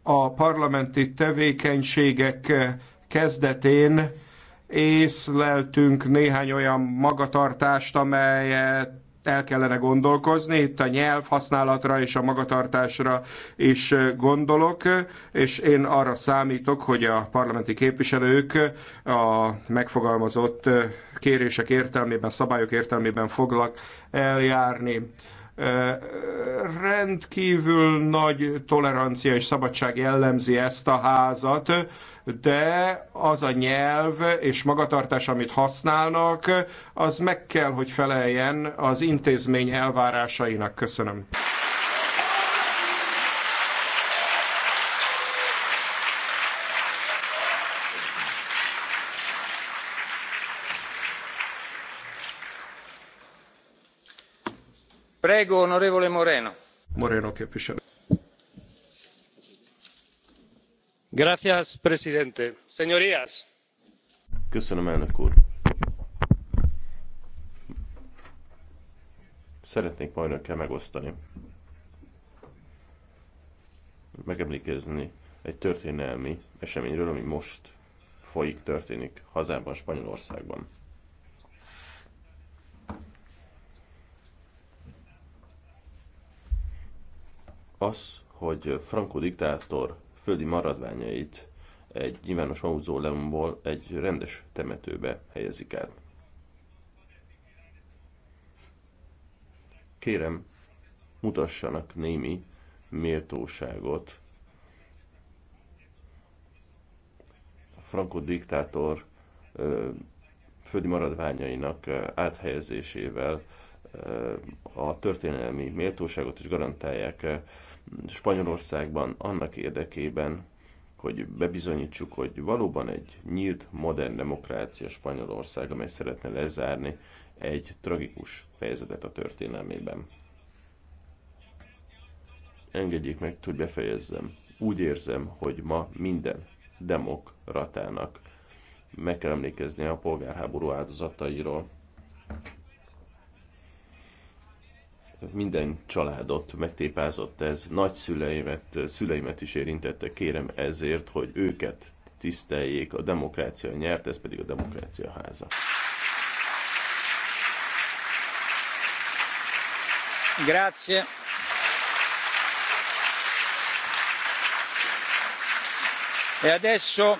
a parlamenti tevékenységek kezdetén észleltünk néhány olyan magatartást, amelyet el kellene gondolkozni, itt a nyelv használatra és a magatartásra is gondolok, és én arra számítok, hogy a parlamenti képviselők a megfogalmazott kérések értelmében, szabályok értelmében foglak eljárni rendkívül nagy tolerancia és szabadság jellemzi ezt a házat de az a nyelv és magatartás, amit használnak, az meg kell, hogy feleljen az intézmény elvárásainak. Köszönöm. Prego, onorevole Moreno. Moreno képviselő. Gracias, presidente. Señorías. Köszönöm, elnök úr. Szeretnék ma önökkel megosztani, megemlékezni egy történelmi eseményről, ami most folyik, történik hazában, Spanyolországban. Az, hogy Franco diktátor földi maradványait egy nyilvános mauzóleumból egy rendes temetőbe helyezik el. Kérem, mutassanak némi méltóságot a Franco diktátor földi maradványainak áthelyezésével a történelmi méltóságot is garantálják Spanyolországban annak érdekében, hogy bebizonyítsuk, hogy valóban egy nyílt, modern demokrácia Spanyolország, amely szeretne lezárni egy tragikus fejezetet a történelmében. Engedjék meg, hogy befejezzem. Úgy érzem, hogy ma minden demokratának meg kell emlékezni a polgárháború áldozatairól minden családot megtépázott ez, nagyszüleimet, szüleimet is érintette, kérem ezért, hogy őket tiszteljék, a demokrácia nyert, ez pedig a demokrácia háza. Grazie. E adesso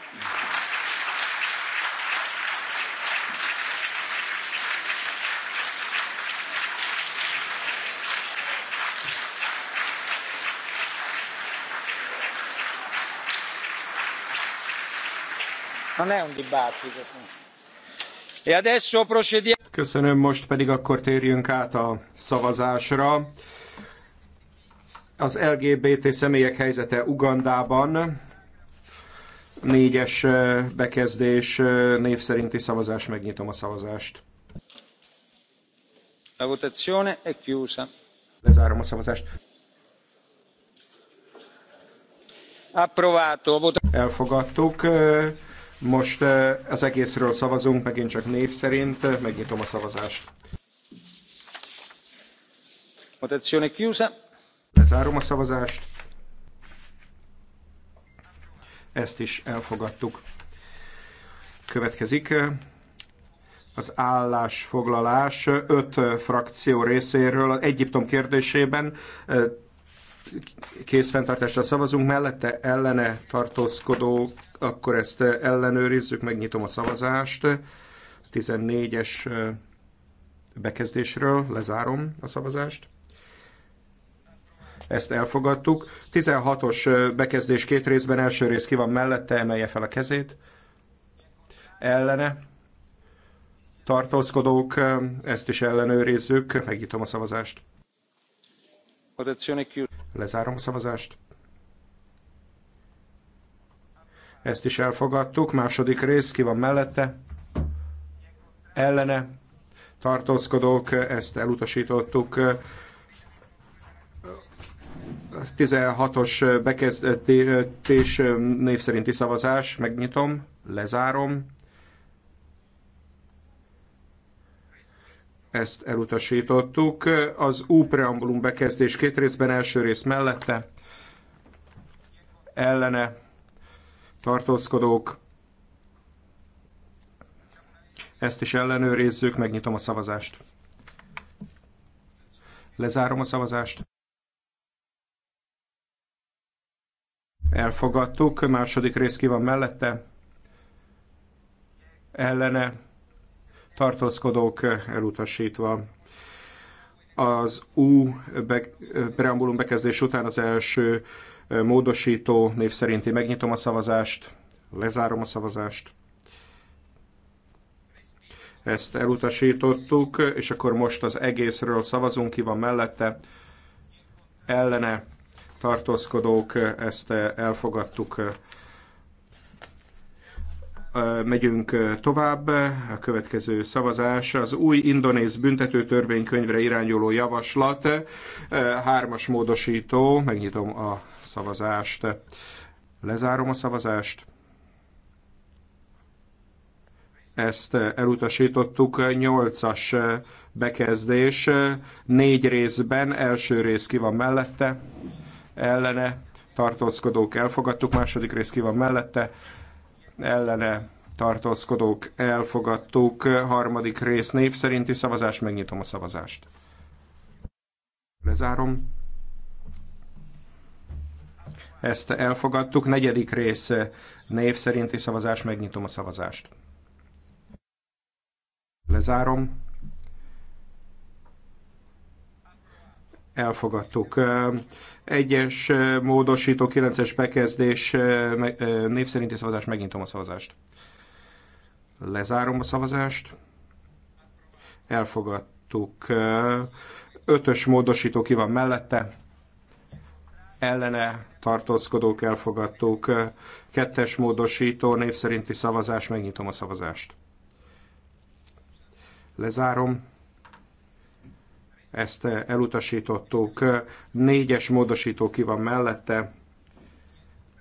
Köszönöm, most pedig akkor térjünk át a szavazásra. Az LGBT személyek helyzete Ugandában. Négyes bekezdés, név szerinti szavazás, megnyitom a szavazást. La votazione è chiusa. Lezárom a szavazást. Approvato. Elfogadtuk most eh, az egészről szavazunk, megint csak név szerint. Megnyitom a szavazást. Votazione chiusa. Lezárom a szavazást. Ezt is elfogadtuk. Következik eh, az állásfoglalás öt eh, frakció részéről Egyiptom kérdésében készfenntartásra szavazunk, mellette ellene tartózkodó akkor ezt ellenőrizzük, megnyitom a szavazást. 14-es bekezdésről lezárom a szavazást. Ezt elfogadtuk. 16-os bekezdés két részben, első rész ki van mellette, emelje fel a kezét. Ellene. Tartózkodók, ezt is ellenőrizzük. Megnyitom a szavazást. Lezárom a szavazást. ezt is elfogadtuk. Második rész, ki van mellette? Ellene tartózkodók, ezt elutasítottuk. 16-os bekezdés név szerinti szavazás, megnyitom, lezárom. Ezt elutasítottuk. Az U preambulum bekezdés két részben, első rész mellette, ellene tartózkodók. Ezt is ellenőrizzük, megnyitom a szavazást. Lezárom a szavazást. Elfogadtuk, második rész ki van mellette. Ellene tartózkodók elutasítva. Az U be, preambulum bekezdés után az első módosító név szerint én megnyitom a szavazást, lezárom a szavazást. Ezt elutasítottuk, és akkor most az egészről szavazunk, ki van mellette, ellene tartózkodók, ezt elfogadtuk. Megyünk tovább. A következő szavazás az új indonéz büntetőtörvénykönyvre törvénykönyvre irányuló javaslat, hármas módosító. Megnyitom a szavazást. Lezárom a szavazást. Ezt elutasítottuk, nyolcas bekezdés, négy részben, első rész ki van mellette, ellene, tartózkodók elfogadtuk, második rész ki van mellette, ellene, tartózkodók elfogadtuk, harmadik rész név szerinti szavazás, megnyitom a szavazást. Lezárom ezt elfogadtuk. Negyedik rész eh, név szerinti szavazás, megnyitom a szavazást. Lezárom. Elfogadtuk. Eh, egyes eh, módosító 9-es bekezdés név szerinti szavazás, megnyitom a szavazást. Lezárom a szavazást. Elfogadtuk. Ötös módosító ki van mellette ellene tartózkodók elfogadtuk. Kettes módosító, név szerinti szavazás, megnyitom a szavazást. Lezárom. Ezt elutasítottuk. Négyes módosító ki van mellette.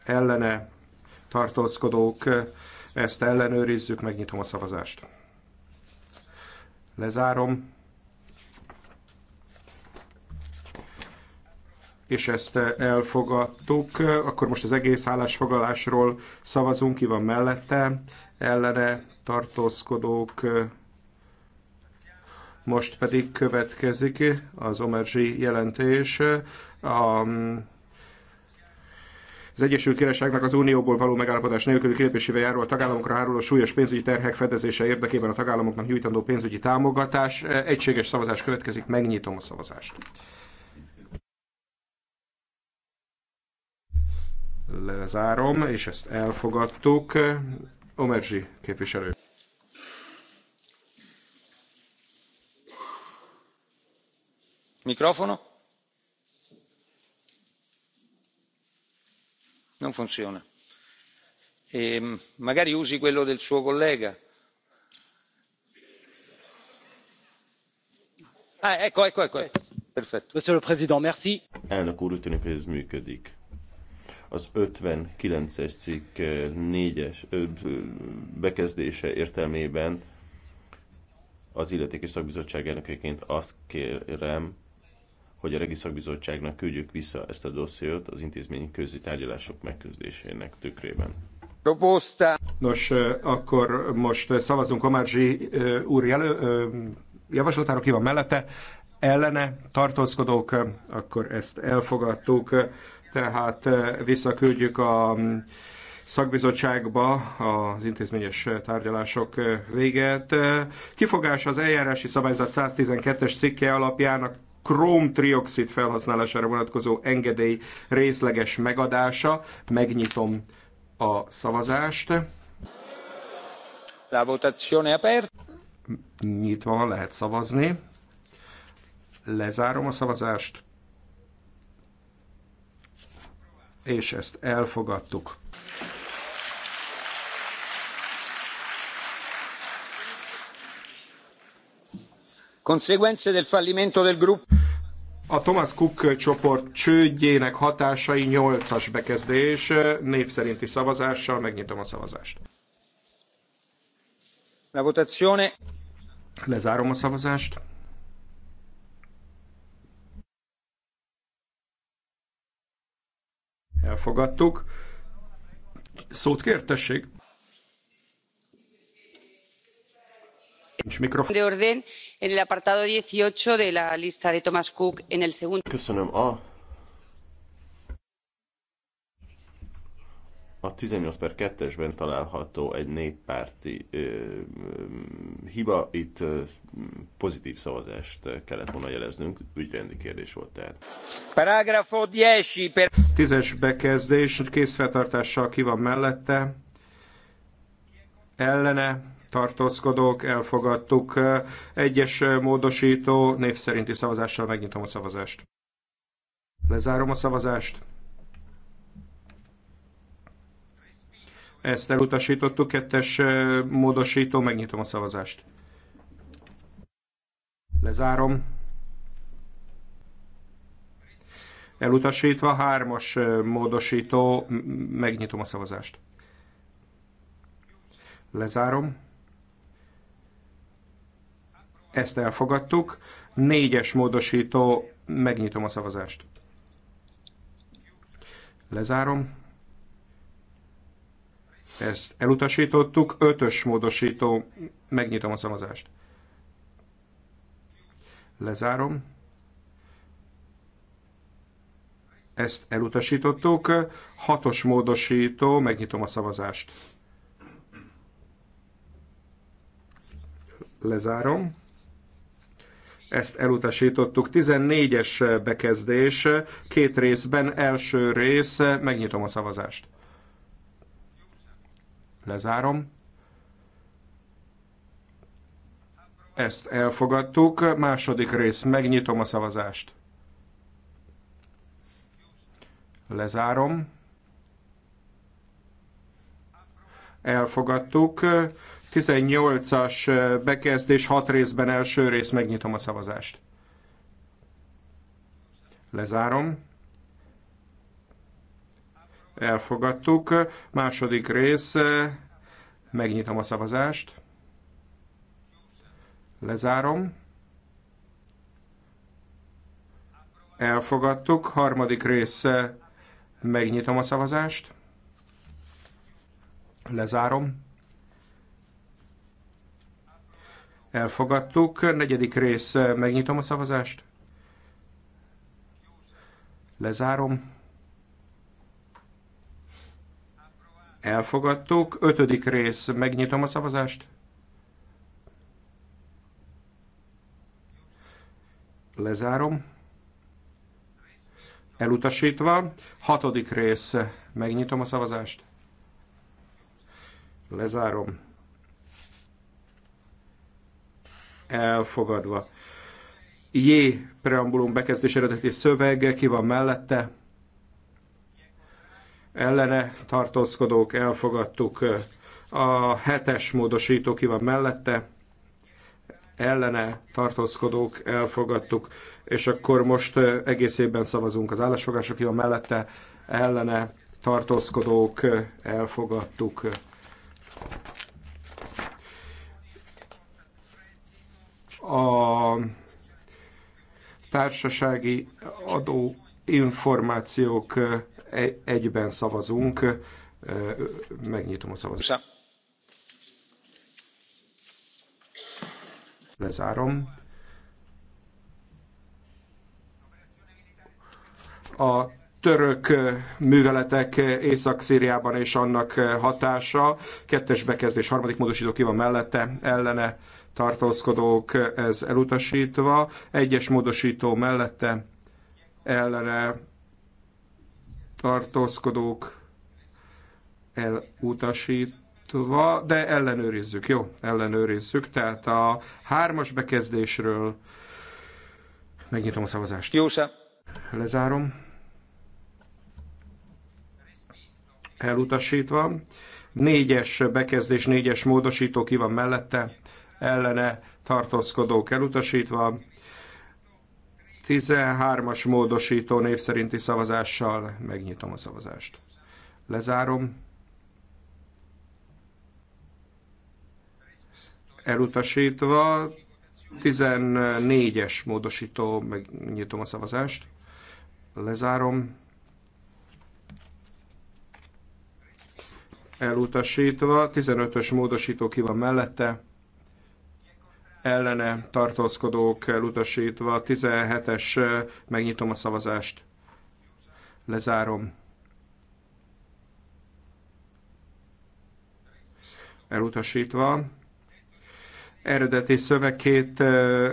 Ellene tartózkodók, ezt ellenőrizzük, megnyitom a szavazást. Lezárom és ezt elfogadtuk, akkor most az egész állásfoglalásról szavazunk, ki van mellette, ellene tartózkodók, most pedig következik az Omerzsi jelentés, a, az Egyesült Királyságnak az Unióból való megállapodás nélküli kilépésével járó a tagállamokra háruló súlyos pénzügyi terhek fedezése érdekében a tagállamoknak nyújtandó pénzügyi támogatás. Egységes szavazás következik, megnyitom a szavazást. lezárom, és ezt elfogadtuk. Omerzsi képviselő. Mikrofono? Non funziona. E magari usi quello del suo collega. Ah, ecco, ecco, ecco. Perfetto. Monsieur le Président, merci. Elnök úr, úgy tűnik, hogy ez működik az 59-es cikk 4-es bekezdése értelmében az illetékes szakbizottság elnökeként azt kérem, hogy a Regi Szakbizottságnak küldjük vissza ezt a dossziót az intézmény közi tárgyalások megküzdésének tükrében. Nos, akkor most szavazunk Omárzsi úr jelő, javaslatára, ki van mellette, ellene tartózkodók, akkor ezt elfogadtuk tehát visszaküldjük a mm, szakbizottságba az intézményes tárgyalások véget. Kifogás az eljárási szabályzat 112-es cikke alapján a króm-trioxid felhasználására vonatkozó engedély részleges megadása. Megnyitom a szavazást. La votazione aperta. Nyitva lehet szavazni. Lezárom a szavazást. és ezt elfogadtuk. del A Thomas Cook csoport csődjének hatásai 8-as bekezdés, név szerinti szavazással megnyitom a szavazást. La votazione. Lezárom a szavazást. elfogadtuk. Szót kértessék. de orden en el apartado 18 de la lista de Thomas Cook en el segundo. Köszönöm a A 18 per 2-esben található egy néppárti ö, ö, hiba, itt ö, pozitív szavazást kellett volna jeleznünk, ügyrendi kérdés volt tehát. Parágrafo 10 per... Tízes bekezdés, hogy készfeltartással ki van mellette, ellene tartózkodók, elfogadtuk. Egyes módosító név szerinti szavazással megnyitom a szavazást. Lezárom a szavazást. Ezt elutasítottuk, kettes módosító, megnyitom a szavazást. Lezárom. Elutasítva, hármas módosító, megnyitom a szavazást. Lezárom. Ezt elfogadtuk. Négyes módosító, megnyitom a szavazást. Lezárom ezt elutasítottuk. Ötös módosító, megnyitom a szavazást. Lezárom. Ezt elutasítottuk. Hatos módosító, megnyitom a szavazást. Lezárom ezt elutasítottuk. 14-es bekezdés, két részben, első rész, megnyitom a szavazást. Lezárom. Ezt elfogadtuk. Második rész. Megnyitom a szavazást. Lezárom. Elfogadtuk. 18-as bekezdés, 6 részben első rész. Megnyitom a szavazást. Lezárom elfogadtuk. Második rész, megnyitom a szavazást, lezárom. Elfogadtuk. Harmadik rész, megnyitom a szavazást, lezárom. Elfogadtuk. Negyedik rész, megnyitom a szavazást. Lezárom. Elfogadtuk. Ötödik rész. Megnyitom a szavazást. Lezárom. Elutasítva. Hatodik rész. Megnyitom a szavazást. Lezárom. Elfogadva. J. Preambulum bekezdés eredeti szöveg. Ki van mellette? ellene tartózkodók, elfogadtuk. A hetes módosító ki van mellette, ellene tartózkodók, elfogadtuk. És akkor most egész évben szavazunk az állásfogásra, ki van mellette, ellene tartózkodók, elfogadtuk. A társasági adó információk egyben szavazunk. Megnyitom a szavazást. Lezárom. A török műveletek Észak-Szíriában és annak hatása. Kettes bekezdés, harmadik módosító ki van mellette, ellene tartózkodók, ez elutasítva. Egyes módosító mellette, ellene tartózkodók elutasítva, de ellenőrizzük, jó, ellenőrizzük, tehát a hármas bekezdésről megnyitom a szavazást. Jó se. Lezárom. Elutasítva. Négyes bekezdés, négyes módosító ki van mellette, ellene tartózkodók elutasítva 13-as módosító név szerinti szavazással megnyitom a szavazást. Lezárom. Elutasítva 14-es módosító, megnyitom a szavazást. Lezárom. Elutasítva 15-ös módosító ki van mellette ellene tartózkodók elutasítva, 17-es, megnyitom a szavazást, lezárom. Elutasítva. Eredeti szöveg két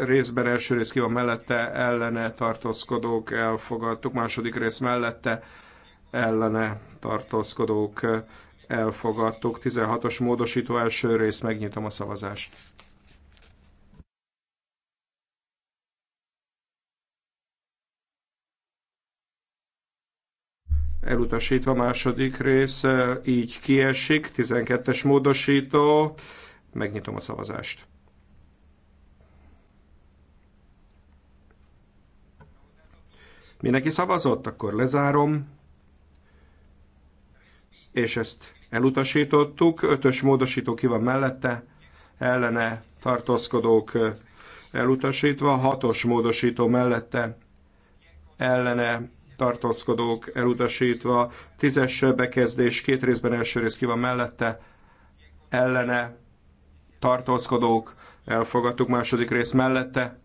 részben, első rész ki van mellette, ellene tartózkodók elfogadtuk, második rész mellette, ellene tartózkodók elfogadtuk. 16-os módosító első rész, megnyitom a szavazást. elutasítva második rész, így kiesik, 12-es módosító, megnyitom a szavazást. Mindenki szavazott, akkor lezárom, és ezt elutasítottuk, ötös módosító ki van mellette, ellene tartózkodók elutasítva, hatos módosító mellette, ellene tartózkodók elutasítva, tízes bekezdés, két részben első rész ki van mellette, ellene tartózkodók, elfogadtuk második rész mellette,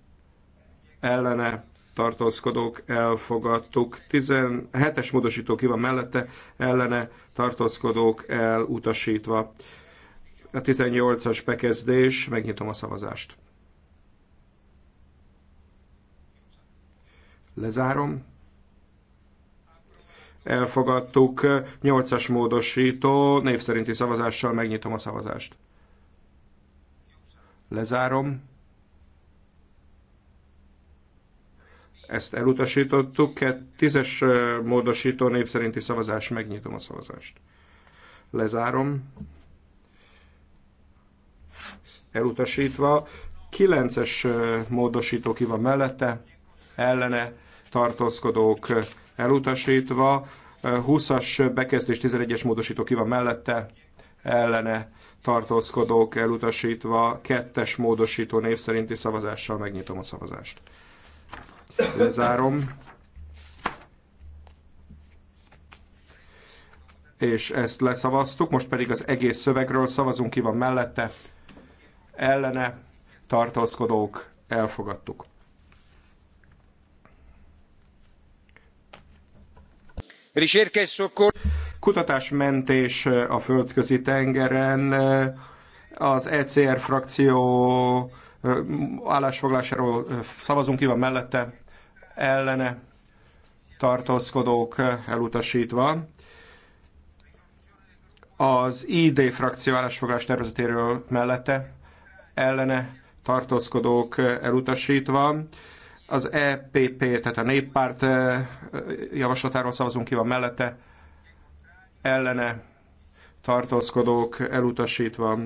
ellene tartózkodók, elfogadtuk. 17-es módosító ki van mellette, ellene tartózkodók elutasítva. A 18-as bekezdés, megnyitom a szavazást. Lezárom elfogadtuk. nyolcas módosító, név szerinti szavazással megnyitom a szavazást. Lezárom. Ezt elutasítottuk. Tízes módosító név szerinti szavazás, megnyitom a szavazást. Lezárom. Elutasítva. Kilences módosító ki van mellette, ellene, tartózkodók elutasítva, 20-as bekezdés 11-es módosító ki van mellette, ellene tartózkodók elutasítva, kettes módosító név szerinti szavazással megnyitom a szavazást. Lezárom. És ezt leszavaztuk, most pedig az egész szövegről szavazunk, ki van mellette, ellene tartózkodók elfogadtuk. E Kutatásmentés eh, a földközi tengeren eh, az ECR frakció eh, állásfoglásáról szavazunk, ki van mellette, ellene tartózkodók elutasítva. Az ID frakció állásfoglás tervezetéről mellette, ellene tartózkodók elutasítva. Az EPP, tehát a néppárt eh, javaslatáról szavazunk ki van mellette, ellene tartózkodók elutasítva.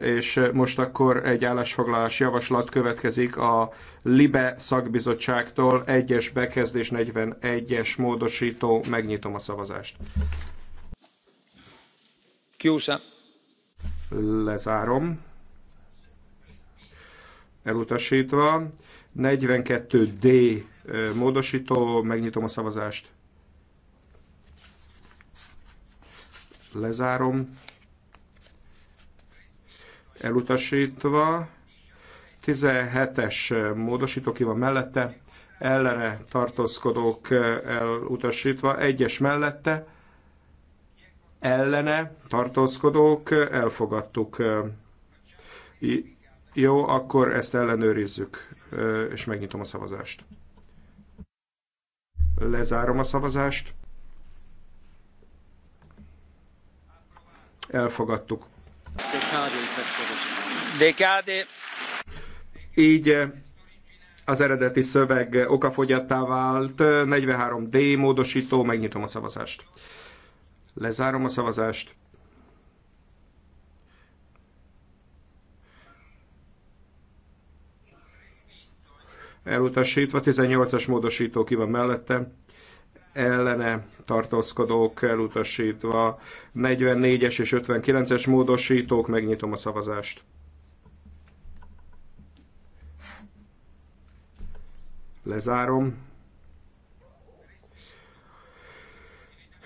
És most akkor egy állásfoglalás javaslat következik a LIBE szakbizottságtól, egyes bekezdés 41-es módosító, megnyitom a szavazást. Kiusa. Lezárom. Elutasítva. 42D módosító, megnyitom a szavazást. Lezárom. Elutasítva. 17-es módosító ki van mellette, ellene tartózkodók elutasítva, egyes mellette, ellene tartózkodók elfogadtuk. Jó, akkor ezt ellenőrizzük, és megnyitom a szavazást. Lezárom a szavazást. Elfogadtuk. Decade. Így az eredeti szöveg okafogyattá vált, 43D módosító, megnyitom a szavazást. Lezárom a szavazást. elutasítva, 18-as módosító ki van mellette, ellene tartózkodók elutasítva, 44-es és 59-es módosítók, megnyitom a szavazást. Lezárom.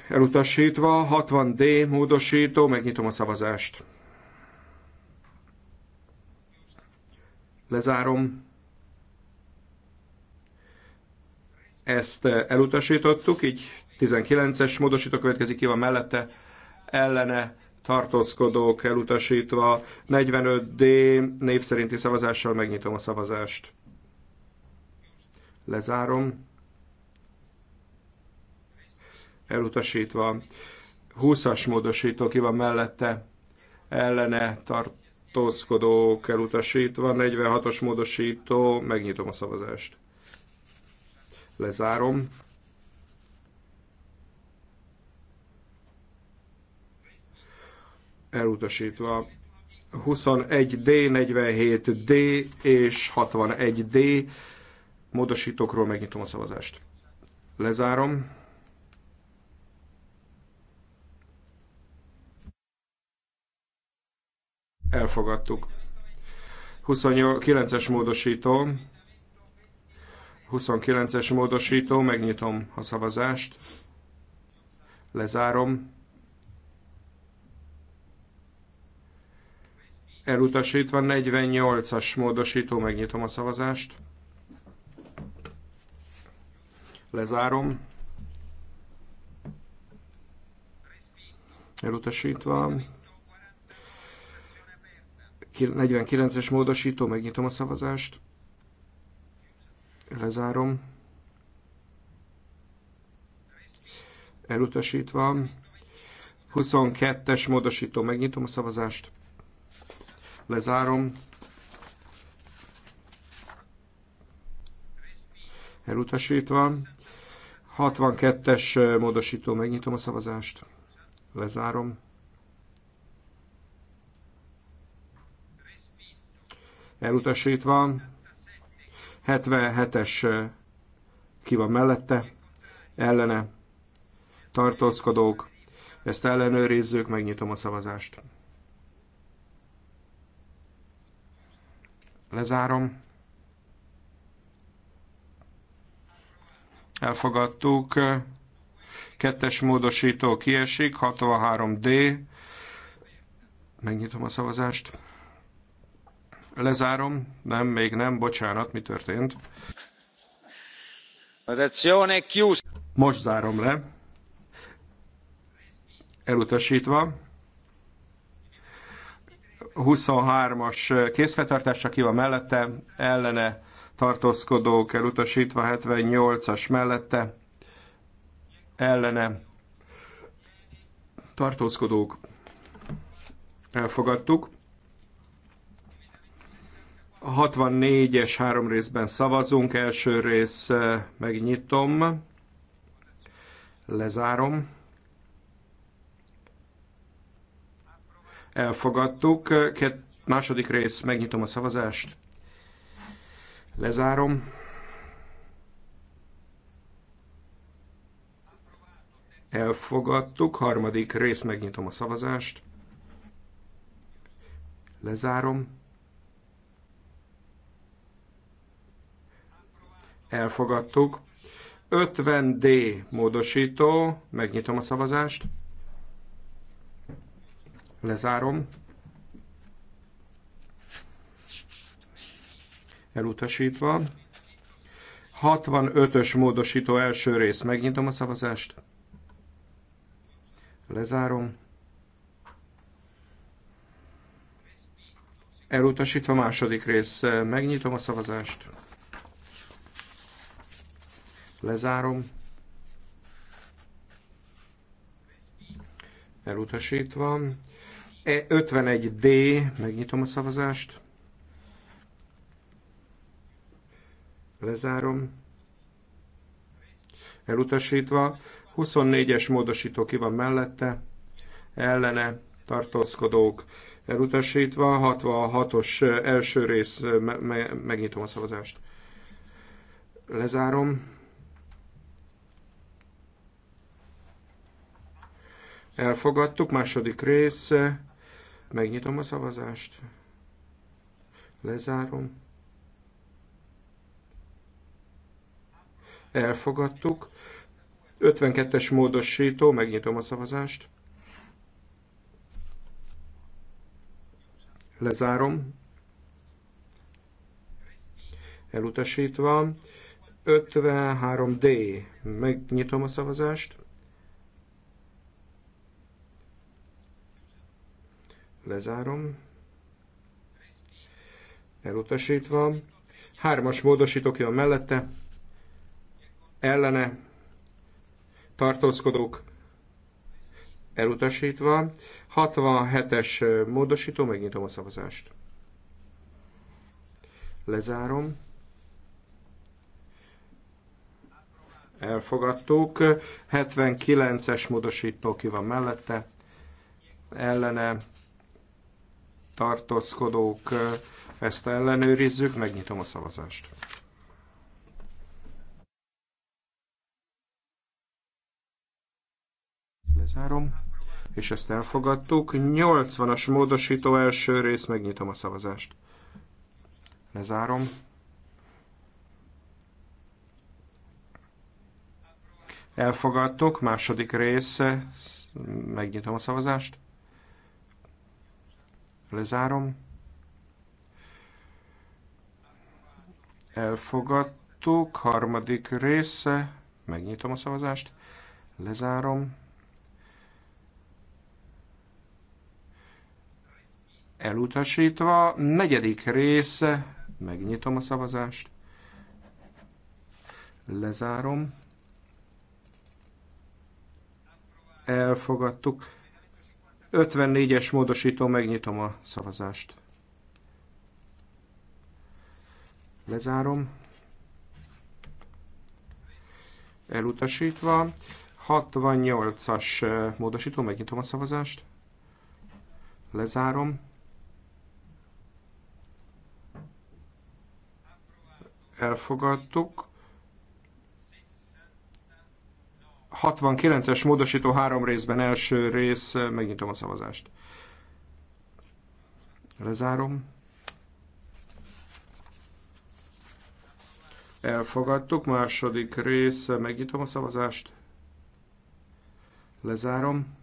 Elutasítva, 60D módosító, megnyitom a szavazást. Lezárom. ezt eh, elutasítottuk, így 19-es módosító következik, ki van mellette, ellene tartózkodók elutasítva, 45D név szerinti szavazással megnyitom a szavazást. Lezárom. Elutasítva. 20-as módosító ki van mellette, ellene tartózkodók elutasítva, 46-os módosító, megnyitom a szavazást. Lezárom. Elutasítva. 21D, 47D és 61D módosítókról megnyitom a szavazást. Lezárom. Elfogadtuk. 29-es módosító 29-es módosító, megnyitom a szavazást, lezárom. Elutasítva 48-as módosító, megnyitom a szavazást. Lezárom. Elutasítva. 49-es módosító, megnyitom a szavazást. Lezárom. Elutasítva. 22-es módosító. Megnyitom a szavazást. Lezárom. Elutasítva. 62-es módosító. Megnyitom a szavazást. Lezárom. Elutasítva. 77-es ki van mellette, ellene, tartózkodók, ezt ellenőrizzük, megnyitom a szavazást. Lezárom. Elfogadtuk. Kettes módosító kiesik, 63D. Megnyitom a szavazást. Lezárom. Nem, még nem. Bocsánat, mi történt? Most zárom le. Elutasítva. 23-as készfetartásra ki van mellette, ellene tartózkodók elutasítva 78-as mellette, ellene tartózkodók elfogadtuk. 64-es három részben szavazunk, első rész eh, megnyitom, lezárom. Elfogadtuk, Két, második rész, megnyitom a szavazást, lezárom. Elfogadtuk, harmadik rész, megnyitom a szavazást, lezárom. elfogadtuk. 50D módosító, megnyitom a szavazást, lezárom, elutasítva. 65-ös módosító első rész, megnyitom a szavazást, lezárom, elutasítva második rész, megnyitom a szavazást. Lezárom. Elutasítva. E 51D, megnyitom a szavazást. Lezárom. Elutasítva. 24-es módosító ki van mellette. Ellene tartózkodók elutasítva, 66-os első rész, me me megnyitom a szavazást. Lezárom. Elfogadtuk. Második rész. Megnyitom a szavazást. Lezárom. Elfogadtuk. 52-es módosító. Megnyitom a szavazást. Lezárom. Elutasítva. 53D. Megnyitom a szavazást. Lezárom. Elutasítva. Hármas módosítok jön mellette. Ellene. Tartózkodók. Elutasítva. 67-es módosító. Megnyitom a szavazást. Lezárom. elfogadtuk. 79-es módosító ki van mellette, ellene tartózkodók, ezt ellenőrizzük, megnyitom a szavazást. Lezárom, és ezt elfogadtuk. 80-as módosító első rész, megnyitom a szavazást. Lezárom. Elfogadtuk, második rész, megnyitom a szavazást. Lezárom. Elfogadtuk. Harmadik része. Megnyitom a szavazást. Lezárom. Elutasítva. Negyedik része. Megnyitom a szavazást. Lezárom. Elfogadtuk 54-es módosító, megnyitom a szavazást. Lezárom. Elutasítva. 68-as eh, módosító, megnyitom a szavazást. Lezárom. Elfogadtuk. 69-es módosító három részben első rész, megnyitom a szavazást. Lezárom. Elfogadtuk, második rész, megnyitom a szavazást. Lezárom.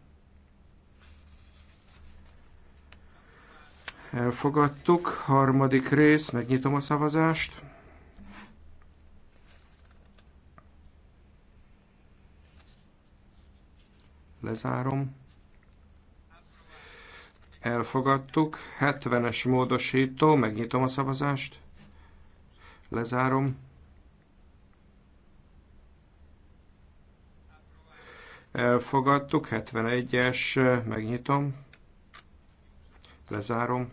Elfogadtuk, harmadik rész, megnyitom a szavazást. Lezárom. Elfogadtuk. 70-es módosító. Megnyitom a szavazást. Lezárom. Elfogadtuk. 71-es. Megnyitom. Lezárom.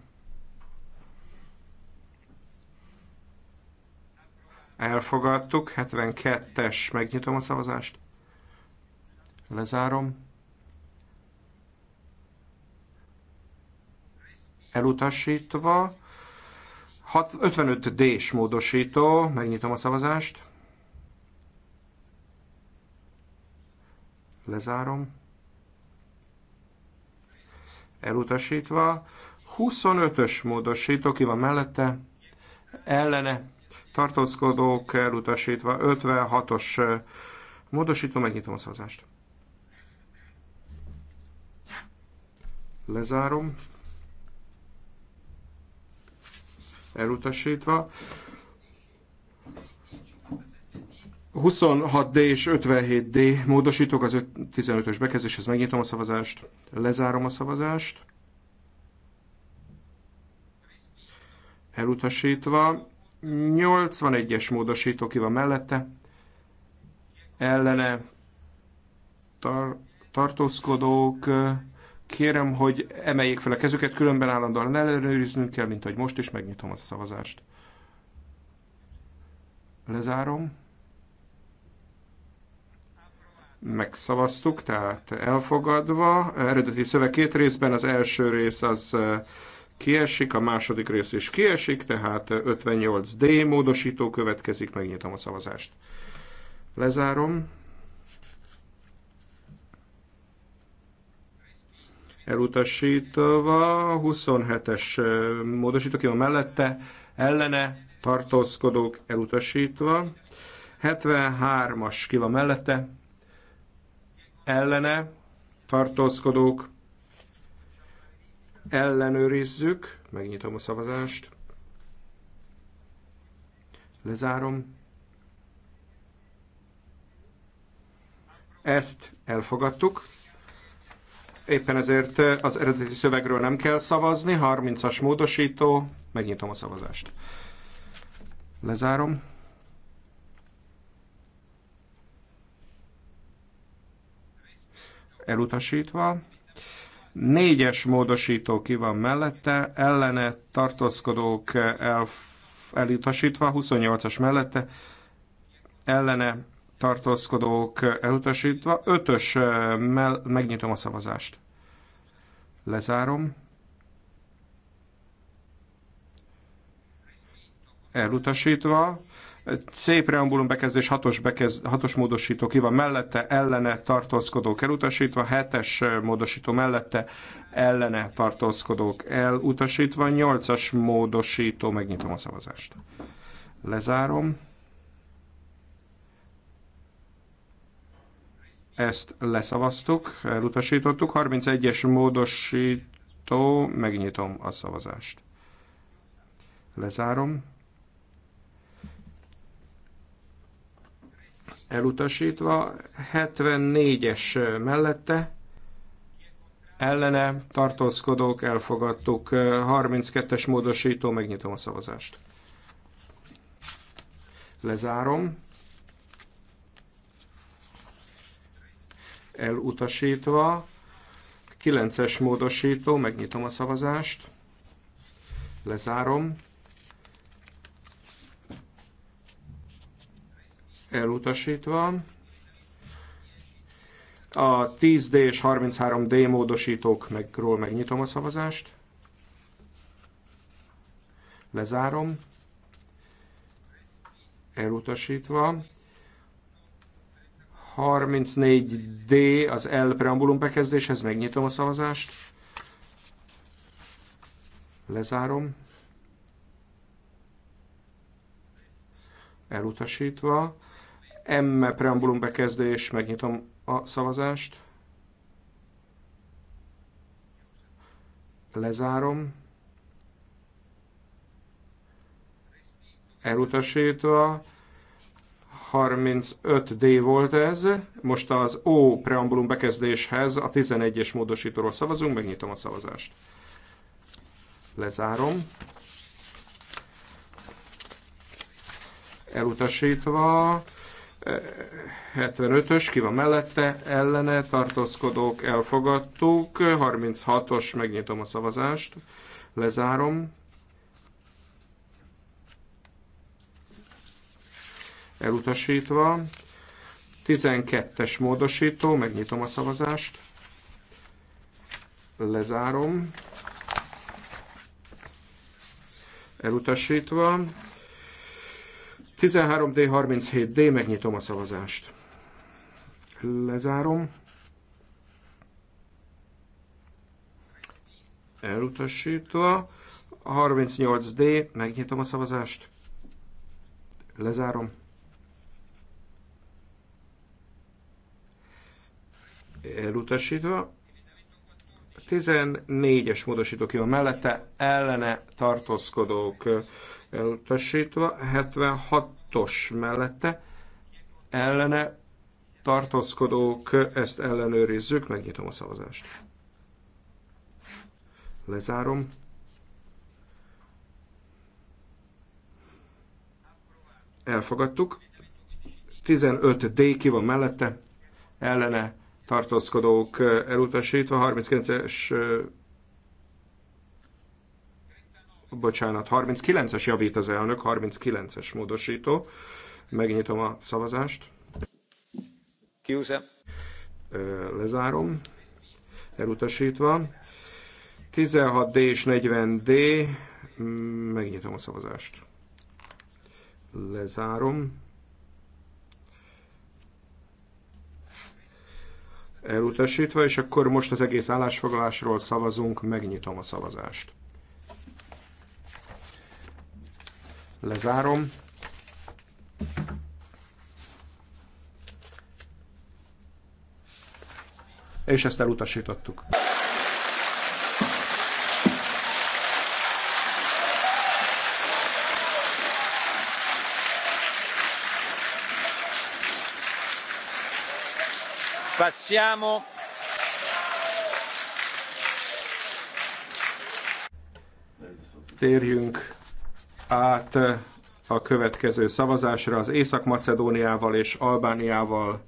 Elfogadtuk. 72-es. Megnyitom a szavazást. Lezárom. elutasítva. 55 D-s módosító, megnyitom a szavazást. Lezárom. Elutasítva. 25-ös módosító, ki van mellette? Ellene. Tartózkodók elutasítva. 56-os módosító, megnyitom a szavazást. Lezárom. elutasítva. 26D és 57D Módosítok az 15-ös bekezdéshez. Megnyitom a szavazást, lezárom a szavazást. Elutasítva. 81-es módosító ki van mellette. Ellene tar tartózkodók Kérem, hogy emeljék fel a kezüket, különben állandóan ellenőriznünk kell, mint hogy most is megnyitom a szavazást. Lezárom. Megszavaztuk, tehát elfogadva. Eredeti szöveg két részben, az első rész az kiesik, a második rész is kiesik, tehát 58D módosító következik, megnyitom a szavazást. Lezárom. elutasítva, 27-es módosító ki van mellette, ellene tartózkodók elutasítva, 73-as ki van mellette, ellene tartózkodók ellenőrizzük, megnyitom a szavazást, lezárom, ezt elfogadtuk, Éppen ezért az eredeti szövegről nem kell szavazni. 30-as módosító. Megnyitom a szavazást. Lezárom. Elutasítva. Négyes módosító ki van mellette, ellene tartózkodók el, elutasítva, 28-as mellette, ellene tartózkodók elutasítva. Ötös eh, mell megnyitom a szavazást. Lezárom. Elutasítva. C preambulum bekezdés, hatos, bekezd, hatos módosító ki van mellette, ellene tartózkodók elutasítva, hetes eh, módosító mellette, ellene tartózkodók elutasítva, nyolcas módosító, megnyitom a szavazást. Lezárom. ezt leszavaztuk, elutasítottuk. 31-es módosító, megnyitom a szavazást. Lezárom. Elutasítva, 74-es mellette, ellene tartózkodók elfogadtuk. 32-es módosító, megnyitom a szavazást. Lezárom. elutasítva. 9-es módosító, megnyitom a szavazást, lezárom. Elutasítva. A 10D és 33D módosítókról megnyitom a szavazást. Lezárom. Elutasítva. 34D az L preambulum bekezdéshez megnyitom a szavazást. Lezárom. Elutasítva. M preambulum bekezdés, megnyitom a szavazást. Lezárom. Elutasítva. 35D volt ez, most az O preambulum bekezdéshez a 11-es módosítóról szavazunk, megnyitom a szavazást. Lezárom. Elutasítva. 75-ös, ki van mellette, ellene, tartózkodók, elfogadtuk. 36-os, megnyitom a szavazást. Lezárom. elutasítva. 12-es módosító, megnyitom a szavazást, lezárom, elutasítva. 13D37D, megnyitom a szavazást, lezárom, elutasítva. 38D, megnyitom a szavazást, lezárom. elutasítva. 14-es módosítók ki van mellette, ellene tartózkodók elutasítva, 76-os mellette, ellene tartózkodók, ezt ellenőrizzük, megnyitom a szavazást. Lezárom. Elfogadtuk. 15D ki van mellette, ellene tartózkodók elutasítva, 39-es, bocsánat, 39-es javít az elnök, 39-es módosító. Megnyitom a szavazást. Kiuse. Lezárom. Elutasítva. 16D és 40D. Megnyitom a szavazást. Lezárom. elutasítva, és akkor most az egész állásfoglalásról szavazunk, megnyitom a szavazást. Lezárom. És ezt elutasítottuk. passiamo térjünk át a következő szavazásra az Észak-Macedóniával és Albániával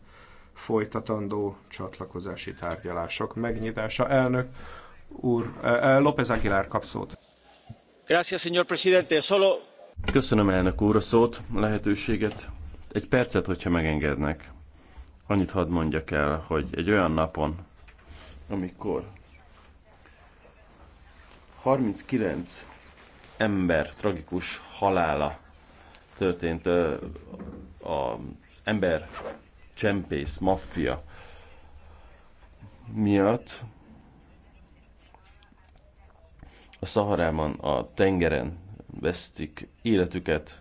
folytatandó csatlakozási tárgyalások megnyitása. Elnök úr, e, e, López Aguilar kap szót. Gracias, señor presidente. Solo... Köszönöm elnök úr a szót, a lehetőséget. Egy percet, hogyha megengednek. Annyit hadd mondjak el, hogy egy olyan napon, amikor 39 ember tragikus halála történt az ember csempész maffia miatt a Szaharában, a tengeren vesztik életüket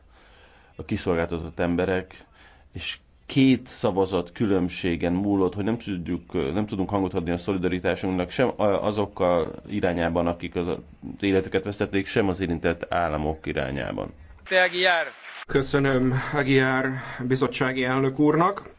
a kiszolgáltatott emberek, és két szavazat különbségen múlott, hogy nem, tudjuk, nem tudunk hangot adni a szolidaritásunknak sem azokkal irányában, akik az életüket vesztették, sem az érintett államok irányában. Köszönöm Agiár bizottsági elnök úrnak.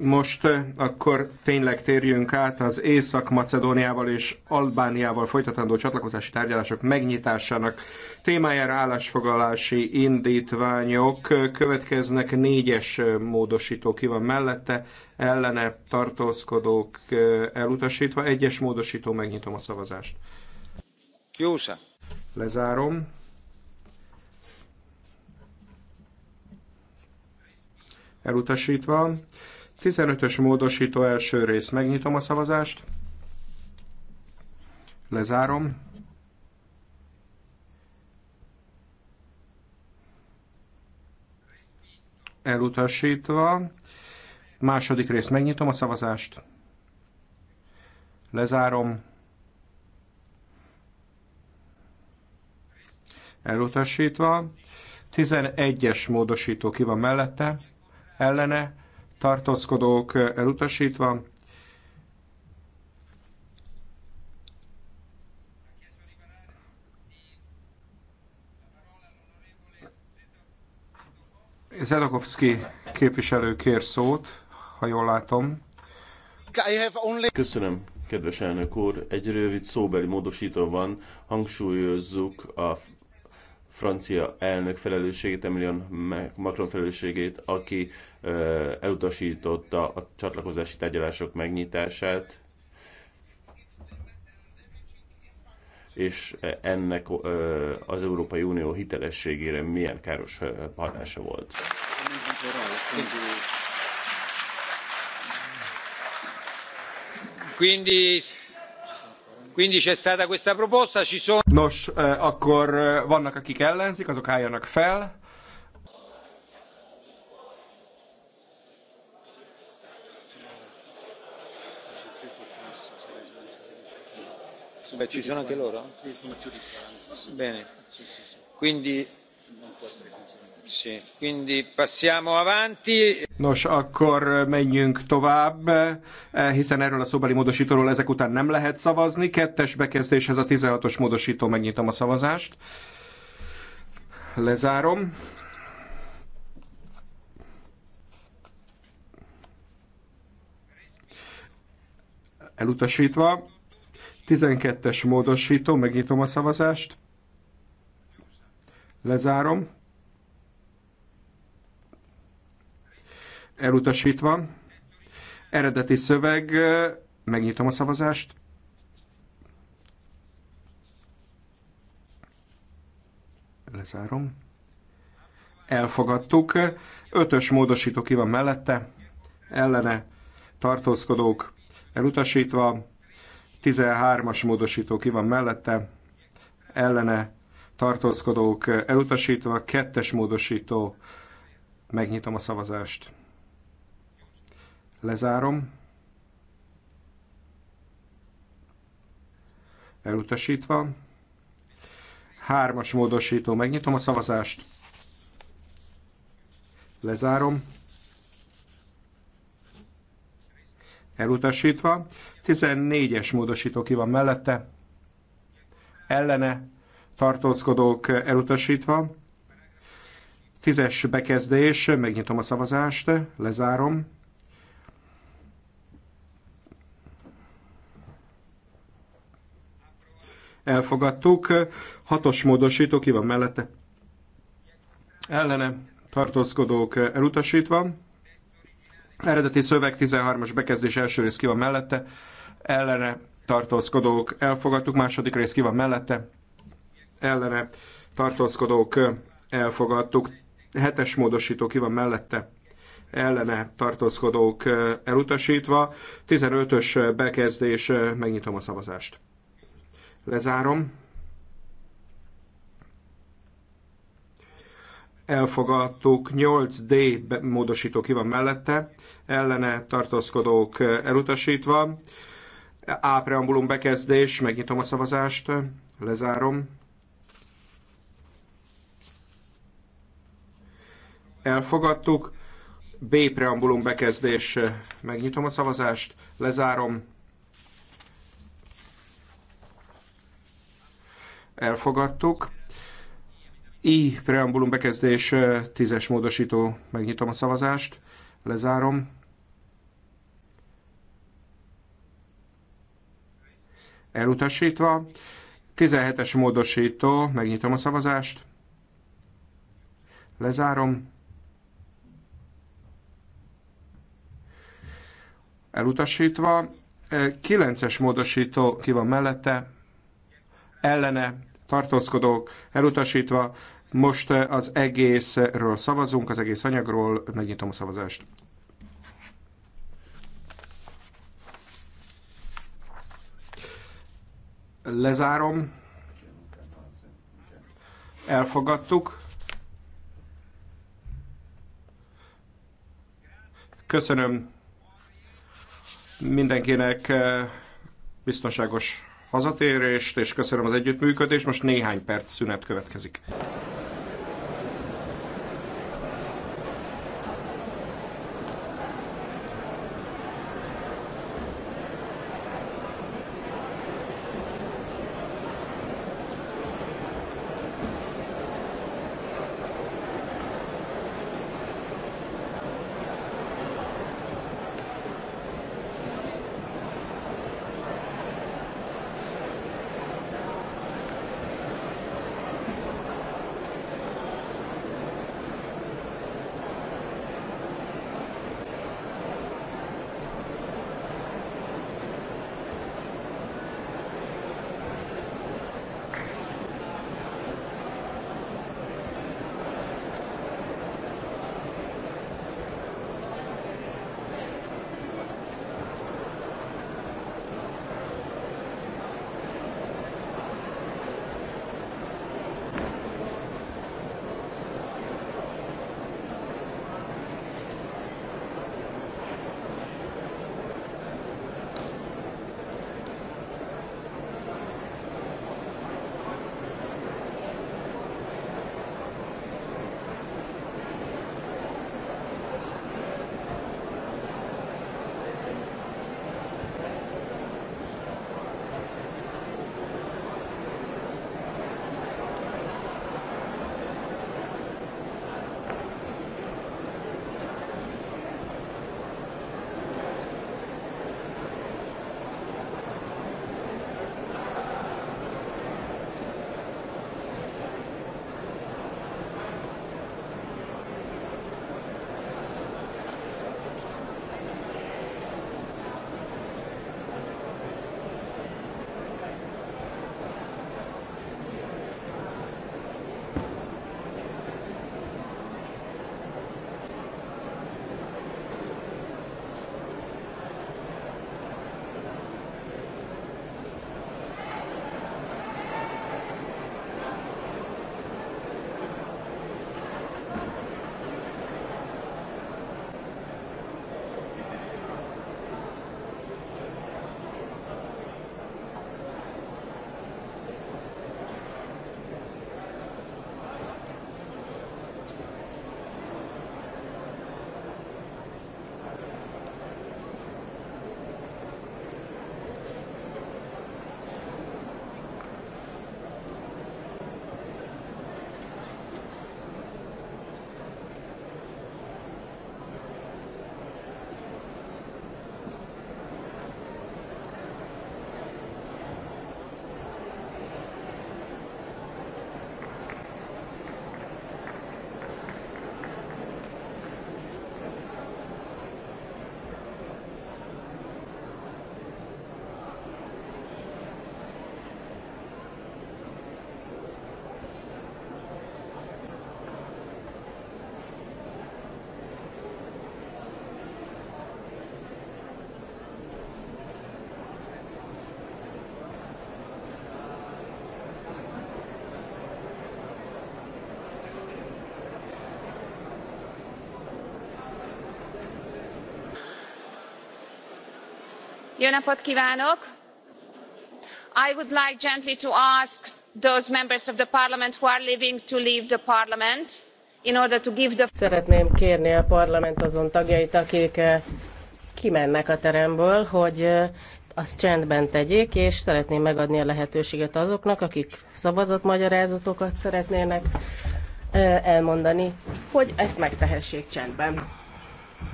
Most eh, akkor tényleg térjünk át az Észak-Macedóniával és Albániával folytatandó csatlakozási tárgyalások megnyitásának témájára állásfoglalási indítványok következnek. Négyes eh, módosító ki van mellette, ellene tartózkodók eh, elutasítva. Egyes módosító, megnyitom a szavazást. Kiósa. Lezárom. Elutasítva 15-ös módosító első rész. Megnyitom a szavazást. Lezárom. Elutasítva. Második rész. Megnyitom a szavazást. Lezárom. Elutasítva. 11-es módosító ki van mellette, ellene tartózkodók elutasítva. Zedokovszki képviselő kér szót, ha jól látom. Köszönöm, kedves elnök úr. Egy rövid szóbeli módosító van. Hangsúlyozzuk a francia elnök felelősségét, Emilion Macron felelősségét, aki elutasította a csatlakozási tárgyalások megnyitását, és ennek az Európai Unió hitelességére milyen káros hatása volt. Quindi Nos, eh, akkor eh, vannak, akik ellenzik, azok álljanak fel. Beh, ci sono anche loro? Bene. Quindi Nos, akkor menjünk tovább, eh, hiszen erről a szóbeli módosítóról ezek után nem lehet szavazni. Kettes bekezdéshez a 16-os módosító, megnyitom a szavazást. Lezárom. Elutasítva. 12-es módosító, megnyitom a szavazást. Lezárom. elutasítva. Eredeti szöveg, megnyitom a szavazást. Lezárom. Elfogadtuk. Ötös módosító ki van mellette, ellene tartózkodók elutasítva. 13-as módosító ki van mellette, ellene tartózkodók elutasítva, kettes módosító, megnyitom a szavazást. Lezárom. Elutasítva. Hármas módosító. Megnyitom a szavazást. Lezárom. Elutasítva. 14-es módosító ki van mellette. Ellene tartózkodók elutasítva. Tízes bekezdés, megnyitom a szavazást, lezárom. elfogadtuk. Hatos módosító, ki van mellette? Ellene tartózkodók elutasítva. Eredeti szöveg 13-as bekezdés első rész ki van mellette. Ellene tartózkodók elfogadtuk, második rész ki van mellette. Ellene tartózkodók elfogadtuk. Hetes módosító ki van mellette ellene tartózkodók elutasítva. 15-ös bekezdés, megnyitom a szavazást. Lezárom. Elfogadtuk 8D módosító ki van mellette, ellene tartózkodók elutasítva. A preambulum bekezdés, megnyitom a szavazást, lezárom. Elfogadtuk. B preambulum bekezdés, megnyitom a szavazást, lezárom. elfogadtuk. I preambulum bekezdés tízes módosító, megnyitom a szavazást, lezárom. Elutasítva. 17-es módosító, megnyitom a szavazást, lezárom. Elutasítva. 9-es módosító ki van mellette, ellene tartózkodók elutasítva. Most eh, az egészről szavazunk, az egész anyagról, megnyitom a szavazást. Lezárom. Elfogadtuk. Köszönöm mindenkinek eh, biztonságos hazatérést, és köszönöm az együttműködést. Most néhány perc szünet következik. jó napot kvánok! i would like gently to ask those members of the parliament who are leaving to leave the parliament in order to give the. szeretném kérni a parlament azon tagjait akik eh, kimennek a teremből hogy eh, azt csendben tegyék, és szeretném megadni a lehetőséget azoknak, akik szavazatmagyarázatokat szeretnének eh, elmondani, hogy ezt megtehessék csendben.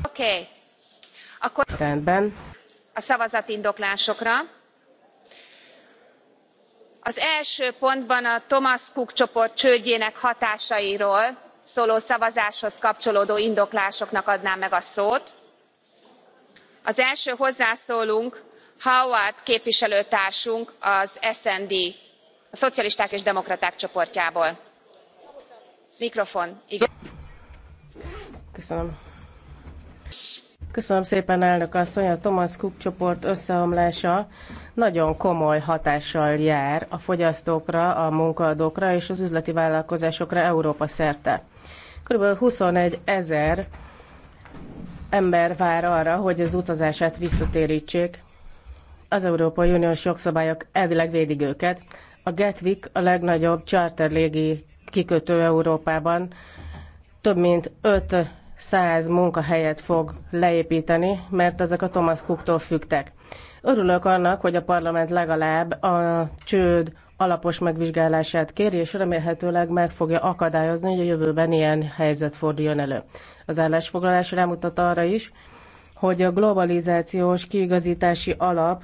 Oké. Okay. Akkor... Rendben a szavazatindoklásokra az első pontban a thomas cook csoport csődjének hatásairól szóló szavazáshoz kapcsolódó indoklásoknak adnám meg a szót. az első hozzászólónk howard képviselőtársunk az sd a szocialisták és demokraták csoportjából. mikrofon köszönöm Köszönöm szépen, elnök asszony, a Thomas Cook csoport összeomlása nagyon komoly hatással jár a fogyasztókra, a munkaadókra és az üzleti vállalkozásokra Európa szerte. Körülbelül 21 ezer ember vár arra, hogy az utazását visszatérítsék. Az Európai Uniós jogszabályok elvileg védik őket. A Gatwick a legnagyobb charterlégi kikötő Európában. Több mint 5 100 munkahelyet fog leépíteni, mert ezek a Thomas Cook-tól fügtek. Örülök annak, hogy a parlament legalább a csőd alapos megvizsgálását kéri, és remélhetőleg meg fogja akadályozni, hogy a jövőben ilyen helyzet forduljon elő. Az állásfoglalás rámutat arra is, hogy a globalizációs kiigazítási alap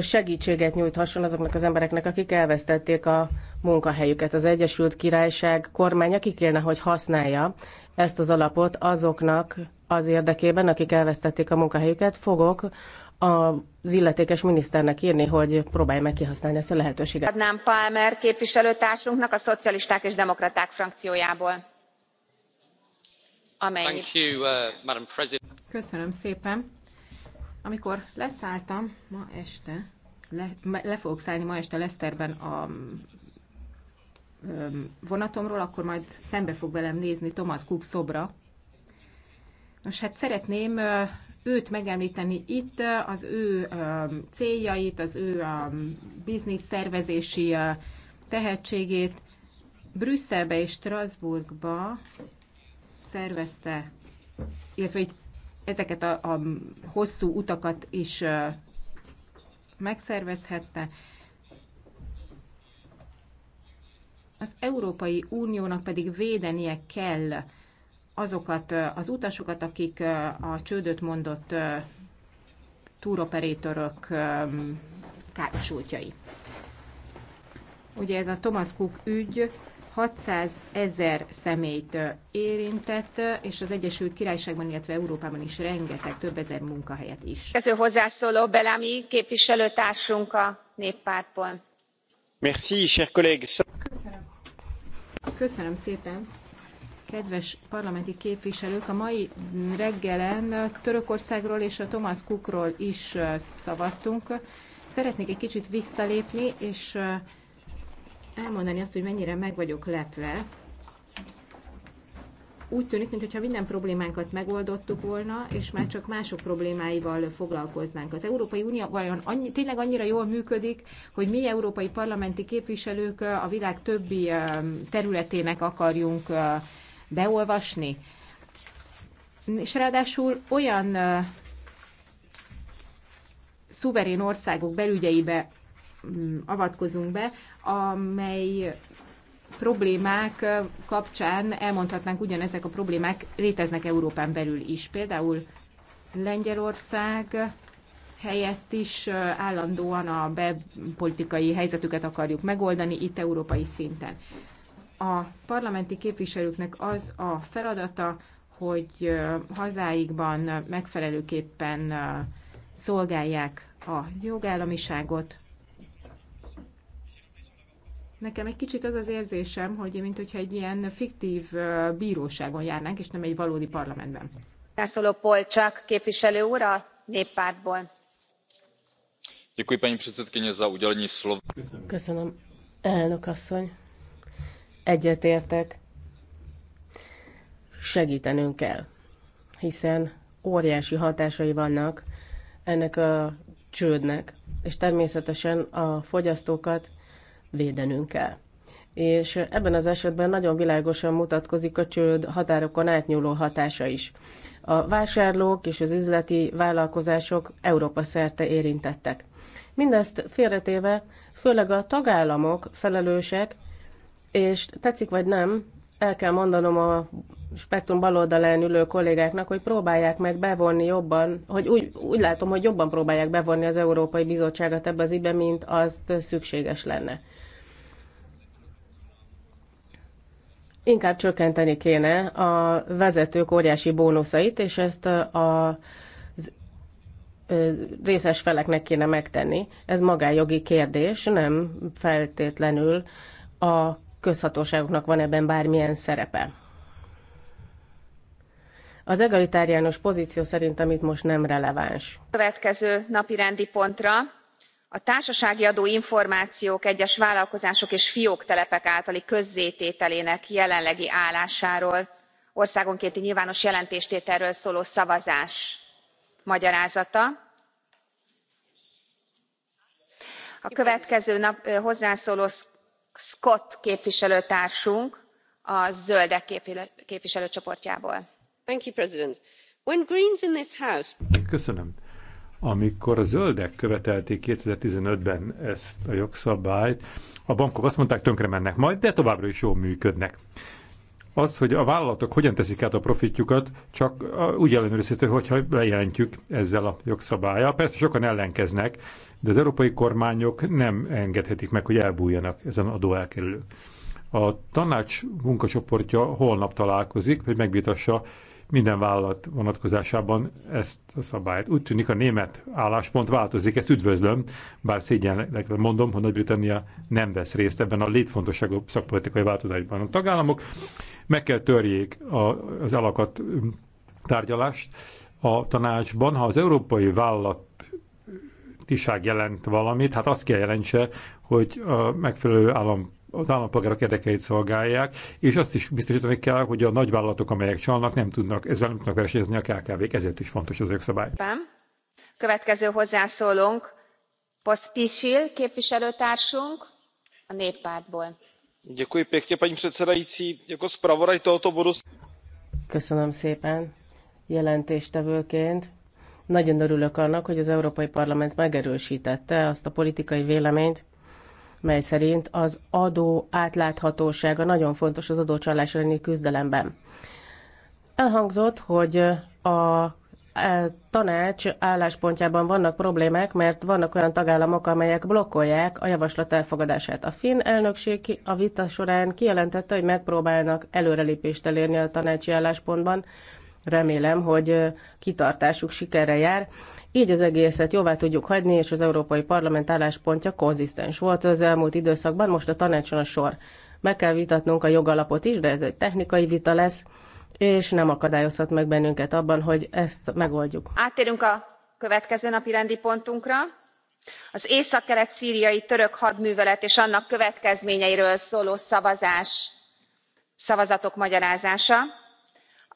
segítséget nyújthasson azoknak az embereknek, akik elvesztették a munkahelyüket. Az Egyesült Királyság kormánya ki kéne, hogy használja ezt az alapot azoknak az érdekében, akik elvesztették a munkahelyüket, fogok az illetékes miniszternek írni, hogy próbálj meg kihasználni ezt a lehetőséget. Adnám Palmer képviselőtársunknak a Szocialisták és Demokraták frakciójából. Uh, president. Köszönöm szépen. Amikor leszálltam ma este, le, le fogok szállni ma este Leszterben a vonatomról, akkor majd szembe fog velem nézni Thomas Cook szobra. Most hát szeretném őt megemlíteni itt, az ő céljait, az ő biznisz szervezési tehetségét. Brüsszelbe és Strasbourgba szervezte, illetve itt ezeket a, a hosszú utakat is megszervezhette. Az Európai Uniónak pedig védenie kell azokat az utasokat, akik a csődöt mondott túroperétorok károsultjai. Ugye ez a Thomas Cook ügy 600 ezer személyt érintett, és az Egyesült Királyságban, illetve Európában is rengeteg, több ezer munkahelyet is. Ező hozzászóló Belami képviselőtársunk a néppártból. Merci, chers collègues. Köszönöm szépen! Kedves parlamenti képviselők, a mai reggelen Törökországról és a Thomas Cookról is szavaztunk. Szeretnék egy kicsit visszalépni, és elmondani azt, hogy mennyire meg vagyok lepve, úgy tűnik, mintha minden problémánkat megoldottuk volna, és már csak mások problémáival foglalkoznánk. Az Európai Unió vajon annyi, tényleg annyira jól működik, hogy mi európai parlamenti képviselők a világ többi területének akarjunk beolvasni. És ráadásul olyan szuverén országok belügyeibe avatkozunk be, amely problémák kapcsán elmondhatnánk, ugyanezek a problémák léteznek Európán belül is. Például Lengyelország helyett is állandóan a belpolitikai helyzetüket akarjuk megoldani itt európai szinten. A parlamenti képviselőknek az a feladata, hogy hazáikban megfelelőképpen szolgálják a jogállamiságot, Nekem egy kicsit az az érzésem, hogy mint hogyha egy ilyen fiktív bíróságon járnánk, és nem egy valódi parlamentben. Rászoló Polcsak, képviselő úr a néppártból. Köszönöm. Köszönöm, elnök asszony. Egyetértek. Segítenünk kell, hiszen óriási hatásai vannak ennek a csődnek, és természetesen a fogyasztókat védenünk kell. És ebben az esetben nagyon világosan mutatkozik a csőd határokon átnyúló hatása is. A vásárlók és az üzleti vállalkozások Európa szerte érintettek. Mindezt félretéve, főleg a tagállamok felelősek, és tetszik vagy nem, el kell mondanom a spektrum baloldalán ülő kollégáknak, hogy próbálják meg bevonni jobban, hogy úgy, úgy látom, hogy jobban próbálják bevonni az Európai Bizottságot ebbe az ügybe, mint azt szükséges lenne. inkább csökkenteni kéne a vezetők óriási bónuszait, és ezt a részes feleknek kéne megtenni. Ez magájogi kérdés, nem feltétlenül a közhatóságoknak van ebben bármilyen szerepe. Az egalitáriános pozíció szerintem itt most nem releváns. Következő napi rendi pontra a társasági adó információk egyes vállalkozások és fióktelepek általi közzétételének jelenlegi állásáról országonkénti nyilvános jelentéstételről szóló szavazás magyarázata a következő nap, hozzászóló scott képviselőtársunk a zöldek képviselő, képviselőcsoportjából. Köszönöm. Amikor a zöldek követelték 2015-ben ezt a jogszabályt, a bankok azt mondták, tönkre mennek majd, de továbbra is jól működnek. Az, hogy a vállalatok hogyan teszik át a profitjukat, csak úgy ellenőrizhető, hogyha lejelentjük ezzel a jogszabályjal. Persze sokan ellenkeznek, de az európai kormányok nem engedhetik meg, hogy elbújjanak ezen adó elkerülők. A tanács munkacsoportja holnap találkozik, hogy megvitassa minden vállalat vonatkozásában ezt a szabályt. Úgy tűnik a német álláspont változik, ezt üdvözlöm, bár szégyenleg mondom, hogy Nagy-Britannia nem vesz részt ebben a létfontosságú szakpolitikai változásban. A tagállamok meg kell törjék a, az alakat hm, tárgyalást a tanácsban, ha az európai vállalat tiság jelent valamit, hát azt kell jelentse, hogy a megfelelő állam az állampolgárok érdekeit szolgálják, és azt is biztosítani kell, hogy a nagyvállalatok, amelyek csalnak, nem tudnak, ezzel nem tudnak versenyezni a KKV-k, ezért is fontos az jogszabály. Következő hozzászólónk Pospisil képviselőtársunk a néppártból. Děkuji pěkně, paní předsedající. Jako zpravodaj tohoto bodu... Köszönöm szépen. Jelentéstevőként nagyon örülök annak, hogy az Európai Parlament megerősítette azt a politikai véleményt, mely szerint az adó átláthatósága nagyon fontos az adócsalás elleni küzdelemben. Elhangzott, hogy a e, tanács álláspontjában vannak problémák, mert vannak olyan tagállamok, amelyek blokkolják a javaslat elfogadását. A finn elnökség a vita során kijelentette, hogy megpróbálnak előrelépést elérni a tanácsi álláspontban. Remélem, hogy kitartásuk sikerre jár. Így az egészet jóvá tudjuk hagyni, és az Európai Parlament álláspontja konzisztens volt az elmúlt időszakban, most a tanácson a sor. Meg kell vitatnunk a jogalapot is, de ez egy technikai vita lesz, és nem akadályozhat meg bennünket abban, hogy ezt megoldjuk. Áttérünk a következő napi rendi pontunkra az északkelet szíriai török hadművelet és annak következményeiről szóló szavazás szavazatok magyarázása.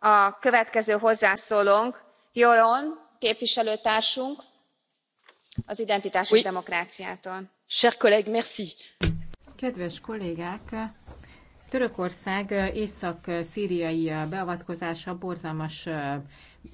a következő hozzászólónk joron képviselőtársunk az identitás és demokráciától. kedves kollégák! törökország észak szriai beavatkozása borzalmas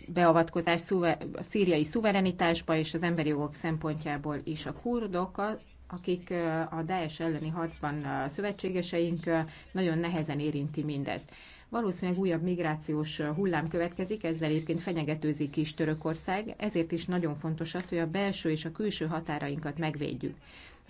beavatkozás a szíriai szuverenitásba és az emberi jogok szempontjából is. A kurdok, akik a Daesh elleni harcban szövetségeseink, nagyon nehezen érinti mindezt. Valószínűleg újabb migrációs hullám következik, ezzel egyébként fenyegetőzik is Törökország, ezért is nagyon fontos az, hogy a belső és a külső határainkat megvédjük.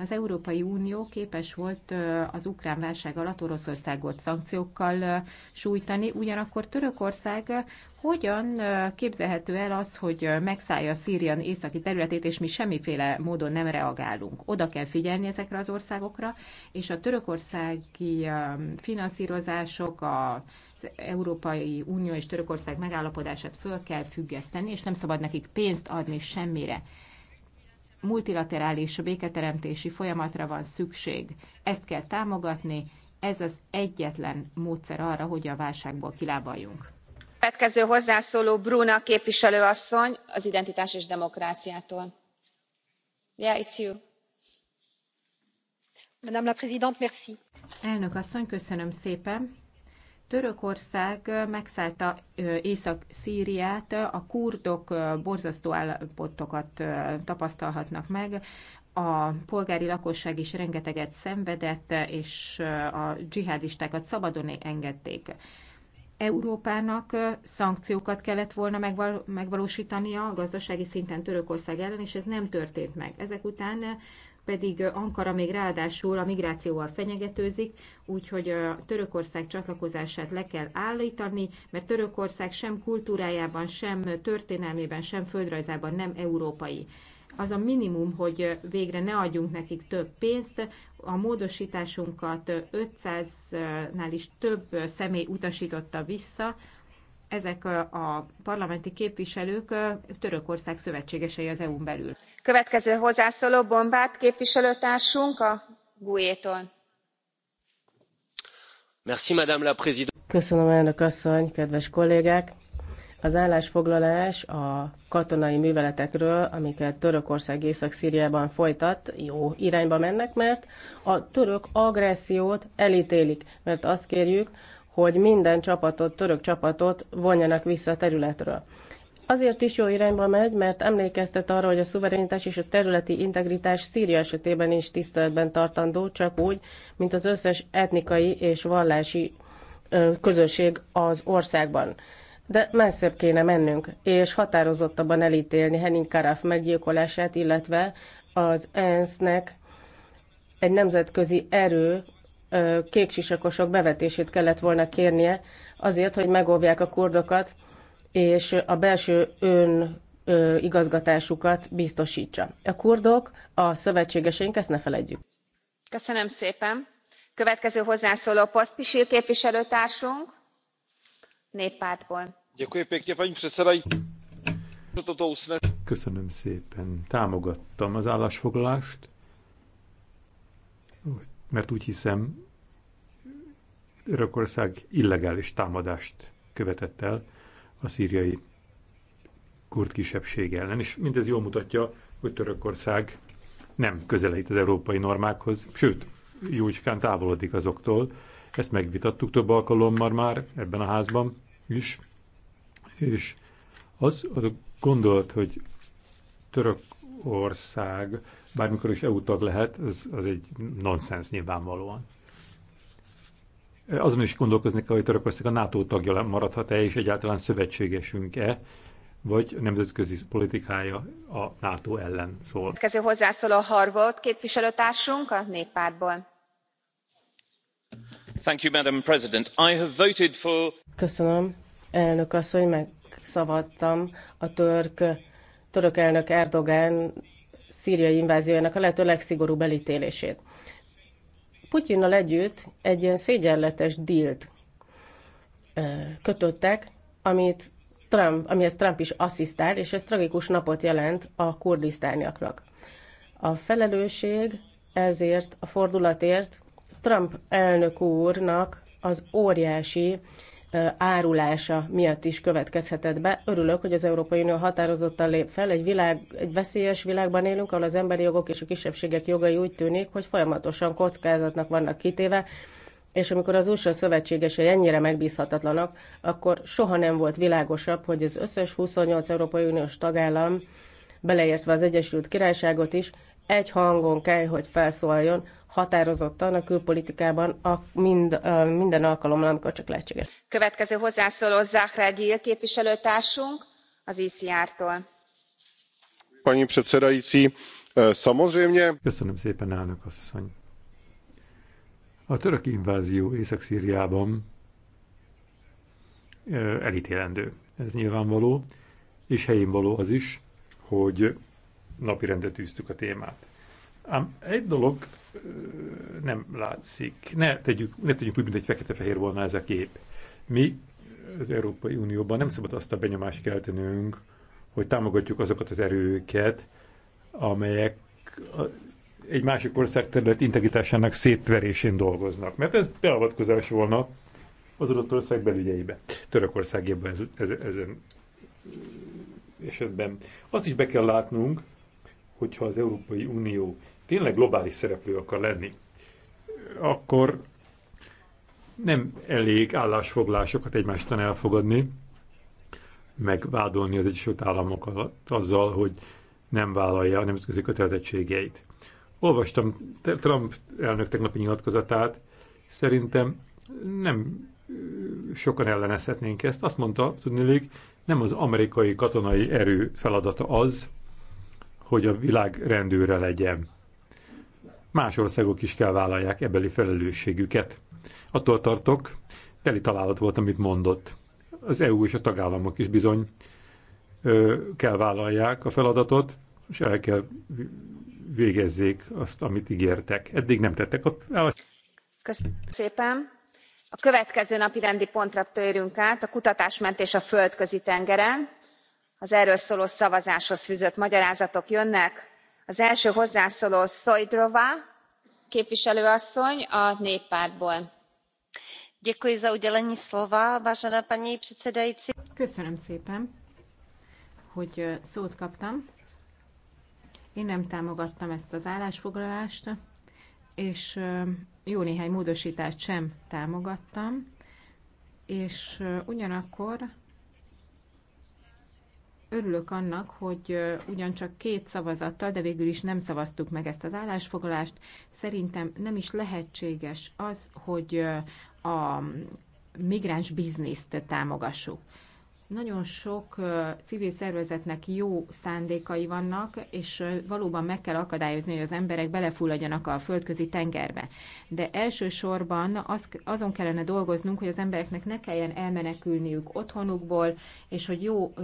Az Európai Unió képes volt az ukrán válság alatt Oroszországot szankciókkal sújtani, ugyanakkor Törökország hogyan képzelhető el az, hogy megszállja Szírian északi területét, és mi semmiféle módon nem reagálunk? Oda kell figyelni ezekre az országokra, és a törökországi finanszírozások, az Európai Unió és Törökország megállapodását föl kell függeszteni, és nem szabad nekik pénzt adni semmire multilaterális béketeremtési folyamatra van szükség. Ezt kell támogatni, ez az egyetlen módszer arra, hogy a válságból kilábaljunk. Következő hozzászóló Bruna képviselőasszony az Identitás és Demokráciától. Yeah, it's you. Madame la Présidente, merci. Elnök asszony, köszönöm szépen. Törökország megszállta Észak-Szíriát, a kurdok borzasztó állapotokat tapasztalhatnak meg, a polgári lakosság is rengeteget szenvedett, és a dzsihádistákat szabadon engedték. Európának szankciókat kellett volna megval- megvalósítania a gazdasági szinten Törökország ellen, és ez nem történt meg. Ezek után pedig Ankara még ráadásul a migrációval fenyegetőzik, úgyhogy a Törökország csatlakozását le kell állítani, mert Törökország sem kultúrájában, sem történelmében, sem földrajzában nem európai az a minimum, hogy végre ne adjunk nekik több pénzt. A módosításunkat 500-nál is több személy utasította vissza. Ezek a parlamenti képviselők Törökország szövetségesei az EU-n belül következő hozzászóló bombát képviselőtársunk a köszönöm elnök asszony kedves kollégák! Az állásfoglalás a katonai műveletekről, amiket Törökország észak szriában folytat, jó irányba mennek, mert a török agressziót elítélik, mert azt kérjük, hogy minden csapatot, török csapatot vonjanak vissza a területről. Azért is jó irányba megy, mert emlékeztet arra, hogy a szuverenitás és a területi integritás Szíria esetében is tiszteletben tartandó, csak úgy, mint az összes etnikai és vallási közösség az országban. De messzebb kéne mennünk, és határozottabban elítélni Henning Karaf meggyilkolását, illetve az ENSZ-nek egy nemzetközi erő kéksisakosok bevetését kellett volna kérnie azért, hogy megóvják a kurdokat, és a belső ön igazgatásukat biztosítsa. A kurdok, a szövetségeseink, ezt ne feledjük. Köszönöm szépen. Következő hozzászóló Poszpisil képviselőtársunk, néppártból. Köszönöm szépen. Támogattam az állásfoglalást, mert úgy hiszem, Örökország illegális támadást követett el, a szíriai kurd kisebbség ellen. És mindez jól mutatja, hogy Törökország nem közelít az európai normákhoz, sőt, jócskán távolodik azoktól. Ezt megvitattuk több alkalommal már ebben a házban is. És az, az gondolt, hogy Törökország bármikor is EU tag lehet, az, az egy nonsens nyilvánvalóan azon is gondolkozni kell, hogy Törökország a NATO tagja maradhat-e, és egyáltalán szövetségesünk-e, vagy nemzetközi politikája a NATO ellen szól. Következő hozzászóló Harvard képviselőtársunk a néppártból. Thank you, Madam President. I have voted for... Köszönöm, elnök asszony, megszavaztam a török, török elnök Erdogan szíriai inváziójának a lehető legszigorúbb elítélését. Putyinnal együtt egy ilyen szégyenletes dílt kötöttek, amit Trump, amihez Trump is asszisztál, és ez tragikus napot jelent a kurdisztániaknak. A felelősség ezért a fordulatért Trump elnök úrnak az óriási árulása miatt is következhetett be. Örülök, hogy az Európai Unió határozottan lép fel. Egy, világ, egy veszélyes világban élünk, ahol az emberi jogok és a kisebbségek jogai úgy tűnik, hogy folyamatosan kockázatnak vannak kitéve, és amikor az USA szövetségesei ennyire megbízhatatlanak, akkor soha nem volt világosabb, hogy az összes 28 Európai Uniós tagállam, beleértve az Egyesült Királyságot is, egy hangon kell, hogy felszóljon határozottan a külpolitikában a, mind, a, minden alkalommal, amikor csak lehetséges. Következő hozzászóló Zahra Gyil képviselőtársunk az ICR-tól. Pani předsedající, e, samozřejmě... Köszönöm szépen, elnök asszony. A török invázió Észak-Szíriában e, elítélendő. Ez nyilvánvaló, és helyén való az is, hogy napirendre tűztük a témát. Ám egy dolog nem látszik. Ne tegyük, ne tegyük úgy, mint egy fekete-fehér volna ez a kép. Mi az Európai Unióban nem szabad azt a benyomást keltenünk, hogy támogatjuk azokat az erőket, amelyek egy másik ország terület integritásának szétverésén dolgoznak. Mert ez beavatkozás volna az adott ország belügyeibe. Törökországében ez, ez, ezen esetben. Azt is be kell látnunk, hogyha az Európai Unió tényleg globális szereplő akar lenni, akkor nem elég állásfoglásokat egymástán elfogadni, megvádolni az Egyesült Államokat azzal, hogy nem vállalja a nemzetközi kötelezettségeit. Olvastam Trump elnök tegnapi nyilatkozatát, szerintem nem sokan ellenezhetnénk ezt. Azt mondta, tudnélik, nem az amerikai katonai erő feladata az, hogy a világ rendőre legyen más országok is kell vállalják ebeli felelősségüket. Attól tartok, teli találat volt, amit mondott. Az EU és a tagállamok is bizony ö, kell vállalják a feladatot, és el kell végezzék azt, amit ígértek. Eddig nem tettek. A... Köszönöm szépen. A következő napi rendi pontra törünk át, a kutatásmentés a földközi tengeren. Az erről szóló szavazáshoz fűzött magyarázatok jönnek az első hozzászóló képviselő a köszönöm szépen hogy szót kaptam. Én nem támogattam ezt az állásfoglalást, és jó néhány módosítást sem támogattam, és ugyanakkor Örülök annak, hogy ugyancsak két szavazattal, de végül is nem szavaztuk meg ezt az állásfoglalást. Szerintem nem is lehetséges az, hogy a migráns bizniszt támogassuk. Nagyon sok civil szervezetnek jó szándékai vannak, és valóban meg kell akadályozni, hogy az emberek belefulladjanak a földközi tengerbe. De elsősorban az, azon kellene dolgoznunk, hogy az embereknek ne kelljen elmenekülniük otthonukból, és hogy jó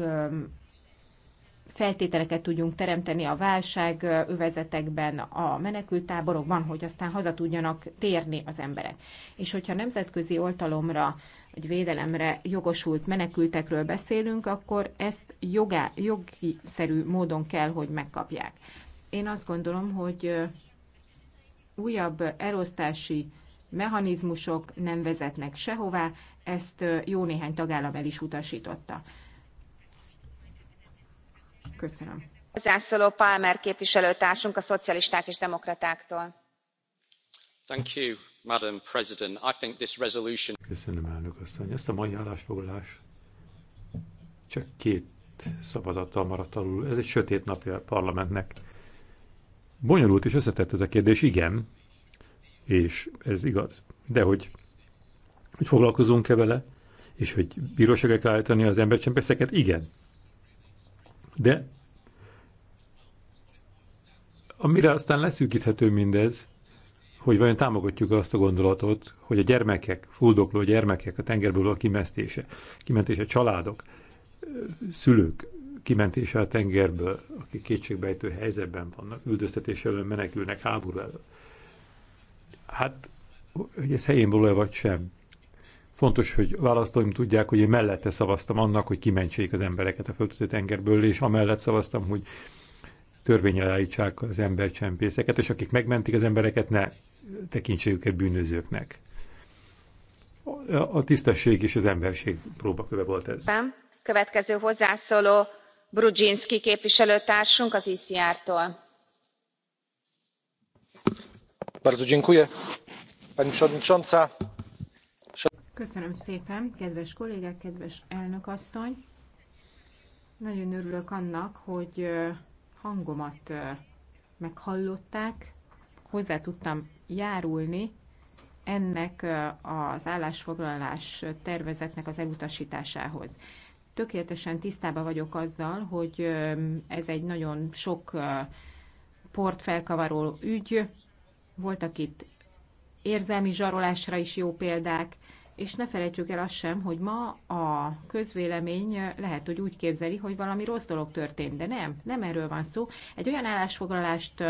feltételeket tudjunk teremteni a válság övezetekben, a menekültáborokban, hogy aztán haza tudjanak térni az emberek. És hogyha nemzetközi oltalomra vagy védelemre jogosult menekültekről beszélünk, akkor ezt jogá, jogi szerű módon kell, hogy megkapják. Én azt gondolom, hogy újabb elosztási mechanizmusok nem vezetnek sehová, ezt jó néhány tagállam el is utasította. Köszönöm. a szocialisták és Madam President. I think this resolution... Köszönöm, elnök asszony. Ezt a mai állásfoglalás csak két szavazattal maradt alul. Ez egy sötét napja a parlamentnek. Bonyolult és összetett ez a kérdés, igen, és ez igaz. De hogy, hogy foglalkozunk-e vele, és hogy bíróságok állítani az embercsempészeket, igen. De amire aztán leszűkíthető mindez, hogy vajon támogatjuk azt a gondolatot, hogy a gyermekek, fuldokló gyermekek, a tengerből a kimesztése, kimentése családok, szülők kimentése a tengerből, akik kétségbejtő helyzetben vannak, üldöztetés elől menekülnek, háború elől. Hát, hogy ez helyén való vagy sem. Fontos, hogy választóim tudják, hogy én mellette szavaztam annak, hogy kimentsék az embereket a földközi tengerből, és amellett szavaztam, hogy törvényel állítsák az embercsempészeket, és akik megmentik az embereket, ne tekintsék őket bűnözőknek. A tisztesség és az emberség próbaköve volt ez. Következő hozzászóló Brudzinski képviselőtársunk az ICR-tól. Bardzo dziękuję. Pani przewodnicząca, Köszönöm szépen, kedves kollégák, kedves elnökasszony. Nagyon örülök annak, hogy hangomat meghallották, hozzá tudtam járulni ennek az állásfoglalás tervezetnek az elutasításához. Tökéletesen tisztában vagyok azzal, hogy ez egy nagyon sok port felkavaró ügy, voltak itt érzelmi zsarolásra is jó példák, és ne felejtsük el azt sem, hogy ma a közvélemény lehet, hogy úgy képzeli, hogy valami rossz dolog történt, de nem, nem erről van szó. Egy olyan állásfoglalást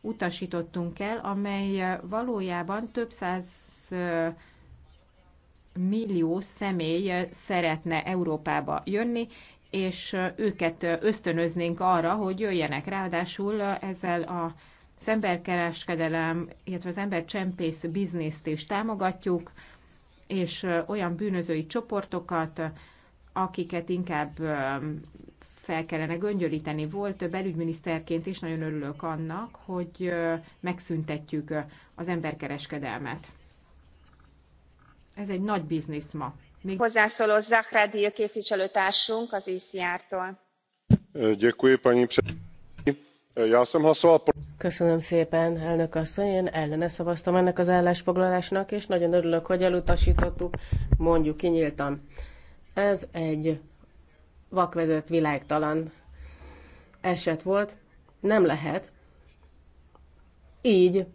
utasítottunk el, amely valójában több száz millió személy szeretne Európába jönni, és őket ösztönöznénk arra, hogy jöjjenek. Ráadásul ezzel a az emberkereskedelem, illetve az embercsempész bizniszt is támogatjuk, és olyan bűnözői csoportokat, akiket inkább fel kellene göngyölíteni. Volt belügyminiszterként is nagyon örülök annak, hogy megszüntetjük az emberkereskedelmet. Ez egy nagy biznisz ma. Még... Hozzászóló Zahradil képviselőtársunk az ICR-tól. E Köszönöm, Köszönöm szépen, elnök asszony. Én ellene szavaztam ennek az állásfoglalásnak, és nagyon örülök, hogy elutasítottuk, mondjuk kinyíltam. Ez egy vakvezet világtalan eset volt, nem lehet így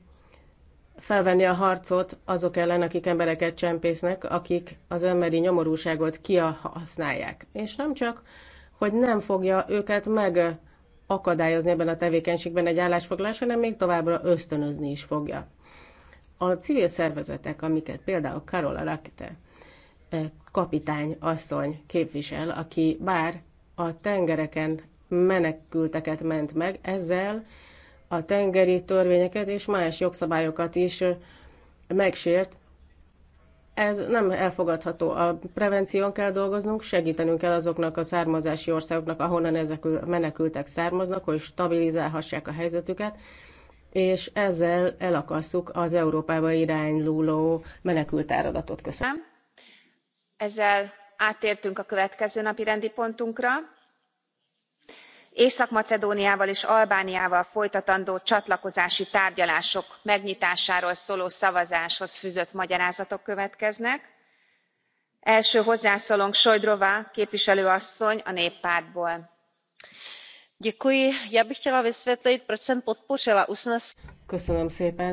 felvenni a harcot azok ellen, akik embereket csempésznek, akik az emberi nyomorúságot kihasználják. És nem csak, hogy nem fogja őket meg akadályozni ebben a tevékenységben egy állásfoglalás, hanem még továbbra ösztönözni is fogja. A civil szervezetek, amiket például Karola Rakete eh, kapitány asszony képvisel, aki bár a tengereken menekülteket ment meg, ezzel a tengeri törvényeket és más jogszabályokat is eh, megsért, ez nem elfogadható. A prevención kell dolgoznunk, segítenünk kell azoknak a származási országoknak, ahonnan ezek menekültek származnak, hogy stabilizálhassák a helyzetüket, és ezzel elakasszuk az Európába irányuló menekültáradatot. Köszönöm. Ezzel átértünk a következő napi rendi pontunkra észak macedóniával és albániával folytatandó csatlakozási tárgyalások megnyitásáról szóló szavazáshoz fűzött magyarázatok következnek. első hozzászólónk sojdrová képviselő asszony a néppártból.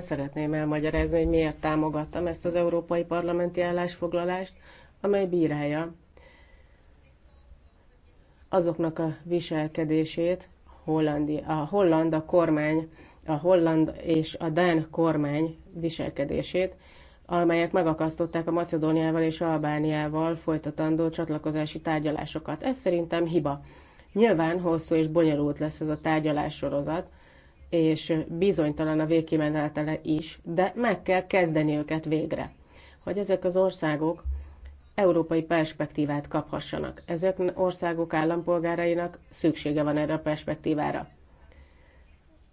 szeretném elmagyarázni hogy miért támogattam ezt az európai parlamenti állásfoglalást amely brálja azoknak a viselkedését, Hollandi, a holland a kormány, a holland és a dán kormány viselkedését, amelyek megakasztották a Macedóniával és Albániával folytatandó csatlakozási tárgyalásokat. Ez szerintem hiba. Nyilván hosszú és bonyolult lesz ez a tárgyalás sorozat, és bizonytalan a végkimenetele is, de meg kell kezdeni őket végre. Hogy ezek az országok európai perspektívát kaphassanak. Ezek országok állampolgárainak szüksége van erre a perspektívára.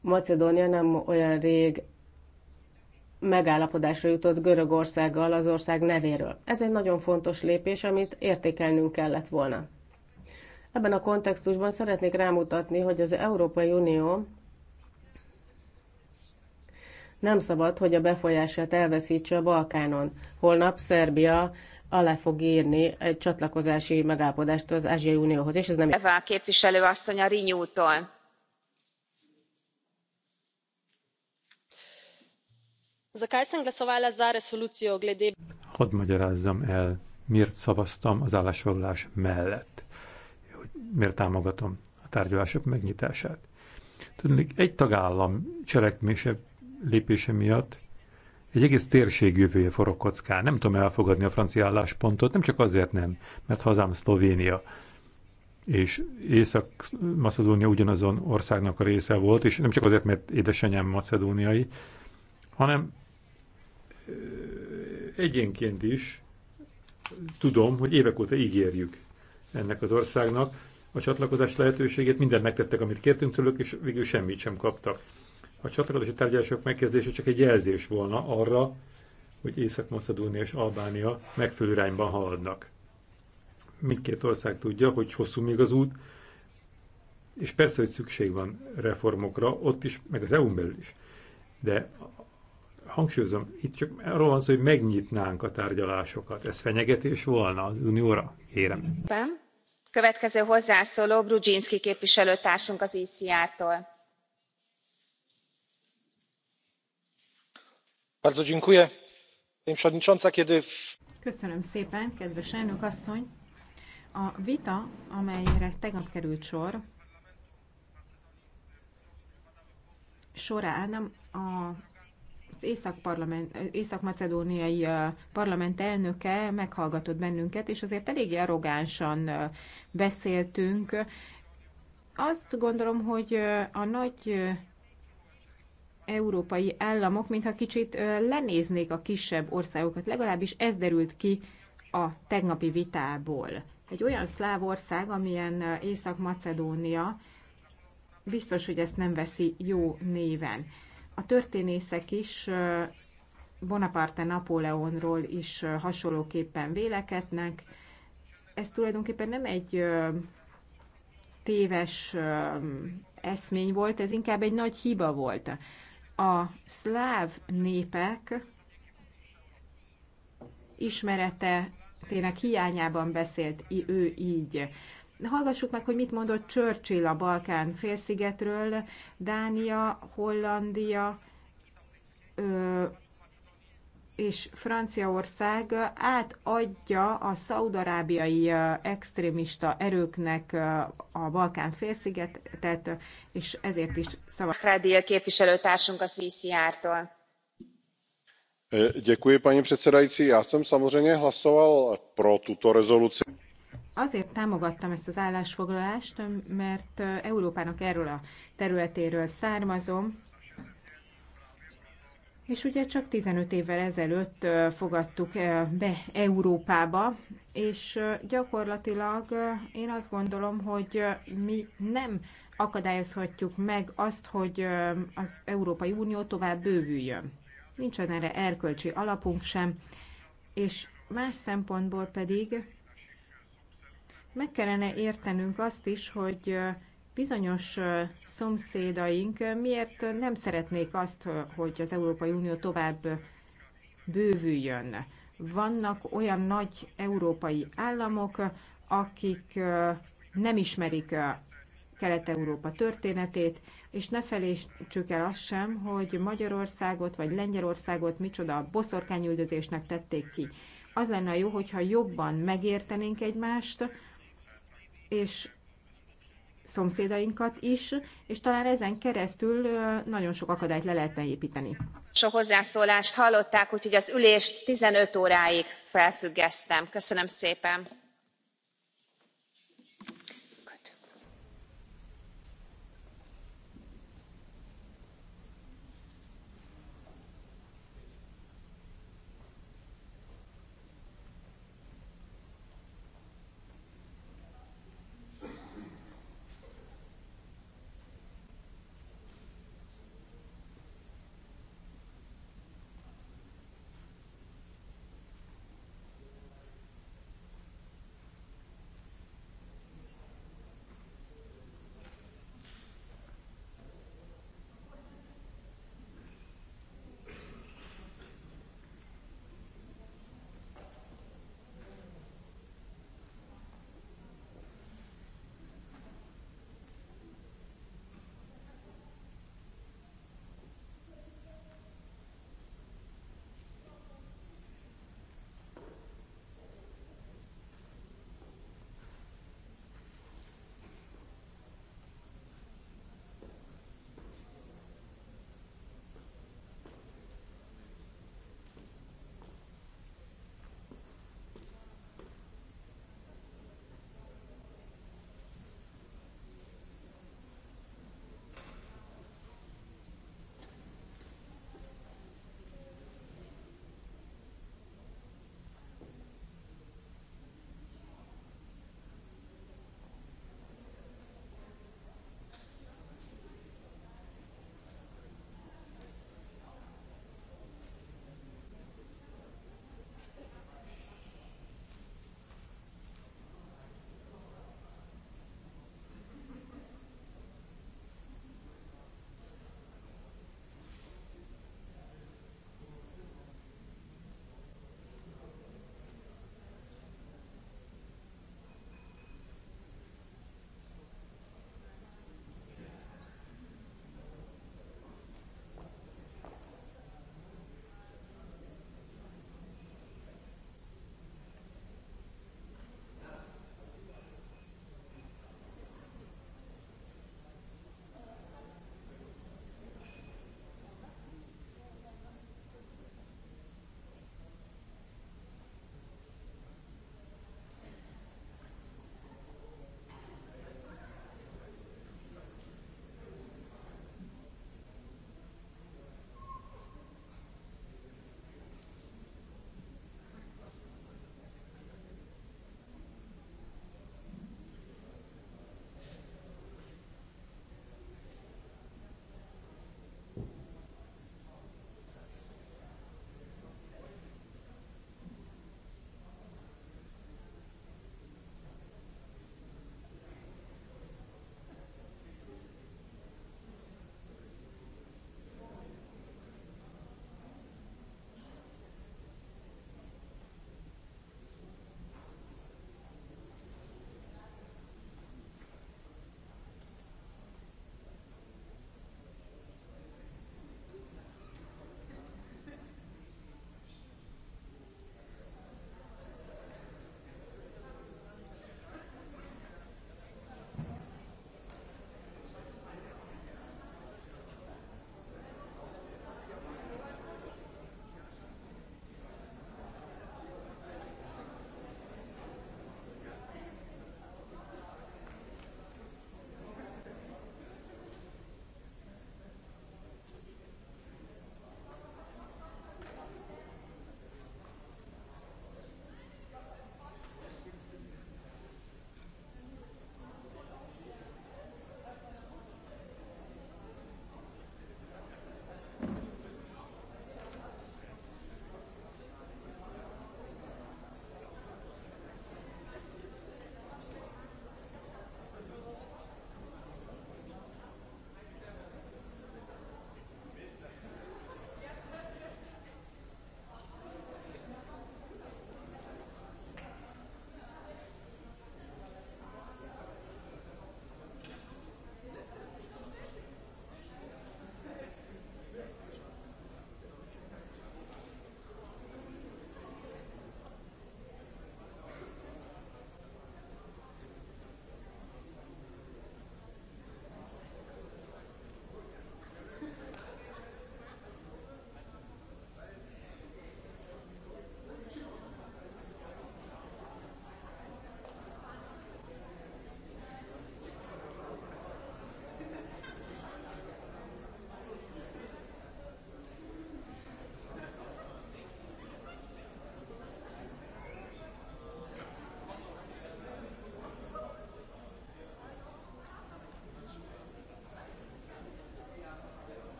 Macedónia nem olyan rég megállapodásra jutott Görögországgal az ország nevéről. Ez egy nagyon fontos lépés, amit értékelnünk kellett volna. Ebben a kontextusban szeretnék rámutatni, hogy az Európai Unió nem szabad, hogy a befolyását elveszítse a Balkánon. Holnap Szerbia alá fog írni egy csatlakozási megállapodást az Ázsiai Unióhoz, és ez nem... Eva képviselő asszony a Rinyútól. Zakaj sem glasovala za resolució glede... Hadd magyarázzam el, miért szavaztam az állásfoglalás mellett, hogy miért támogatom a tárgyalások megnyitását. Tudnék, egy tagállam cselekmése lépése miatt egy egész térség jövője forog kockán. Nem tudom elfogadni a francia álláspontot, nem csak azért nem, mert hazám Szlovénia és Észak-Macedónia ugyanazon országnak a része volt, és nem csak azért, mert édesanyám macedóniai, hanem egyénként is tudom, hogy évek óta ígérjük ennek az országnak a csatlakozás lehetőségét, mindent megtettek, amit kértünk tőlük, és végül semmit sem kaptak a csatlakozási tárgyalások megkezdése csak egy jelzés volna arra, hogy Észak-Macedónia és Albánia megfelelő irányban haladnak. Mindkét ország tudja, hogy hosszú még az út, és persze, hogy szükség van reformokra, ott is, meg az EU-n belül is. De hangsúlyozom, itt csak arról van szó, hogy megnyitnánk a tárgyalásokat. Ez fenyegetés volna az unióra? Kérem. Következő hozzászóló Brudzinski képviselőtársunk az ICR-tól e Köszönöm szépen, kedves elnök asszony! A vita, amelyre tegnap került sor, során az észak Észak-Macedóniai parlament elnöke meghallgatott bennünket, és azért eléggé arrogánsan beszéltünk. Azt gondolom, hogy a nagy európai államok, mintha kicsit lenéznék a kisebb országokat. Legalábbis ez derült ki a tegnapi vitából. Egy olyan szláv ország, amilyen Észak-Macedónia, biztos, hogy ezt nem veszi jó néven. A történészek is Bonaparte Napóleonról is hasonlóképpen vélekednek. Ez tulajdonképpen nem egy téves eszmény volt, ez inkább egy nagy hiba volt a szláv népek ismerete tényleg hiányában beszélt ő így. Hallgassuk meg, hogy mit mondott Churchill a Balkán félszigetről, Dánia, Hollandia, ö, és Franciaország átadja a szaudarábiai extrémista erőknek a Balkán félszigetet, és ezért is szavaz. Radil képviselőtársunk a CCR-tól. Děkuji, paní předsedající. Já jsem samozřejmě hlasoval pro tuto rezoluci. Azért támogattam ezt az állásfoglalást, mert Európának erről a területéről származom, és ugye csak 15 évvel ezelőtt fogadtuk be Európába, és gyakorlatilag én azt gondolom, hogy mi nem akadályozhatjuk meg azt, hogy az Európai Unió tovább bővüljön. Nincsen erre erkölcsi alapunk sem, és más szempontból pedig meg kellene értenünk azt is, hogy bizonyos szomszédaink miért nem szeretnék azt, hogy az Európai Unió tovább bővüljön. Vannak olyan nagy európai államok, akik nem ismerik Kelet-Európa történetét, és ne felejtsük el azt sem, hogy Magyarországot vagy Lengyelországot micsoda boszorkányüldözésnek tették ki. Az lenne jó, hogyha jobban megértenénk egymást, és szomszédainkat is, és talán ezen keresztül nagyon sok akadályt le lehetne építeni. Sok hozzászólást hallották, úgyhogy az ülést 15 óráig felfüggesztem. Köszönöm szépen!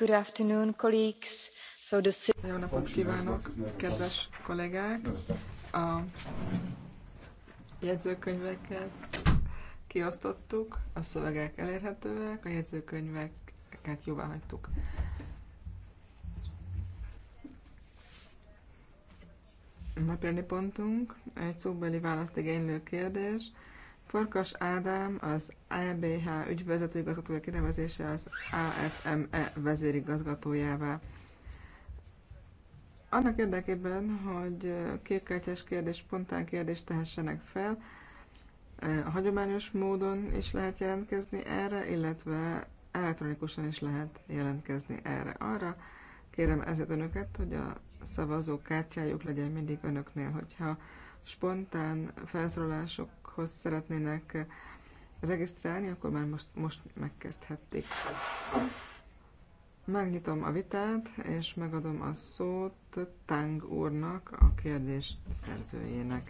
Jó napot kívánok, kedves kollégák! A jegyzőkönyveket kiosztottuk, a szövegek elérhetőek, a jegyzőkönyveket jóvá hagytuk. Napirendi pontunk, egy szóbeli választ igénylő kérdés. Farkas Ádám, az ABH e ügyvezető igazgatója kinevezése az AFME vezérigazgatójává. Annak érdekében, hogy kékkártyás kérdés, spontán kérdést tehessenek fel, a hagyományos módon is lehet jelentkezni erre, illetve elektronikusan is lehet jelentkezni erre. Arra kérem ezért önöket, hogy a szavazókártyájuk legyen mindig önöknél, hogyha spontán felszólalások szakbizottsághoz szeretnének regisztrálni, akkor már most, most megkezdhették. Megnyitom a vitát, és megadom a szót Tang úrnak, a kérdés szerzőjének.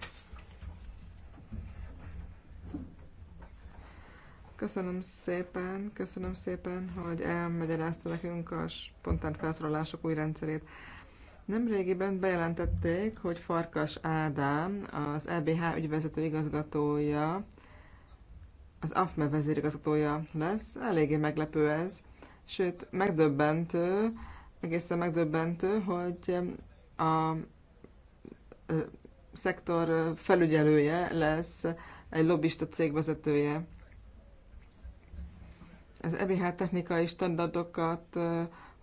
Köszönöm szépen, köszönöm szépen, hogy elmagyarázta nekünk a spontán felszólalások új rendszerét. Nemrégiben bejelentették, hogy Farkas Ádám, az EBH ügyvezető igazgatója, az AFME vezérigazgatója lesz. Eléggé meglepő ez, sőt megdöbbentő, egészen megdöbbentő, hogy a szektor felügyelője lesz egy lobbista cég vezetője. Az EBH technikai standardokat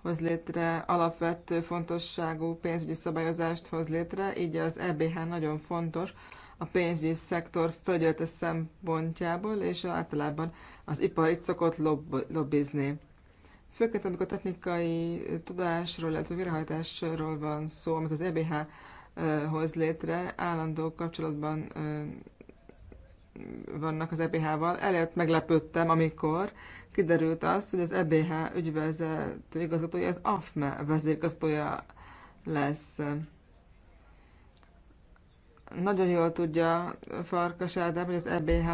hoz létre, alapvető fontosságú pénzügyi szabályozást hoz létre, így az EBH nagyon fontos a pénzügyi szektor felügyelete szempontjából, és általában az ipar itt szokott lob- lobbizni. Főként, amikor technikai tudásról, illetve virahajtásról van szó, amit az EBH hoz létre, állandó kapcsolatban vannak az EBH-val. Elért meglepődtem, amikor kiderült az, hogy az EBH ügyvezető igazgatója az AFME vezérigazgatója lesz. Nagyon jól tudja Farkas Ádám, hogy az EBH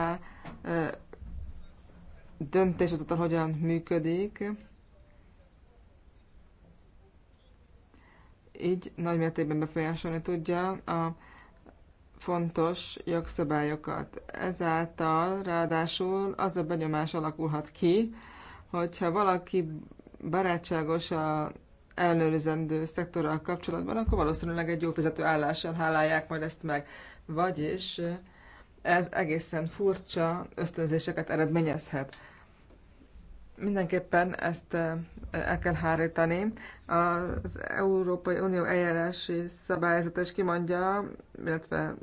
döntés az hogyan működik. Így nagy mértékben befolyásolni tudja a fontos jogszabályokat. Ezáltal ráadásul az a benyomás alakulhat ki, hogyha valaki barátságos a ellenőrizendő szektorral kapcsolatban, akkor valószínűleg egy jó fizető állással hálálják majd ezt meg. Vagyis ez egészen furcsa ösztönzéseket eredményezhet mindenképpen ezt eh, el kell hárítani. Az Európai Unió eljárási szabályzata is kimondja, illetve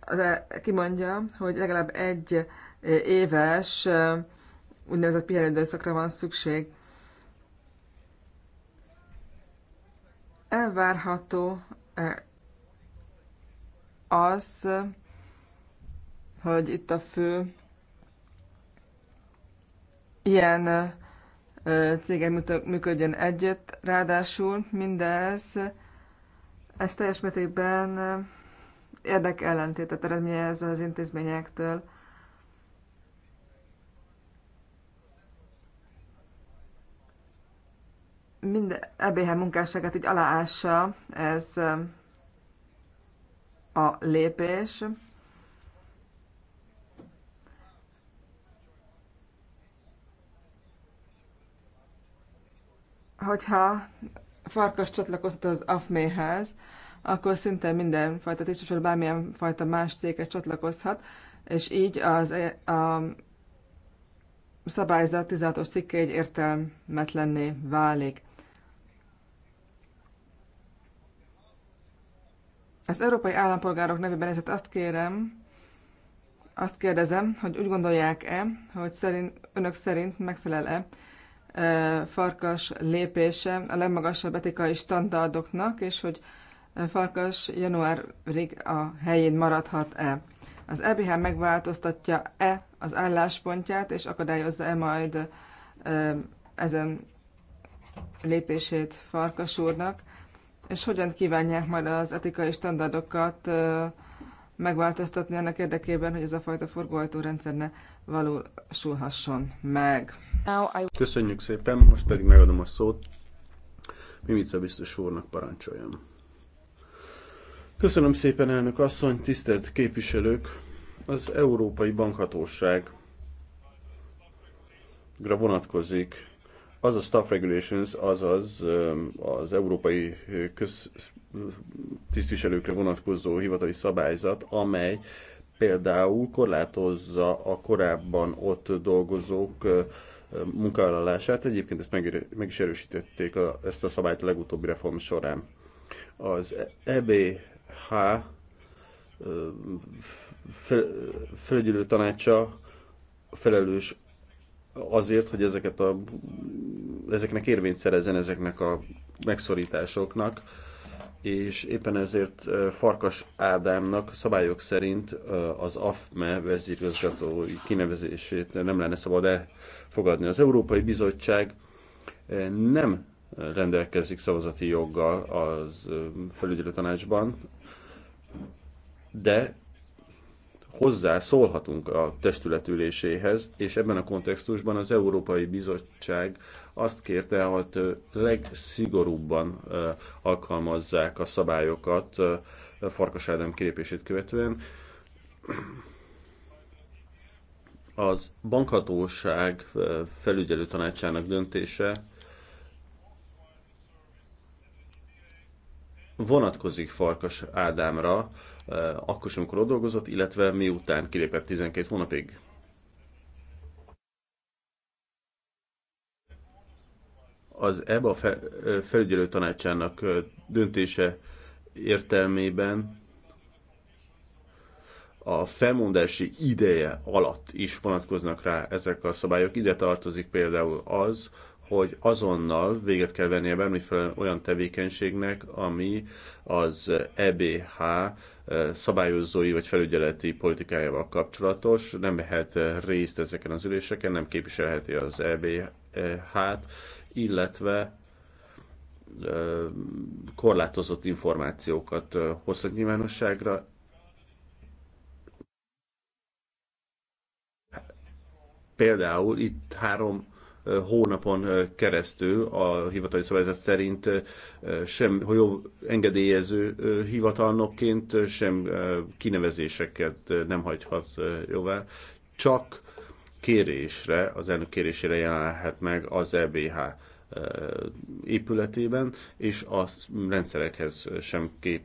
az e- kimondja, hogy legalább egy eh, éves eh, úgynevezett pihenőidőszakra van szükség. Elvárható az, hogy itt a fő ilyen cégek működjön együtt. Ráadásul mindez ez teljes mértékben ellentétet eredményez az intézményektől. Mind EBH munkásságát így aláássa ez a lépés. hogyha Farkas csatlakozott az AFME-hez, akkor szinte mindenfajta tisztviselő bármilyen fajta más céghez csatlakozhat, és így az, e- a szabályzat 16-os cikke egy értelmetlenné válik. Az európai állampolgárok nevében ezért azt kérem, azt kérdezem, hogy úgy gondolják-e, hogy szerint, önök szerint megfelel-e Farkas lépése a legmagasabb etikai standardoknak, és hogy Farkas januárig a helyén maradhat-e. Az EBH megváltoztatja-e az álláspontját, és akadályozza-e majd ezen lépését Farkas úrnak, és hogyan kívánják majd az etikai standardokat megváltoztatni annak érdekében, hogy ez a fajta forgóajtórendszer ne valósulhasson meg. Köszönjük szépen, most pedig megadom a szót. Mimica biztos úrnak parancsoljam. Köszönöm szépen, elnök asszony, tisztelt képviselők! Az Európai Bankhatóság vonatkozik az a staff regulations, azaz az európai köztisztviselőkre vonatkozó hivatali szabályzat, amely például korlátozza a korábban ott dolgozók munkavállalását. Egyébként ezt meg, meg is erősítették a, ezt a szabályt a legutóbbi reform során. Az EBH felügyelő tanácsa felelős azért, hogy ezeket a, ezeknek érvényt szerezzen ezeknek a megszorításoknak, és éppen ezért Farkas Ádámnak szabályok szerint az AFME vezérigazgatói kinevezését nem lenne szabad fogadni. Az Európai Bizottság eh, nem rendelkezik szavazati joggal az eh, tanácsban, de hozzá szólhatunk a testületüléséhez, és ebben a kontextusban az Európai Bizottság azt kérte, hogy eh, legszigorúbban alkalmazzák a szabályokat Farkas Ádám kilépését követően. Az bankhatóság felügyelő tanácsának döntése vonatkozik Farkas Ádámra, akkor sem, amikor ott dolgozott, illetve miután kilépett 12 hónapig. Az EBA felügyelő tanácsának döntése értelmében a felmondási ideje alatt is vonatkoznak rá ezek a szabályok. Ide tartozik például az, hogy azonnal véget kell vennie bármiféle olyan tevékenységnek, ami az EBH eh, szabályozói vagy felügyeleti politikájával kapcsolatos, nem vehet részt ezeken az üléseken, nem képviselheti az EBH-t, illetve eh, korlátozott információkat eh, hozhat nyilvánosságra, Például itt három hónapon keresztül a hivatali szabályzat szerint sem jó engedélyező hivatalnokként, sem kinevezéseket nem hagyhat jóvá, csak kérésre, az elnök kérésére jelenhet meg az EBH épületében, és a rendszerekhez sem kép,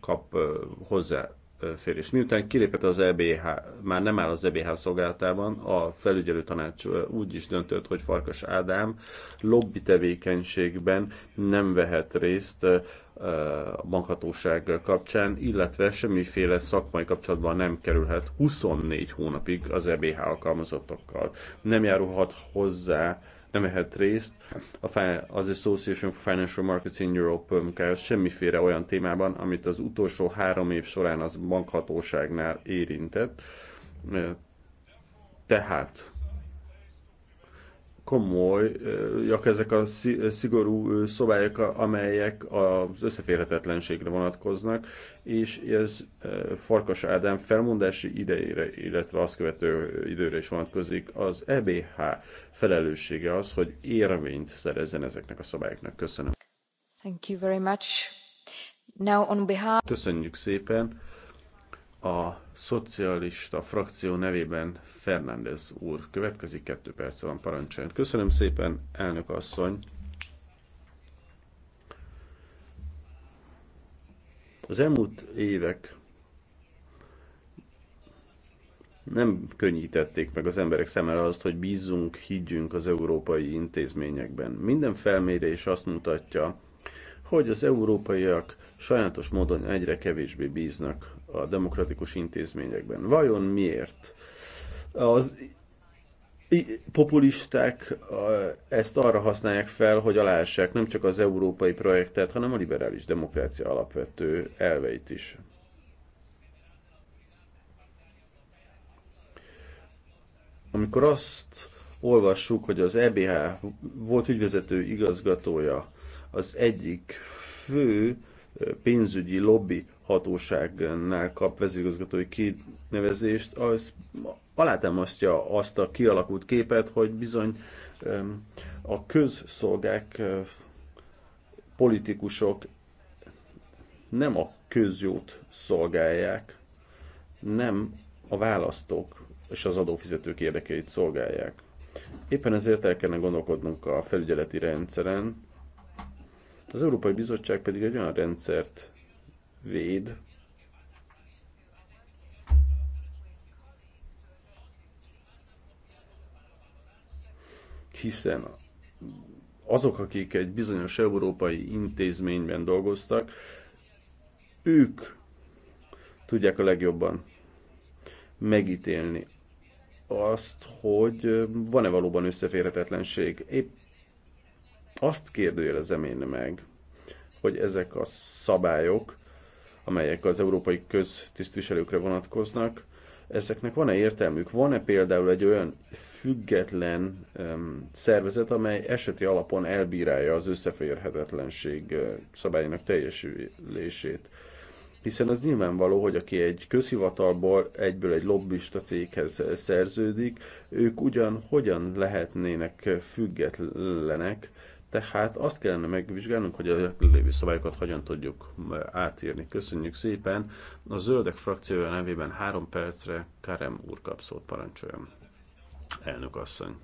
kap hozzá fér. És miután kilépett az EBH, már nem áll az EBH szolgálatában, a felügyelő tanács úgy is döntött, hogy Farkas Ádám lobby tevékenységben nem vehet részt a bankhatóság kapcsán, illetve semmiféle szakmai kapcsolatban nem kerülhet 24 hónapig az EBH alkalmazottakkal. Nem járulhat hozzá nem vehet részt a, az Association for Financial Markets in Europe munkája semmiféle olyan témában, amit az utolsó három év során az bankhatóságnál érintett. Tehát komolyak ezek a szigorú szabályok, amelyek az összeférhetetlenségre vonatkoznak, és ez Farkas Ádám felmondási idejére, illetve azt követő időre is vonatkozik. Az EBH felelőssége az, hogy érvényt szerezzen ezeknek a szabályoknak. Köszönöm. Thank you very much. Now on behalf... Köszönjük szépen. A szocialista frakció nevében Fernández úr következik, kettő perc van parancsoljon. Köszönöm szépen, elnök asszony. Az elmúlt évek nem könnyítették meg az emberek szemére azt, hogy bízzunk, higgyünk az európai intézményekben. Minden felmérés azt mutatja, hogy az európaiak Sajnálatos módon egyre kevésbé bíznak a demokratikus intézményekben. Vajon miért? Az populisták ezt arra használják fel, hogy alássák nem csak az európai projektet, hanem a liberális demokrácia alapvető elveit is. Amikor azt olvassuk, hogy az EBH volt ügyvezető igazgatója az egyik fő pénzügyi lobby hatóságnál kap vezérigazgatói kinevezést, az alátámasztja azt a kialakult képet, hogy bizony a közszolgák, politikusok nem a közjót szolgálják, nem a választók és az adófizetők érdekeit szolgálják. Éppen ezért el kellene gondolkodnunk a felügyeleti rendszeren, az Európai Bizottság pedig egy olyan rendszert véd, hiszen azok, akik egy bizonyos európai intézményben dolgoztak, ők tudják a legjobban megítélni azt, hogy van-e valóban összeférhetetlenség. Épp azt kérdőjelezem én meg, hogy ezek a szabályok, amelyek az európai köztisztviselőkre vonatkoznak, ezeknek van-e értelmük? Van-e például egy olyan független um, szervezet, amely eseti alapon elbírálja az összeférhetetlenség uh, szabályának teljesülését? Hiszen az nyilvánvaló, hogy aki egy közhivatalból egyből egy lobbista céghez szerződik, ők ugyan hogyan lehetnének függetlenek, tehát azt kellene megvizsgálnunk, hogy a lévő szabályokat hogyan tudjuk átírni. Köszönjük szépen. A zöldek frakciója nevében három percre Karem úr kap szót parancsoljon. Elnök asszony.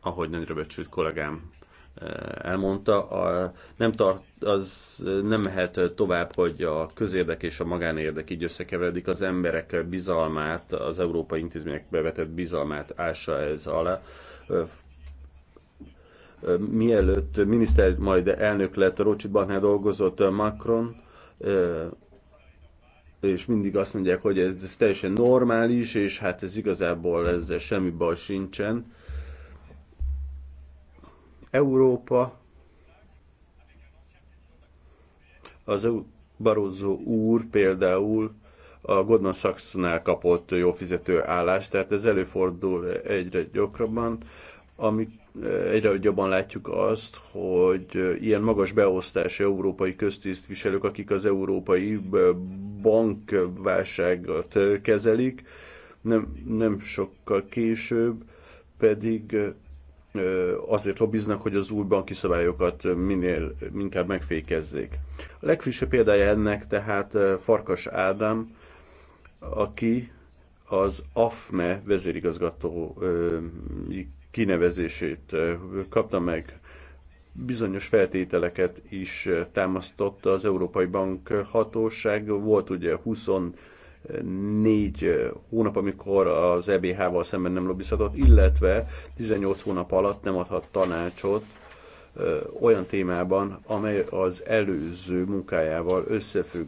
Ahogy nagyra becsült kollégám e, elmondta, a, nem tart, az nem mehet tovább, hogy a közérdek és a magánérdek így összekeveredik, az emberek bizalmát, az európai intézményekbe vetett bizalmát ássa ez alá mielőtt miniszter, majd elnök lett, Rocsit Barnál dolgozott Macron, és mindig azt mondják, hogy ez, ez teljesen normális, és hát ez igazából ezzel semmi baj sincsen. Európa az Barozó úr például a Goldman Sachs-nál kapott jó fizető állást, tehát ez előfordul egyre gyakrabban, amik egyre jobban látjuk azt, hogy ilyen magas beosztási európai köztisztviselők, akik az európai bankválságot kezelik, nem, nem sokkal később pedig azért lobbiznak, hogy az új banki szabályokat minél inkább megfékezzék. A legfrissebb példája ennek tehát Farkas Ádám, aki az AFME vezérigazgatói kinevezését kapta meg. Bizonyos feltételeket is támasztotta az Európai Bank hatóság. Volt ugye 24 hónap, amikor az EBH-val szemben nem lobbizhatott, illetve 18 hónap alatt nem adhat tanácsot olyan témában, amely az előző munkájával összefügg.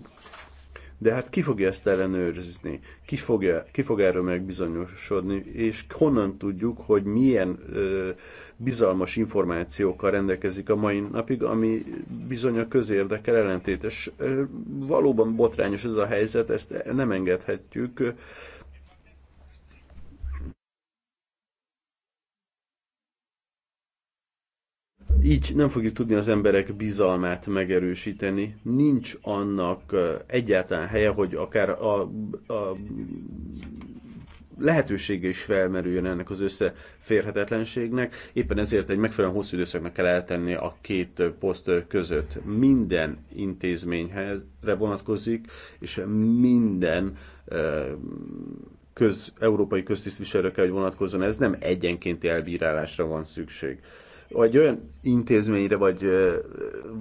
De hát ki fogja ezt ellenőrizni? Ki, fogja, ki fog erről megbizonyosodni? És honnan tudjuk, hogy milyen ö, bizalmas információkkal rendelkezik a mai napig, ami bizony a közérdekel ellentétes. Ö, valóban botrányos ez a helyzet, ezt nem engedhetjük. Így nem fogjuk tudni az emberek bizalmát megerősíteni. Nincs annak egyáltalán helye, hogy akár a, a lehetősége is felmerüljön ennek az összeférhetetlenségnek. Éppen ezért egy megfelelően hosszú időszaknak kell eltenni a két poszt között. Minden intézményre vonatkozik, és minden köz, európai köztisztviselőkkel kell, hogy vonatkozzon. Ez nem egyenkénti elbírálásra van szükség vagy olyan intézményre vagy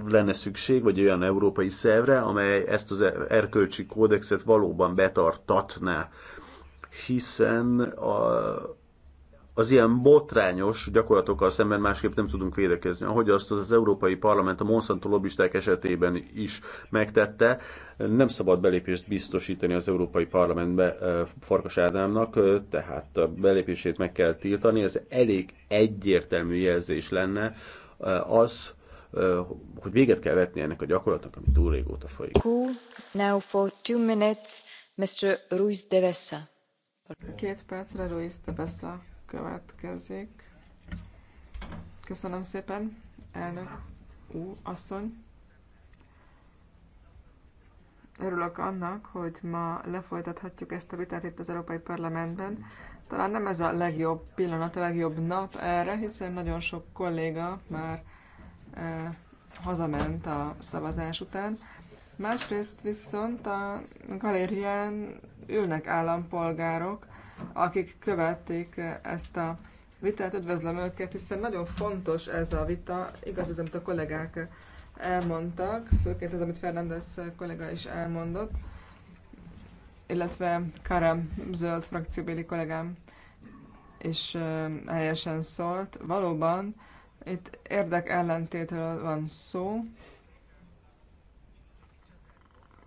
lenne szükség, vagy olyan európai szervre, amely ezt az erkölcsi kódexet valóban betartatná, hiszen a, az ilyen botrányos gyakorlatokkal szemben másképp nem tudunk védekezni. Ahogy azt az Európai Parlament a Monsanto lobbisták esetében is megtette, nem szabad belépést biztosítani az Európai Parlamentbe eh, Farkas Ádámnak, eh, tehát a belépését meg kell tiltani. Ez elég egyértelmű jelzés lenne eh, az, hogy véget kell vetni ennek a gyakorlatnak, ami túl régóta folyik. Now for two minutes, Mr. Ruiz de Vesa. Két percre Ruiz de Vesa következik. Köszönöm szépen, elnök ú, asszony. Örülök annak, hogy ma lefolytathatjuk ezt a vitát itt az Európai Parlamentben. Talán nem ez a legjobb pillanat, a legjobb nap erre, hiszen nagyon sok kolléga már e, hazament a szavazás után. Másrészt viszont a galérián ülnek állampolgárok, akik követték ezt a vitát, üdvözlöm őket, hiszen nagyon fontos ez a vita, igaz az, amit a kollégák elmondtak, főként az, amit Fernández kollega is elmondott, illetve Karem zöld frakcióbéli kollégám is helyesen szólt. Valóban itt érdek ellentétről van szó,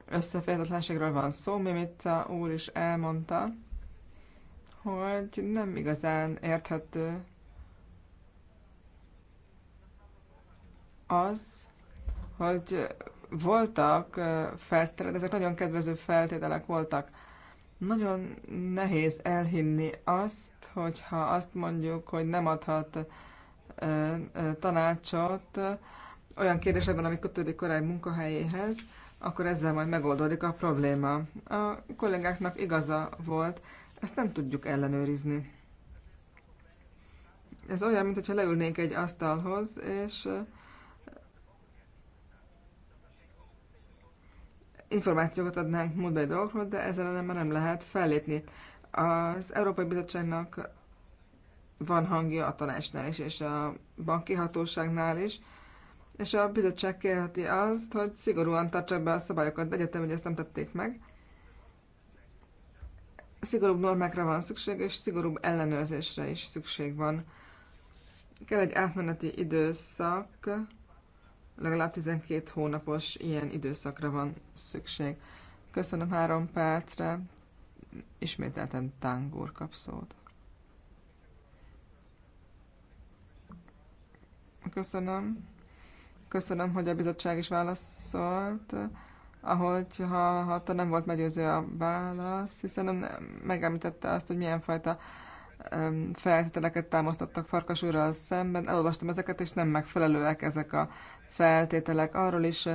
összeférhetetlenségről van szó, Mimica úr is elmondta, hogy nem igazán érthető az, hogy voltak feltételek, ezek nagyon kedvező feltételek voltak. Nagyon nehéz elhinni azt, hogyha azt mondjuk, hogy nem adhat tanácsot olyan kérdésekben, ami kötődik korábbi munkahelyéhez, akkor ezzel majd megoldódik a probléma. A kollégáknak igaza volt, ezt nem tudjuk ellenőrizni. Ez olyan, mintha leülnénk egy asztalhoz, és információkat adnánk múltbeli dolgokról, de ezzel nem, nem lehet fellépni. Az Európai Bizottságnak van hangja a tanácsnál is, és a banki hatóságnál is, és a bizottság kérheti azt, hogy szigorúan tartsák be a szabályokat, de egyetem, hogy ezt nem tették meg szigorúbb normákra van szükség, és szigorúbb ellenőrzésre is szükség van. Kell egy átmeneti időszak, legalább 12 hónapos ilyen időszakra van szükség. Köszönöm három percre, ismételten tángór kapszót. Köszönöm. Köszönöm, hogy a bizottság is válaszolt ahogy ha, ha nem volt meggyőző a válasz, hiszen nem megemlítette azt, hogy milyen fajta feltételeket támasztottak Farkas úrral szemben. Elolvastam ezeket, és nem megfelelőek ezek a feltételek. Arról is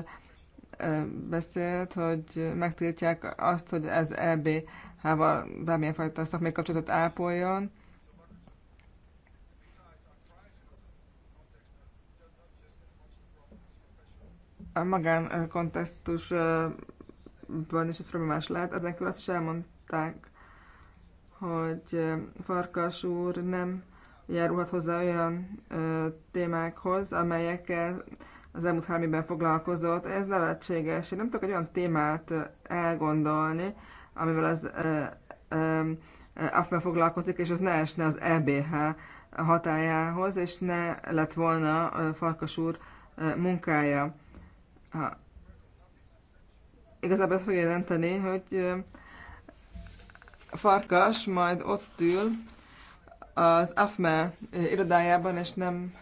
beszélt, hogy megtiltják azt, hogy ez EBH-val bármilyen fajta szakmai kapcsolatot ápoljon. a kontextusban is ez problémás lehet. Ezekről azt is elmondták, hogy Farkas úr nem járulhat hozzá olyan ö, témákhoz, amelyekkel az elmúlt három évben foglalkozott. Ez nevetséges. Én nem tudok egy olyan témát elgondolni, amivel az AFME foglalkozik, és az ne esne az EBH hatájához, és ne lett volna Farkas úr munkája ha igazából ez fog jelenteni, hogy farkas majd ott ül az AFME irodájában, és nem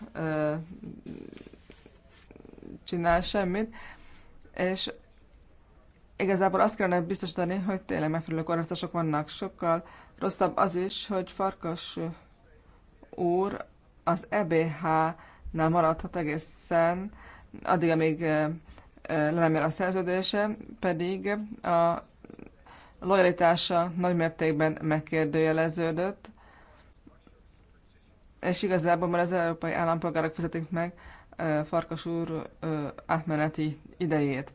csinál semmit, és igazából azt kellene biztosítani, hogy tényleg megfelelő korlátozások vannak. Sokkal rosszabb az is, hogy Farkas úr az EBH-nál maradhat egészen addig, amíg lelemér a szerződése, pedig a lojalitása nagymértékben megkérdőjeleződött, és igazából már az európai állampolgárok fizetik meg Farkas úr átmeneti idejét.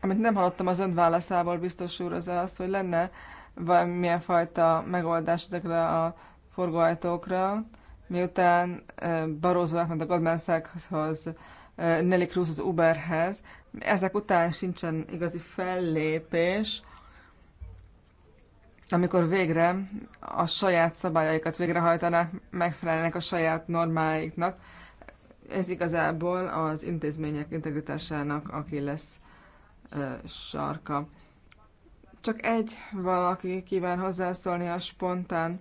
Amit nem hallottam az ön válaszából, biztos úr, az az, hogy lenne valamilyen fajta megoldás ezekre a forgóajtókra, miután Barózó átment a Goldman Sachshoz, Eh, Nelly Cruz az Uberhez. Ezek után sincsen igazi fellépés, amikor végre a saját szabályaikat végrehajtanák, megfelelnek a saját normáiknak. Ez igazából az intézmények integritásának, aki lesz eh, sarka. Csak egy valaki kíván hozzászólni a spontán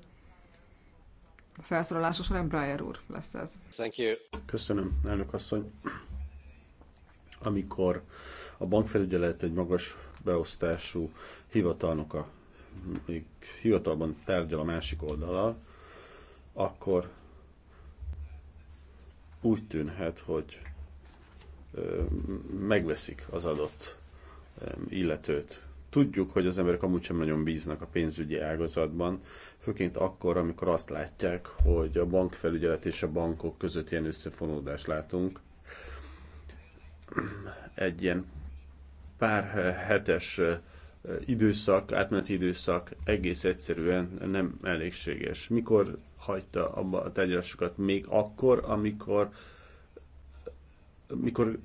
a felszólalása során Breyer úr lesz ez. Thank you. Köszönöm, elnök asszony. Amikor a bankfelügyelet egy magas beosztású hivatalnoka még hivatalban tárgyal a másik oldalal, akkor úgy tűnhet, hogy megveszik az adott illetőt. Tudjuk, hogy az emberek amúgy sem nagyon bíznak a pénzügyi ágazatban, főként akkor, amikor azt látják, hogy a bankfelügyelet és a bankok között ilyen összefonódást látunk. Egy ilyen pár hetes időszak, átmeneti időszak egész egyszerűen nem elégséges. Mikor hagyta abba a tárgyalásokat? Még akkor, amikor mikor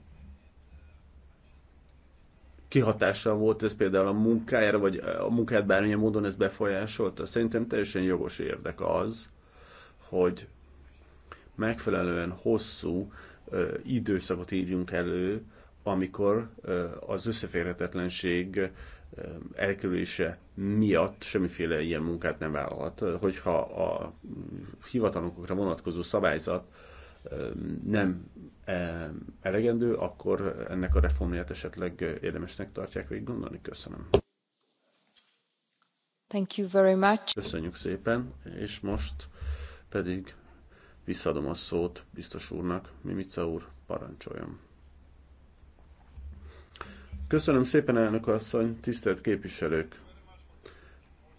kihatással volt ez például a munkájára, vagy a munkáját bármilyen módon ez befolyásolta. Szerintem teljesen jogos érdek az, hogy megfelelően hosszú ö, időszakot írjunk elő, amikor ö, az összeférhetetlenség elkerülése miatt semmiféle ilyen munkát nem vállalhat. Hogyha a mm, hivatalokra vonatkozó szabályzat nem e, elegendő, akkor ennek a reformját esetleg érdemesnek tartják végig gondolni. Köszönöm. Thank you very much. Köszönjük szépen, és most pedig visszadom a szót biztos úrnak. Mimica úr, parancsoljon. Köszönöm szépen, elnök asszony, tisztelt képviselők!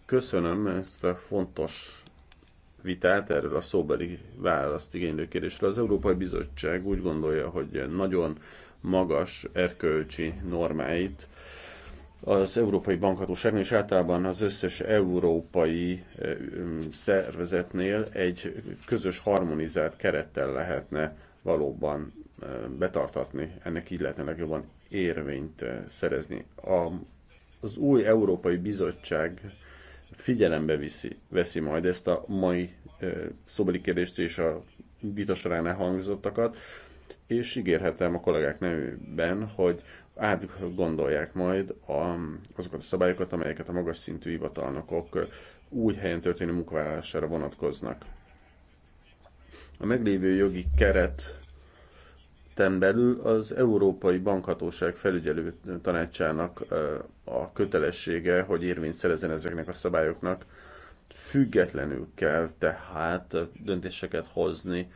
Köszönöm ezt a fontos vitát erről a szóbeli választ igénylő kérdésről. Az Európai Bizottság úgy gondolja, hogy nagyon magas erkölcsi normáit az Európai Bankhatóságnál és általában az összes európai eh, mm, szervezetnél egy közös harmonizált kerettel lehetne valóban eh, betartatni, ennek így lehetne legjobban érvényt eh, szerezni. A, az új Európai Bizottság figyelembe viszi, veszi majd ezt a mai szobeli kérdést és a vita során elhangzottakat, és ígérhetem a kollégák nevében, hogy átgondolják majd a, azokat a szabályokat, amelyeket a magas szintű hivatalnokok úgy helyen történő munkavállalására vonatkoznak. A meglévő jogi keret ezen belül az Európai Bankhatóság felügyelő tanácsának a kötelessége, hogy érvényt szerezzen ezeknek a szabályoknak. Függetlenül kell tehát döntéseket hozni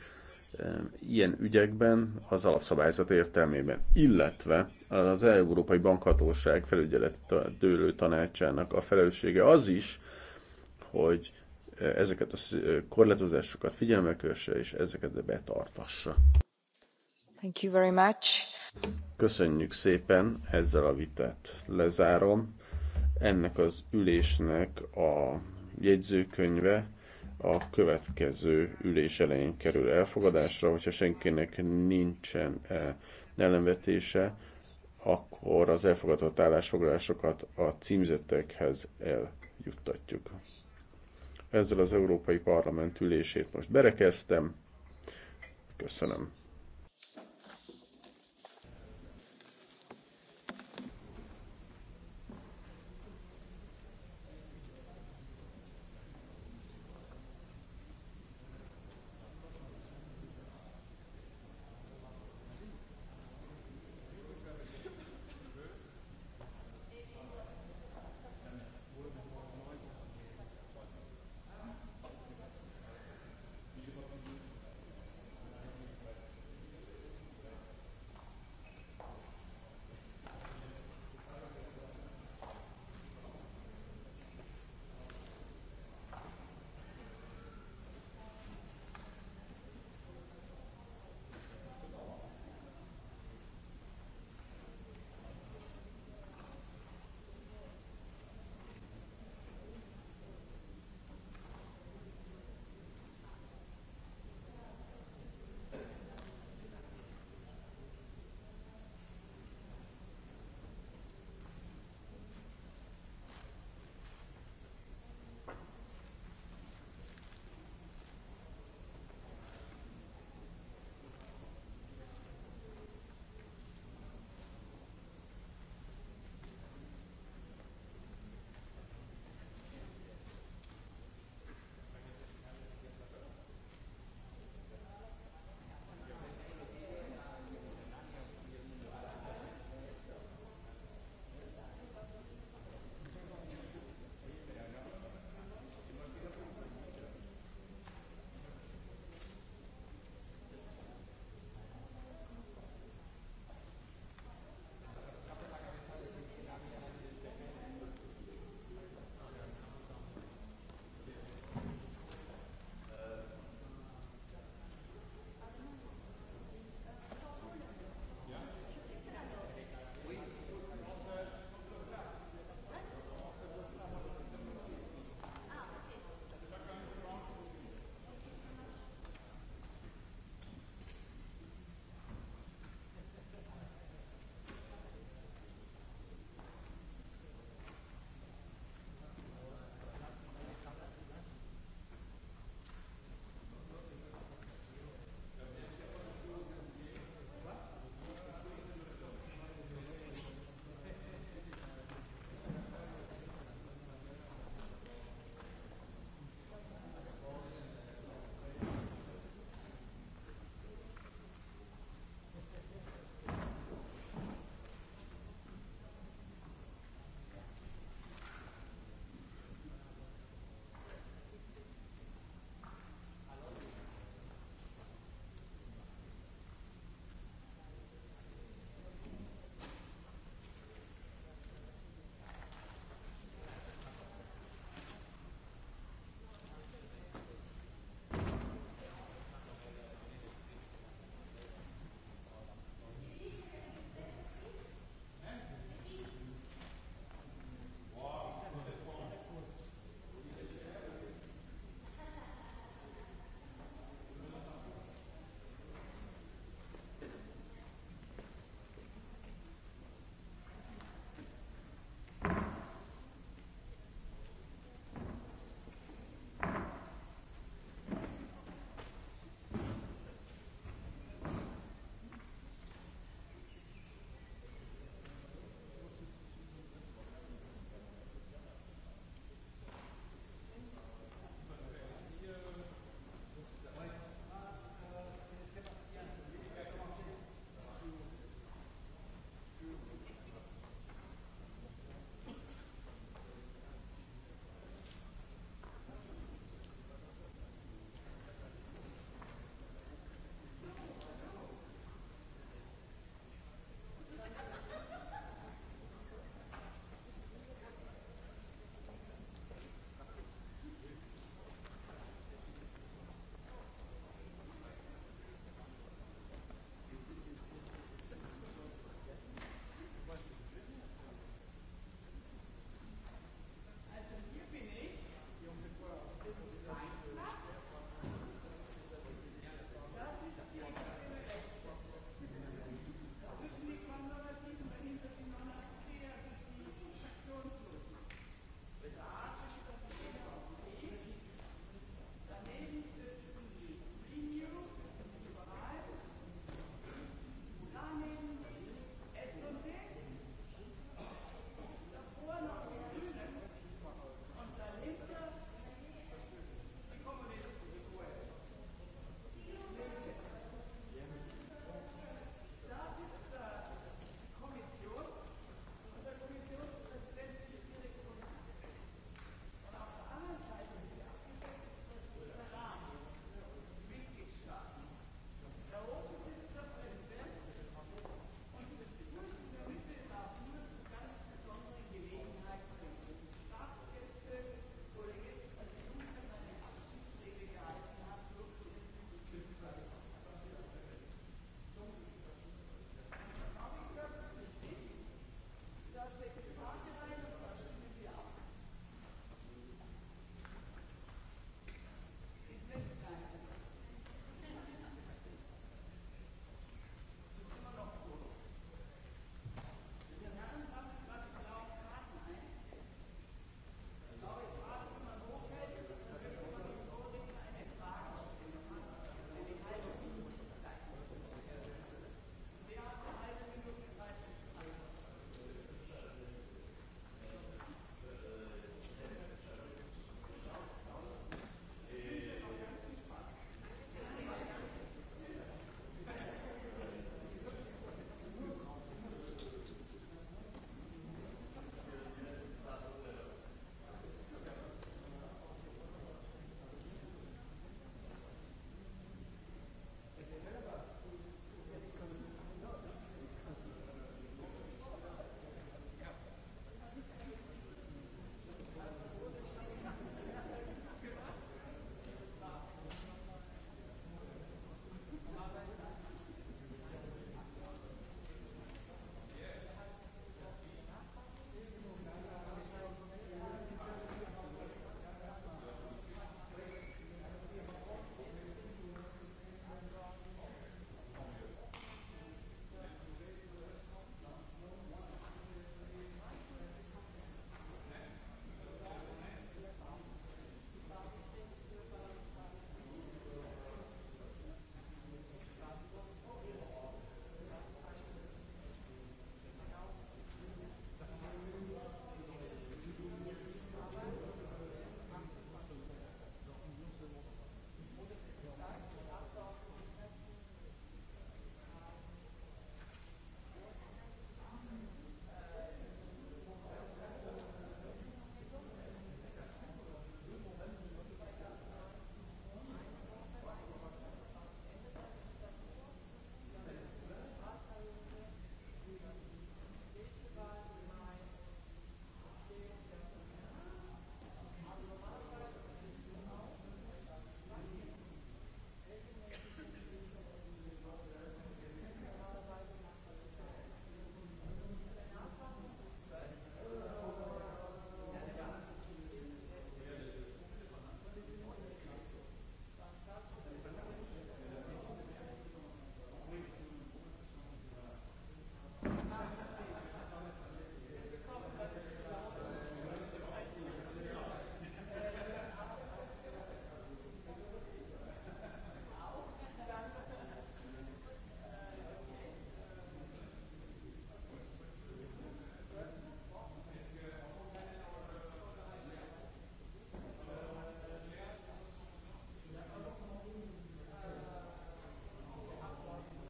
ilyen ügyekben az alapszabályzat értelmében, illetve az Európai Bankhatóság dőlő tanácsának a felelőssége az is, hogy ezeket a korlátozásokat figyelme és ezeket betartassa. Thank you very much. Köszönjük szépen, ezzel a vitát lezárom. Ennek az ülésnek a jegyzőkönyve a következő ülés elején kerül elfogadásra, hogyha senkinek nincsen eh, ellenvetése, akkor az elfogadott állásfoglalásokat a címzettekhez eljuttatjuk. Ezzel az Európai Parlament ülését most berekeztem. Köszönöm.